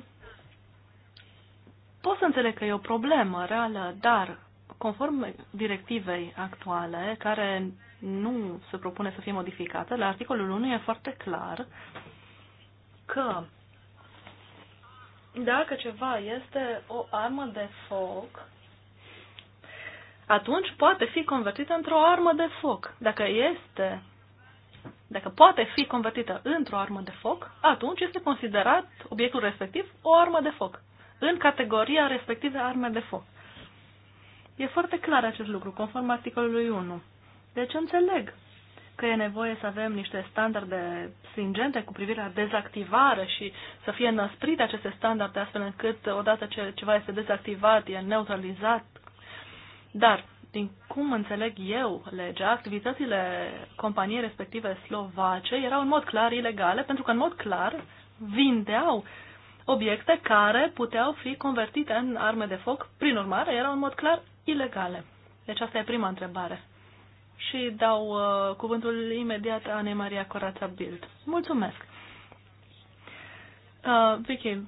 D: pot să înțeleg că e o problemă reală, dar conform directivei actuale, care nu se propune să fie modificată, la articolul 1 e foarte clar că dacă ceva este o armă de foc, atunci poate fi convertită într-o armă de foc. Dacă este, dacă poate fi convertită într-o armă de foc, atunci este considerat obiectul respectiv o armă de foc, în categoria respectivă arme de foc. E foarte clar acest lucru, conform articolului 1. Deci înțeleg că e nevoie să avem niște standarde stringente cu privire la dezactivare și să fie năsprite aceste standarde astfel încât odată ce ceva este dezactivat, e neutralizat dar, din cum înțeleg eu legea, activitățile companiei respective slovace erau în mod clar ilegale, pentru că în mod clar vindeau obiecte care puteau fi convertite în arme de foc, prin urmare erau în mod clar ilegale. Deci asta e prima întrebare. Și dau uh, cuvântul imediat Anei Maria Corața Bild. Mulțumesc! Uh, Vicky,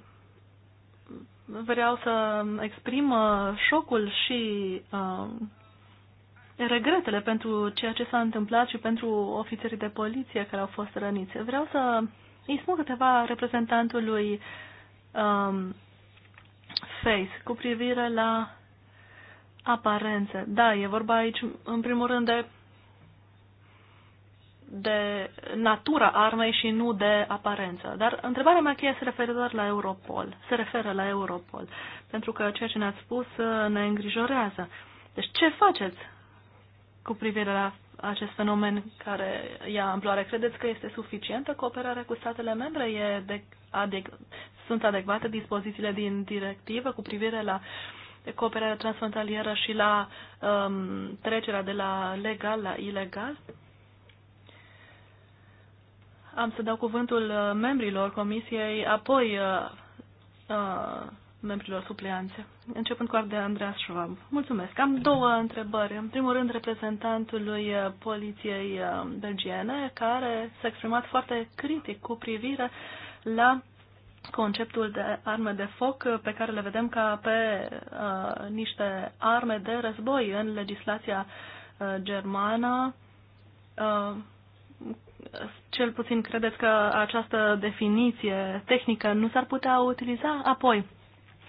D: vreau să exprim uh, șocul și uh, regretele pentru ceea ce s-a întâmplat și pentru ofițerii de poliție care au fost răniți. Vreau să îi spun câteva reprezentantului um, Face cu privire la aparențe. Da, e vorba aici, în primul rând, de de natura armei și nu de aparență. Dar întrebarea mea cheie se referă doar la Europol. Se referă la Europol. Pentru că ceea ce ne-ați spus uh, ne îngrijorează. Deci ce faceți cu privire la acest fenomen care ia amploare? Credeți că este suficientă cooperarea cu statele membre? E de, adec, sunt adecvate dispozițiile din directivă cu privire la cooperarea transfrontalieră și la um, trecerea de la legal la ilegal? Am să dau cuvântul uh, membrilor comisiei, apoi uh, uh, membrilor supleanțe, începând cu Ardea Andreas Schwab. Mulțumesc. Am două întrebări. În primul rând, reprezentantului poliției belgiene, care s-a exprimat foarte critic cu privire la conceptul de arme de foc pe care le vedem ca pe uh, niște arme de război în legislația uh, germană. Uh, cel puțin credeți că această definiție tehnică nu s-ar putea utiliza? Apoi,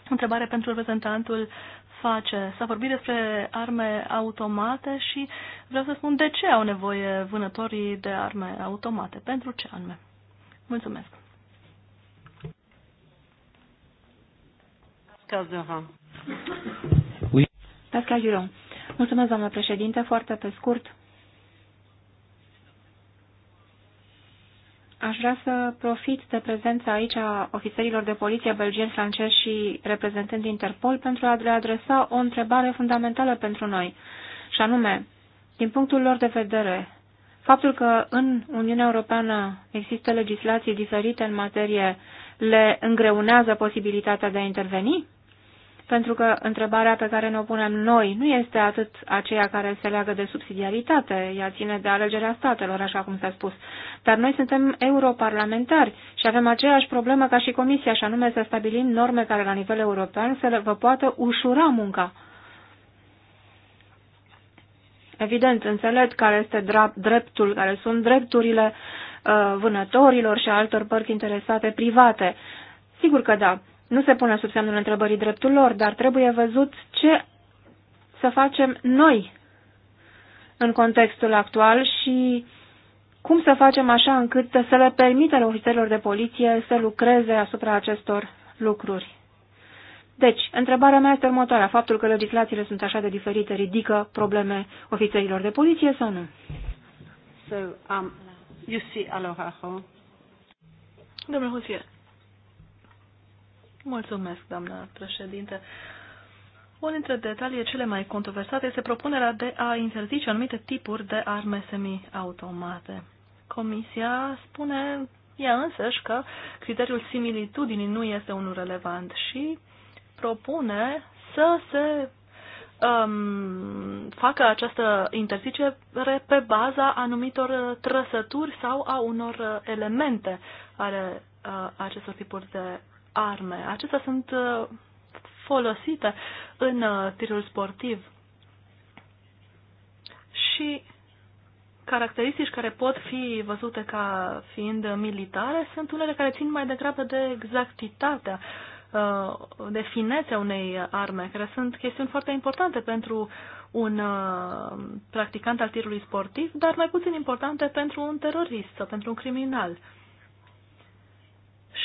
D: întrebare pentru reprezentantul face. S-a vorbit despre arme automate și vreau să spun de ce au nevoie vânătorii de arme automate, pentru ce anume. Mulțumesc.
A: Pascal
B: Duron. Mulțumesc, doamnă președinte. Foarte pe scurt, Aș vrea să profit de prezența aici a ofițerilor de poliție belgieni, francezi și reprezentând Interpol pentru a le adresa o întrebare fundamentală pentru noi, și anume, din punctul lor de vedere, faptul că în Uniunea Europeană există legislații diferite în materie le îngreunează posibilitatea de a interveni? pentru că întrebarea pe care ne-o punem noi nu este atât aceea care se leagă de subsidiaritate, ea ține de alegerea statelor, așa cum s-a spus. Dar noi suntem europarlamentari și avem aceeași problemă ca și Comisia, și anume să stabilim norme care la nivel european să vă poată ușura munca. Evident, înțeleg care este dreptul, care sunt drepturile uh, vânătorilor și altor părți interesate private. Sigur că da, nu se pune sub semnul întrebării dreptul lor, dar trebuie văzut ce să facem noi în contextul actual și cum să facem așa încât să le permită ofițerilor de poliție să lucreze asupra acestor lucruri. Deci, întrebarea mea este următoarea. Faptul că legislațiile sunt așa de diferite ridică probleme ofițerilor de poliție sau nu?
D: So, um, you see, aloha, Domnul Husier. Mulțumesc, doamnă președinte. Unul dintre detalii cele mai controversate este propunerea de a interzice anumite tipuri de arme semi-automate. Comisia spune ea însăși că criteriul similitudinii nu este unul relevant și propune să se um, facă această interzicere pe baza anumitor trăsături sau a unor elemente ale uh, acestor tipuri de arme. Acestea sunt uh, folosite în uh, tirul sportiv și caracteristici care pot fi văzute ca fiind militare sunt unele care țin mai degrabă de exactitatea, uh, de finețea unei arme, care sunt chestiuni foarte importante pentru un practicant al tirului sportiv, dar mai puțin importante pentru un terorist sau pentru un criminal.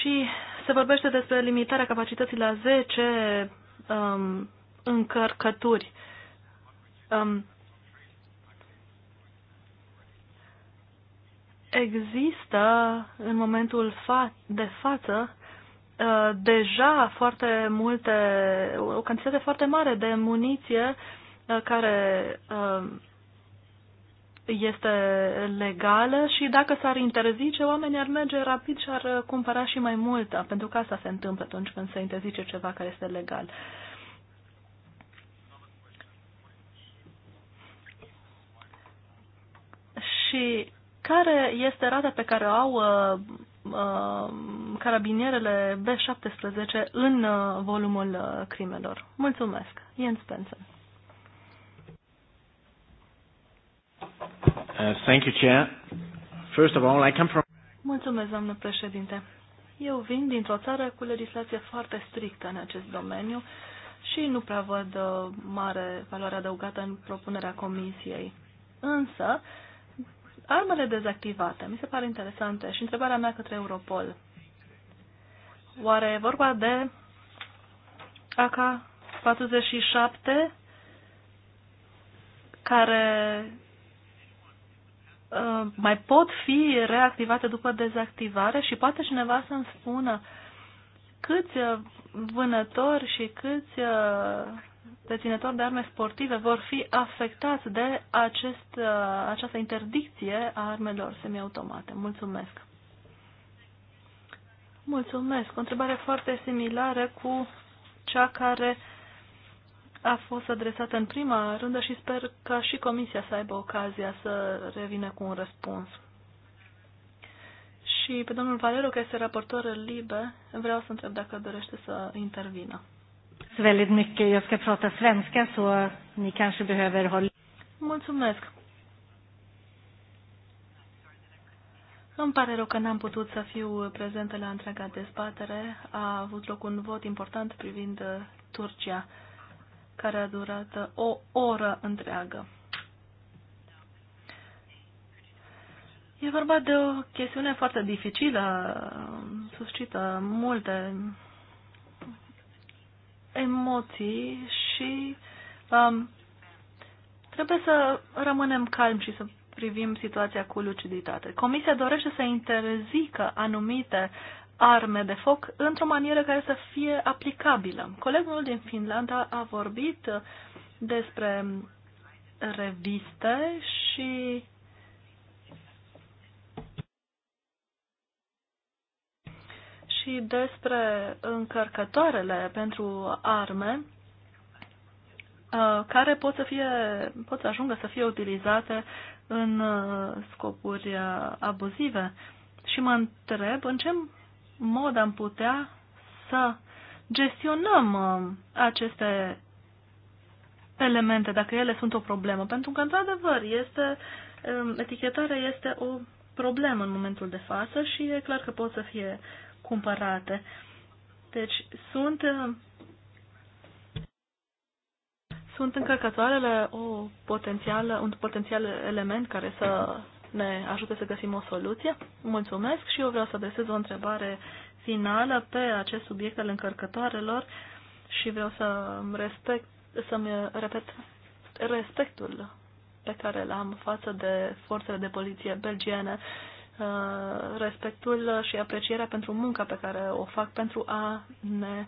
D: Și se vorbește despre limitarea capacității la 10 um, încărcături. Um, există în momentul fa de față uh, deja foarte multe, o cantitate foarte mare de muniție uh, care uh, este legală și dacă s-ar interzice, oamenii ar merge rapid și ar cumpăra și mai multă, pentru că asta se întâmplă atunci când se interzice ceva care este legal. Și care este rata pe care o au uh, uh, carabinierele B-17 în uh, volumul uh, crimelor? Mulțumesc. Jens Spencer.
C: Uh, thank you, Chair. First of all, I come from...
D: Mulțumesc, doamnă președinte. Eu vin dintr-o țară cu legislație foarte strictă în acest domeniu și nu prea văd uh, mare valoare adăugată în propunerea comisiei. Însă, armele dezactivate mi se pare interesante și întrebarea mea către Europol. Oare e vorba de AK-47 care Uh, mai pot fi reactivate după dezactivare și poate cineva să-mi spună câți uh, vânători și câți uh, deținători de arme sportive vor fi afectați de acest, această interdicție a armelor semiautomate. Mulțumesc! Mulțumesc! O întrebare foarte similară cu cea care a fost adresată în prima rândă și sper ca și Comisia să aibă ocazia să revină cu un răspuns. Și pe domnul Valero, care este raportor libe, vreau să întreb dacă dorește să intervină. Mulțumesc. Îmi pare rău că n-am putut să fiu prezentă la întreaga dezbatere. A avut loc un vot important privind Turcia care a durat o oră întreagă. E vorba de o chestiune foarte dificilă, suscită multe emoții și um, trebuie să rămânem calmi și să privim situația cu luciditate. Comisia dorește să interzică anumite arme de foc într-o manieră care să fie aplicabilă. Colegul din Finlanda a vorbit uh, despre uh, reviste și și despre încărcătoarele pentru arme uh, care pot să fie, pot să ajungă să fie utilizate în scopuri abuzive. Și mă întreb în ce mod am putea să gestionăm uh, aceste elemente, dacă ele sunt o problemă. Pentru că, într-adevăr, este, um, etichetarea este o problemă în momentul de față și e clar că pot să fie cumpărate. Deci sunt, uh, sunt încărcătoarele o potențială, un potențial element care să ne ajute să găsim o soluție. Mulțumesc și eu vreau să adresez o întrebare finală pe acest subiect al încărcătoarelor și vreau să respect, să-mi repet respectul pe care l-am față de forțele de poliție belgiene, uh, respectul și aprecierea pentru munca pe care o fac pentru a ne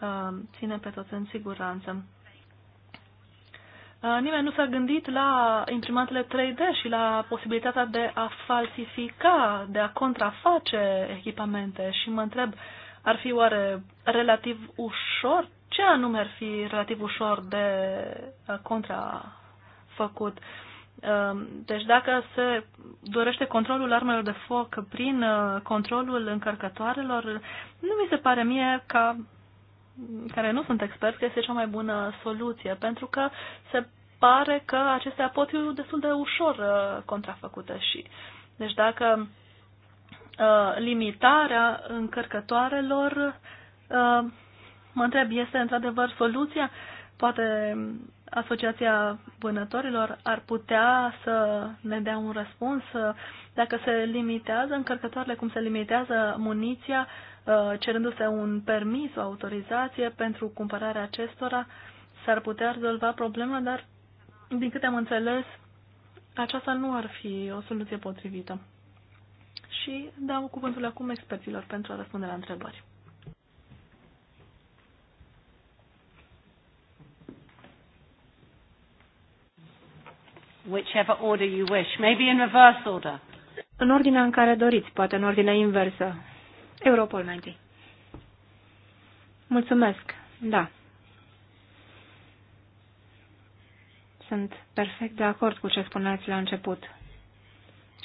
D: uh, ține pe toți în siguranță. Uh, nimeni nu s-a gândit la imprimantele 3D și la posibilitatea de a falsifica, de a contraface echipamente și mă întreb, ar fi oare relativ ușor? Ce anume ar fi relativ ușor de uh, contrafăcut? Uh, deci dacă se dorește controlul armelor de foc prin controlul încărcătoarelor, nu mi se pare mie ca care nu sunt experți, că este cea mai bună soluție, pentru că se pare că acestea pot fi destul de ușor uh, contrafăcute și. Deci dacă uh, limitarea încărcătoarelor, uh, mă întreb, este într-adevăr soluția? Poate Asociația Vânătorilor ar putea să ne dea un răspuns dacă se limitează încărcătoarele, cum se limitează muniția, uh, Uh, cerându-se un permis, o autorizație pentru cumpărarea acestora, s-ar putea rezolva problema, dar, din câte am înțeles, aceasta nu ar fi o soluție potrivită. Și dau cuvântul acum experților pentru a răspunde la întrebări.
A: Whichever order you wish, maybe in reverse order.
B: În ordinea în care doriți, poate în ordinea inversă.
A: Europol mai întâi.
B: Mulțumesc, da. Sunt perfect de acord cu ce spuneați la început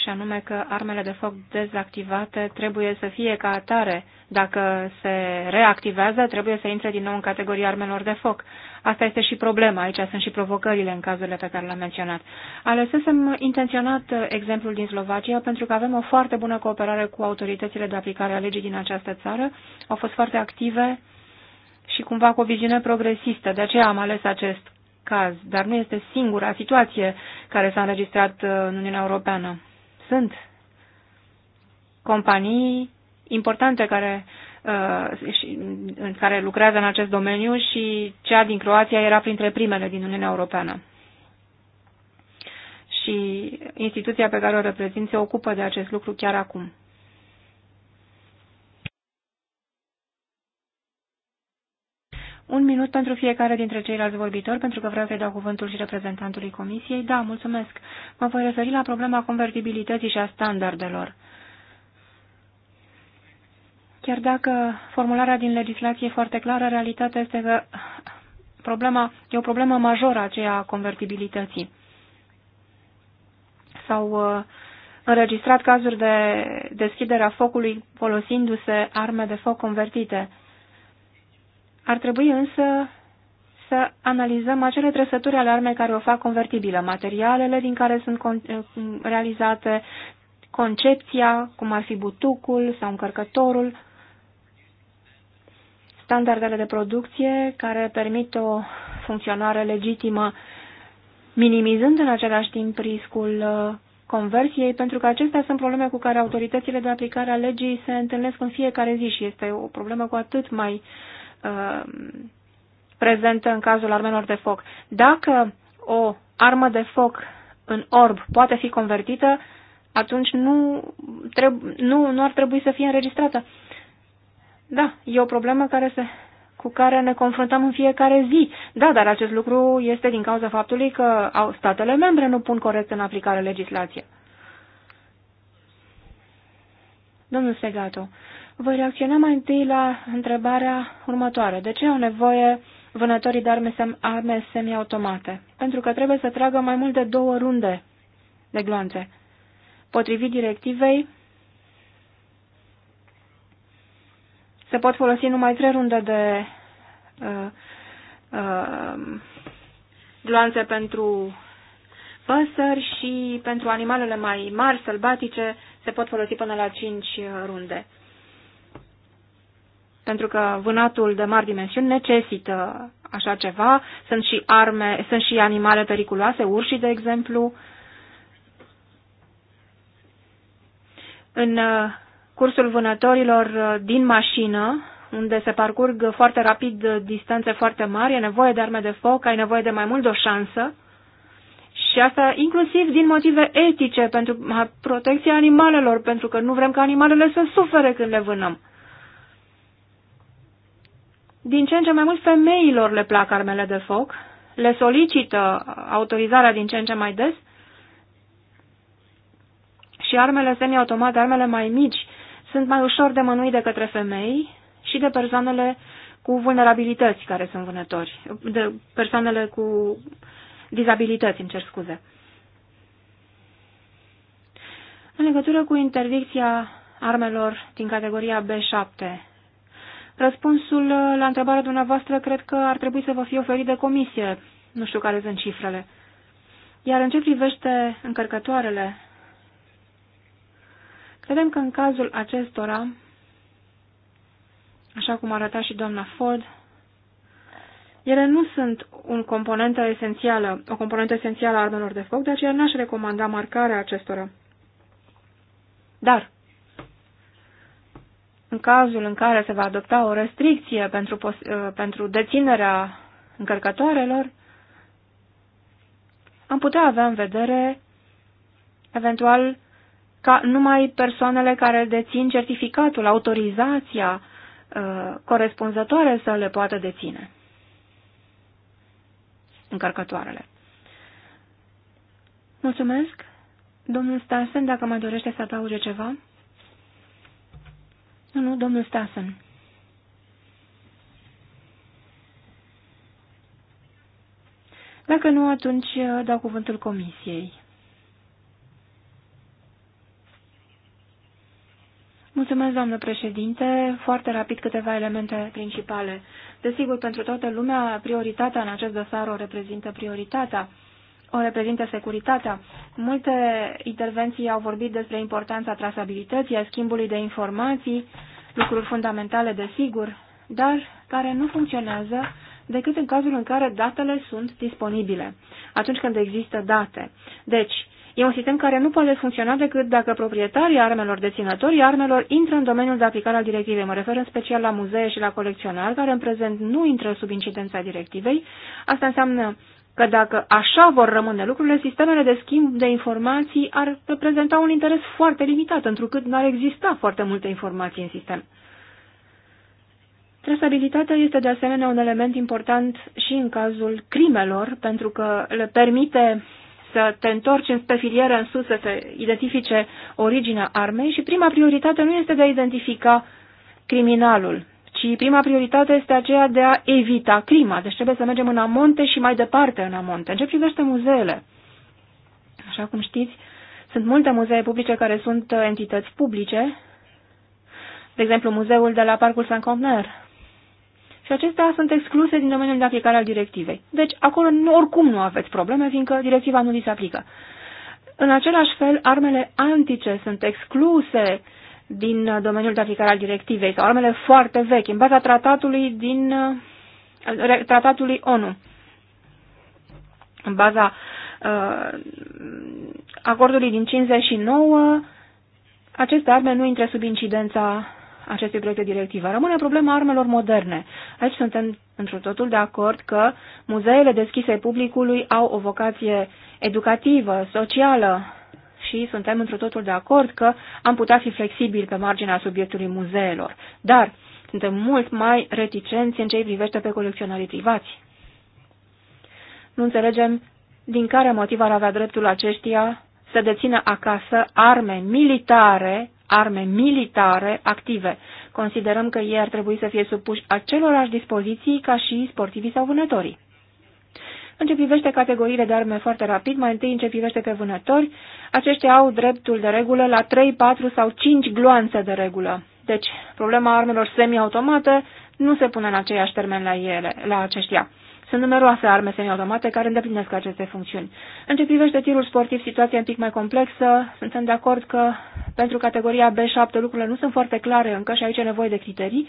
B: și anume că armele de foc dezactivate trebuie să fie ca atare. Dacă se reactivează, trebuie să intre din nou în categoria armelor de foc. Asta este și problema, aici sunt și provocările în cazurile pe care le-am menționat. Alesesem intenționat exemplul din Slovacia pentru că avem o foarte bună cooperare cu autoritățile de aplicare a legii din această țară. Au fost foarte active și cumva cu o viziune progresistă, de aceea am ales acest caz, dar nu este singura situație care s-a înregistrat uh, în Uniunea Europeană sunt companii importante care, uh, în care lucrează în acest domeniu și cea din Croația era printre primele din Uniunea Europeană. Și instituția pe care o reprezint se ocupă de acest lucru chiar acum. Un minut pentru fiecare dintre ceilalți vorbitori, pentru că vreau să-i dau cuvântul și reprezentantului Comisiei. Da, mulțumesc. Mă voi referi la problema convertibilității și a standardelor. Chiar dacă formularea din legislație e foarte clară, realitatea este că problema, e o problemă majoră aceea a convertibilității. S-au uh, înregistrat cazuri de deschidere a focului folosindu-se arme de foc convertite. Ar trebui însă să analizăm acele trăsături alarme care o fac convertibilă, materialele din care sunt con eh, realizate, concepția, cum ar fi butucul sau încărcătorul, standardele de producție care permit o funcționare legitimă, minimizând în același timp riscul eh, conversiei, pentru că acestea sunt probleme cu care autoritățile de aplicare a legii se întâlnesc în fiecare zi și este o problemă cu atât mai uh, Um, prezentă în cazul armelor de foc. Dacă o armă de foc în orb poate fi convertită, atunci nu, nu, nu ar trebui să fie înregistrată. Da, e o problemă care se, cu care ne confruntăm în fiecare zi. Da, dar acest lucru este din cauza faptului că au, statele membre nu pun corect în aplicare legislația. Domnul Segato, voi reacționa mai întâi la întrebarea următoare. De ce au nevoie vânătorii de arme, sem arme semiautomate? Pentru că trebuie să tragă mai mult de două runde de gloanțe. Potrivit directivei, se pot folosi numai trei runde de uh, uh, gloanțe pentru păsări și pentru animalele mai mari, sălbatice, se pot folosi până la cinci runde pentru că vânatul de mari dimensiuni necesită așa ceva. Sunt și arme, sunt și animale periculoase, urși, de exemplu. În uh, cursul vânătorilor uh, din mașină, unde se parcurg foarte rapid uh, distanțe foarte mari, e nevoie de arme de foc, ai nevoie de mai mult de o șansă. Și asta inclusiv din motive etice, pentru protecția animalelor, pentru că nu vrem ca animalele să sufere când le vânăm. Din ce în ce mai mult femeilor le plac armele de foc, le solicită autorizarea din ce în ce mai des și armele semi-automate, armele mai mici, sunt mai ușor de mânuit de către femei și de persoanele cu vulnerabilități care sunt vânători, de persoanele cu dizabilități, îmi cer scuze. În legătură cu interdicția armelor din categoria B7, Răspunsul uh, la întrebarea dumneavoastră cred că ar trebui să vă fie oferit de comisie. Nu știu care sunt cifrele. Iar în ce privește încărcătoarele, credem că în cazul acestora, așa cum arăta și doamna Ford, ele nu sunt un componentă esențială, o componentă esențială a armelor de foc, de aceea n-aș recomanda marcarea acestora. Dar, în cazul în care se va adopta o restricție pentru, uh, pentru deținerea încărcătoarelor, am putea avea în vedere eventual ca numai persoanele care dețin certificatul, autorizația uh, corespunzătoare să le poată deține încărcătoarele. Mulțumesc. Domnul Stansen, dacă mai dorește să adauge ceva. Nu, nu, domnul Stassen. Dacă nu, atunci uh, dau cuvântul comisiei. Mulțumesc, doamnă președinte. Foarte rapid câteva elemente principale. Desigur, pentru toată lumea, prioritatea în acest dosar o reprezintă prioritatea o reprezintă securitatea. Multe intervenții au vorbit despre importanța trasabilității, a schimbului de informații, lucruri fundamentale, desigur, dar care nu funcționează decât în cazul în care datele sunt disponibile, atunci când există date. Deci, e un sistem care nu poate funcționa decât dacă proprietarii armelor, deținătorii armelor, intră în domeniul de aplicare al directivei. Mă refer în special la muzee și la colecționari, care în prezent nu intră sub incidența directivei. Asta înseamnă că dacă așa vor rămâne lucrurile, sistemele de schimb de informații ar reprezenta un interes foarte limitat, întrucât n-ar exista foarte multe informații în sistem. Trasabilitatea este de asemenea un element important și în cazul crimelor, pentru că le permite să te întorci în filieră în sus, să se identifice originea armei și prima prioritate nu este de a identifica criminalul, ci prima prioritate este aceea de a evita clima. Deci trebuie să mergem în amonte și mai departe în amonte. În ce privește muzeele? Așa cum știți, sunt multe muzee publice care sunt uh, entități publice, de exemplu muzeul de la Parcul saint Comner. Și acestea sunt excluse din domeniul de aplicare al directivei. Deci acolo nu, oricum nu aveți probleme, fiindcă directiva nu li se aplică. În același fel, armele antice sunt excluse din uh, domeniul de aplicare al directivei sau armele foarte vechi, în baza tratatului din uh, tratatului ONU, în baza uh, acordului din 59, aceste arme nu intră sub incidența acestui proiect de directivă. Rămâne problema armelor moderne. Aici suntem într totul de acord că muzeele deschise publicului au o vocație educativă, socială, și suntem într totul de acord că am putea fi flexibili pe marginea subiectului muzeelor. Dar suntem mult mai reticenți în ce privește pe colecționarii privați. Nu înțelegem din care motiv ar avea dreptul aceștia să dețină acasă arme militare, arme militare active. Considerăm că ei ar trebui să fie supuși acelorași dispoziții ca și sportivii sau vânătorii. În ce privește categoriile de arme foarte rapid, mai întâi în ce privește pe vânători, aceștia au dreptul de regulă la 3, 4 sau 5 gloanțe de regulă. Deci, problema armelor semiautomate nu se pune în aceiași termen la, ele, la aceștia. Sunt numeroase arme semiautomate care îndeplinesc aceste funcțiuni. În ce privește tirul sportiv, situația e un pic mai complexă. Suntem de acord că pentru categoria B7 lucrurile nu sunt foarte clare încă și aici e nevoie de criterii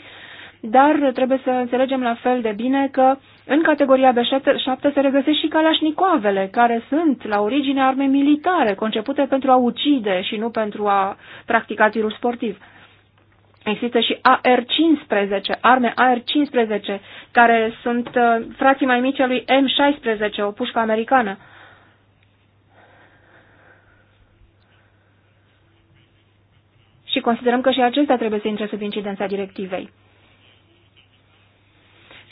B: dar trebuie să înțelegem la fel de bine că în categoria B7 se regăsesc și calașnicoavele, care sunt la origine arme militare, concepute pentru a ucide și nu pentru a practica tirul sportiv. Există și AR-15, arme AR-15, care sunt uh, frații mai mici lui M16, o pușcă americană. Și considerăm că și acestea trebuie să intre sub incidența directivei.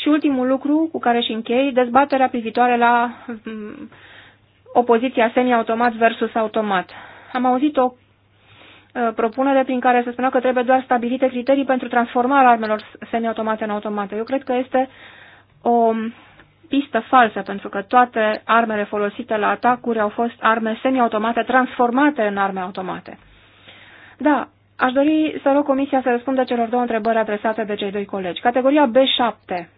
B: Și ultimul lucru cu care și închei, dezbaterea privitoare la mm, opoziția semi-automat versus automat. Am auzit o propunere prin care se spunea că trebuie doar stabilite criterii pentru transformarea armelor semi-automate în automate. Eu cred că este o mm, pistă falsă, pentru că toate armele folosite la atacuri au fost arme semi-automate transformate în arme automate. Da, aș dori să rog Comisia să răspundă celor două întrebări adresate de cei doi colegi. Categoria B7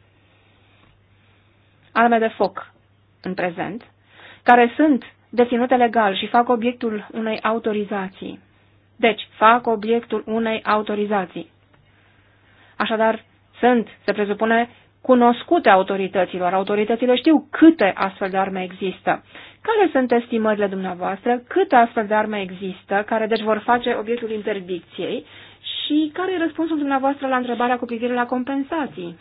B: arme de foc în prezent, care sunt deținute legal și fac obiectul unei autorizații. Deci, fac obiectul unei autorizații. Așadar, sunt, se presupune, cunoscute autorităților. Autoritățile știu câte astfel de arme există. Care sunt estimările dumneavoastră? Câte astfel de arme există care deci vor face obiectul interdicției? Și care e răspunsul dumneavoastră la întrebarea cu privire la compensații?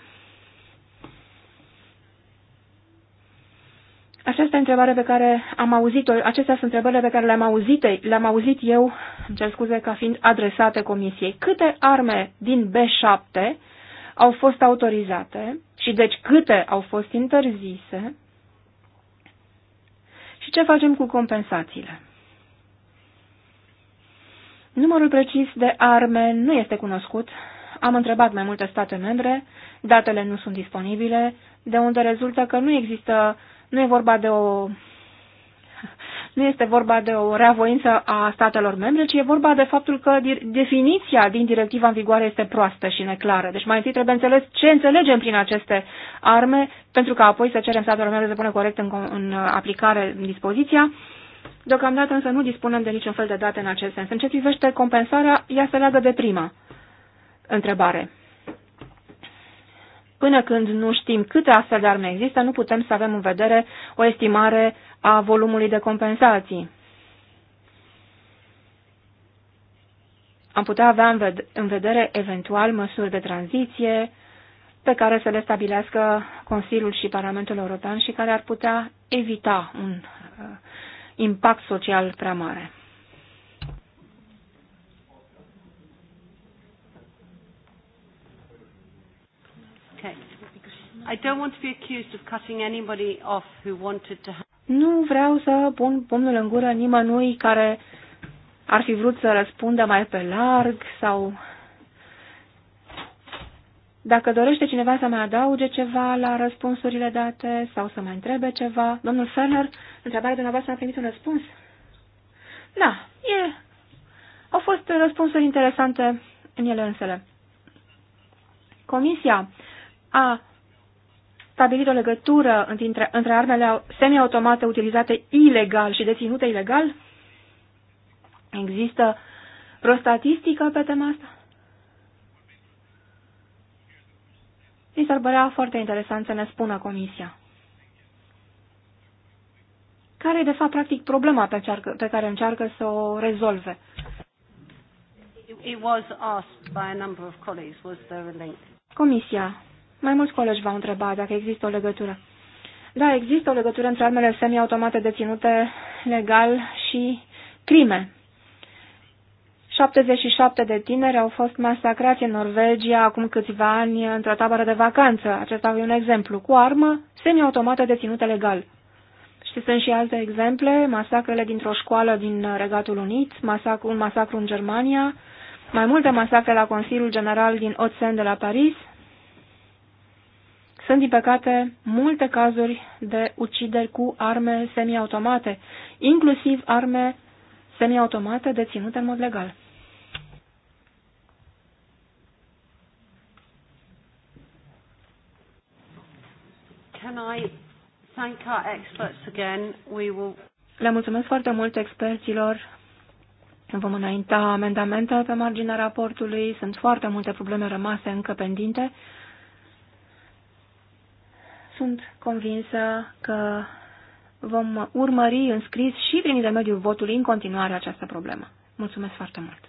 B: Această întrebare pe care am auzit-o, acestea sunt întrebările pe care le-am auzit, le-am auzit eu, îmi cer scuze, ca fiind adresate Comisiei. Câte arme din B7 au fost autorizate și deci câte au fost interzise și ce facem cu compensațiile? Numărul precis de arme nu este cunoscut. Am întrebat mai multe state membre, datele nu sunt disponibile, de unde rezultă că nu există nu e vorba de o nu este vorba de o reavoință a statelor membre, ci e vorba de faptul că definiția din directiva în vigoare este proastă și neclară. Deci mai întâi trebuie înțeles ce înțelegem prin aceste arme, pentru că apoi să cerem statelor membre să pună corect în, în aplicare în dispoziția. Deocamdată însă nu dispunem de niciun fel de date în acest sens. În ce privește compensarea, ea se leagă de prima întrebare. Până când nu știm câte astfel de arme există, nu putem să avem în vedere o estimare a volumului de compensații. Am putea avea în vedere eventual măsuri de tranziție pe care să le stabilească Consiliul și Parlamentul European și care ar putea evita un uh, impact social prea mare. Nu vreau să pun pumnul în gură nimănui care ar fi vrut să răspundă mai pe larg sau... Dacă dorește cineva să mai adauge ceva la răspunsurile date sau să mai întrebe ceva... Domnul Ferner, întrebarea dumneavoastră a primit un răspuns? Da, e... Au fost răspunsuri interesante în ele însele. Comisia a stabilit o legătură între, între armele semiautomate utilizate ilegal și deținute ilegal? Există vreo statistică pe tema asta? Mi s-ar părea foarte interesant să ne spună Comisia. Care e, de fapt, practic, problema pe, cearcă, pe care încearcă să o rezolve? Comisia mai mulți colegi v-au întrebat dacă există o legătură. Da, există o legătură între armele semi-automate deținute legal și crime. 77 de tineri au fost masacrați în Norvegia acum câțiva ani într-o tabără de vacanță. Acesta e un exemplu, cu armă semiautomată deținută legal. Și sunt și alte exemple, masacrele dintr-o școală din Regatul Unit, masacru, un masacru în Germania, mai multe masacre la Consiliul General din Otsen de la Paris, sunt, din păcate, multe cazuri de ucideri cu arme semiautomate, inclusiv arme semiautomate deținute în mod legal.
A: Can I thank our experts again? We will...
B: Le mulțumesc foarte mult experților. Vom înainta amendamente pe marginea raportului. Sunt foarte multe probleme rămase încă pendinte. Sunt convinsă că vom urmări în scris și prin intermediul votului în continuare această problemă.
A: Mulțumesc foarte mult!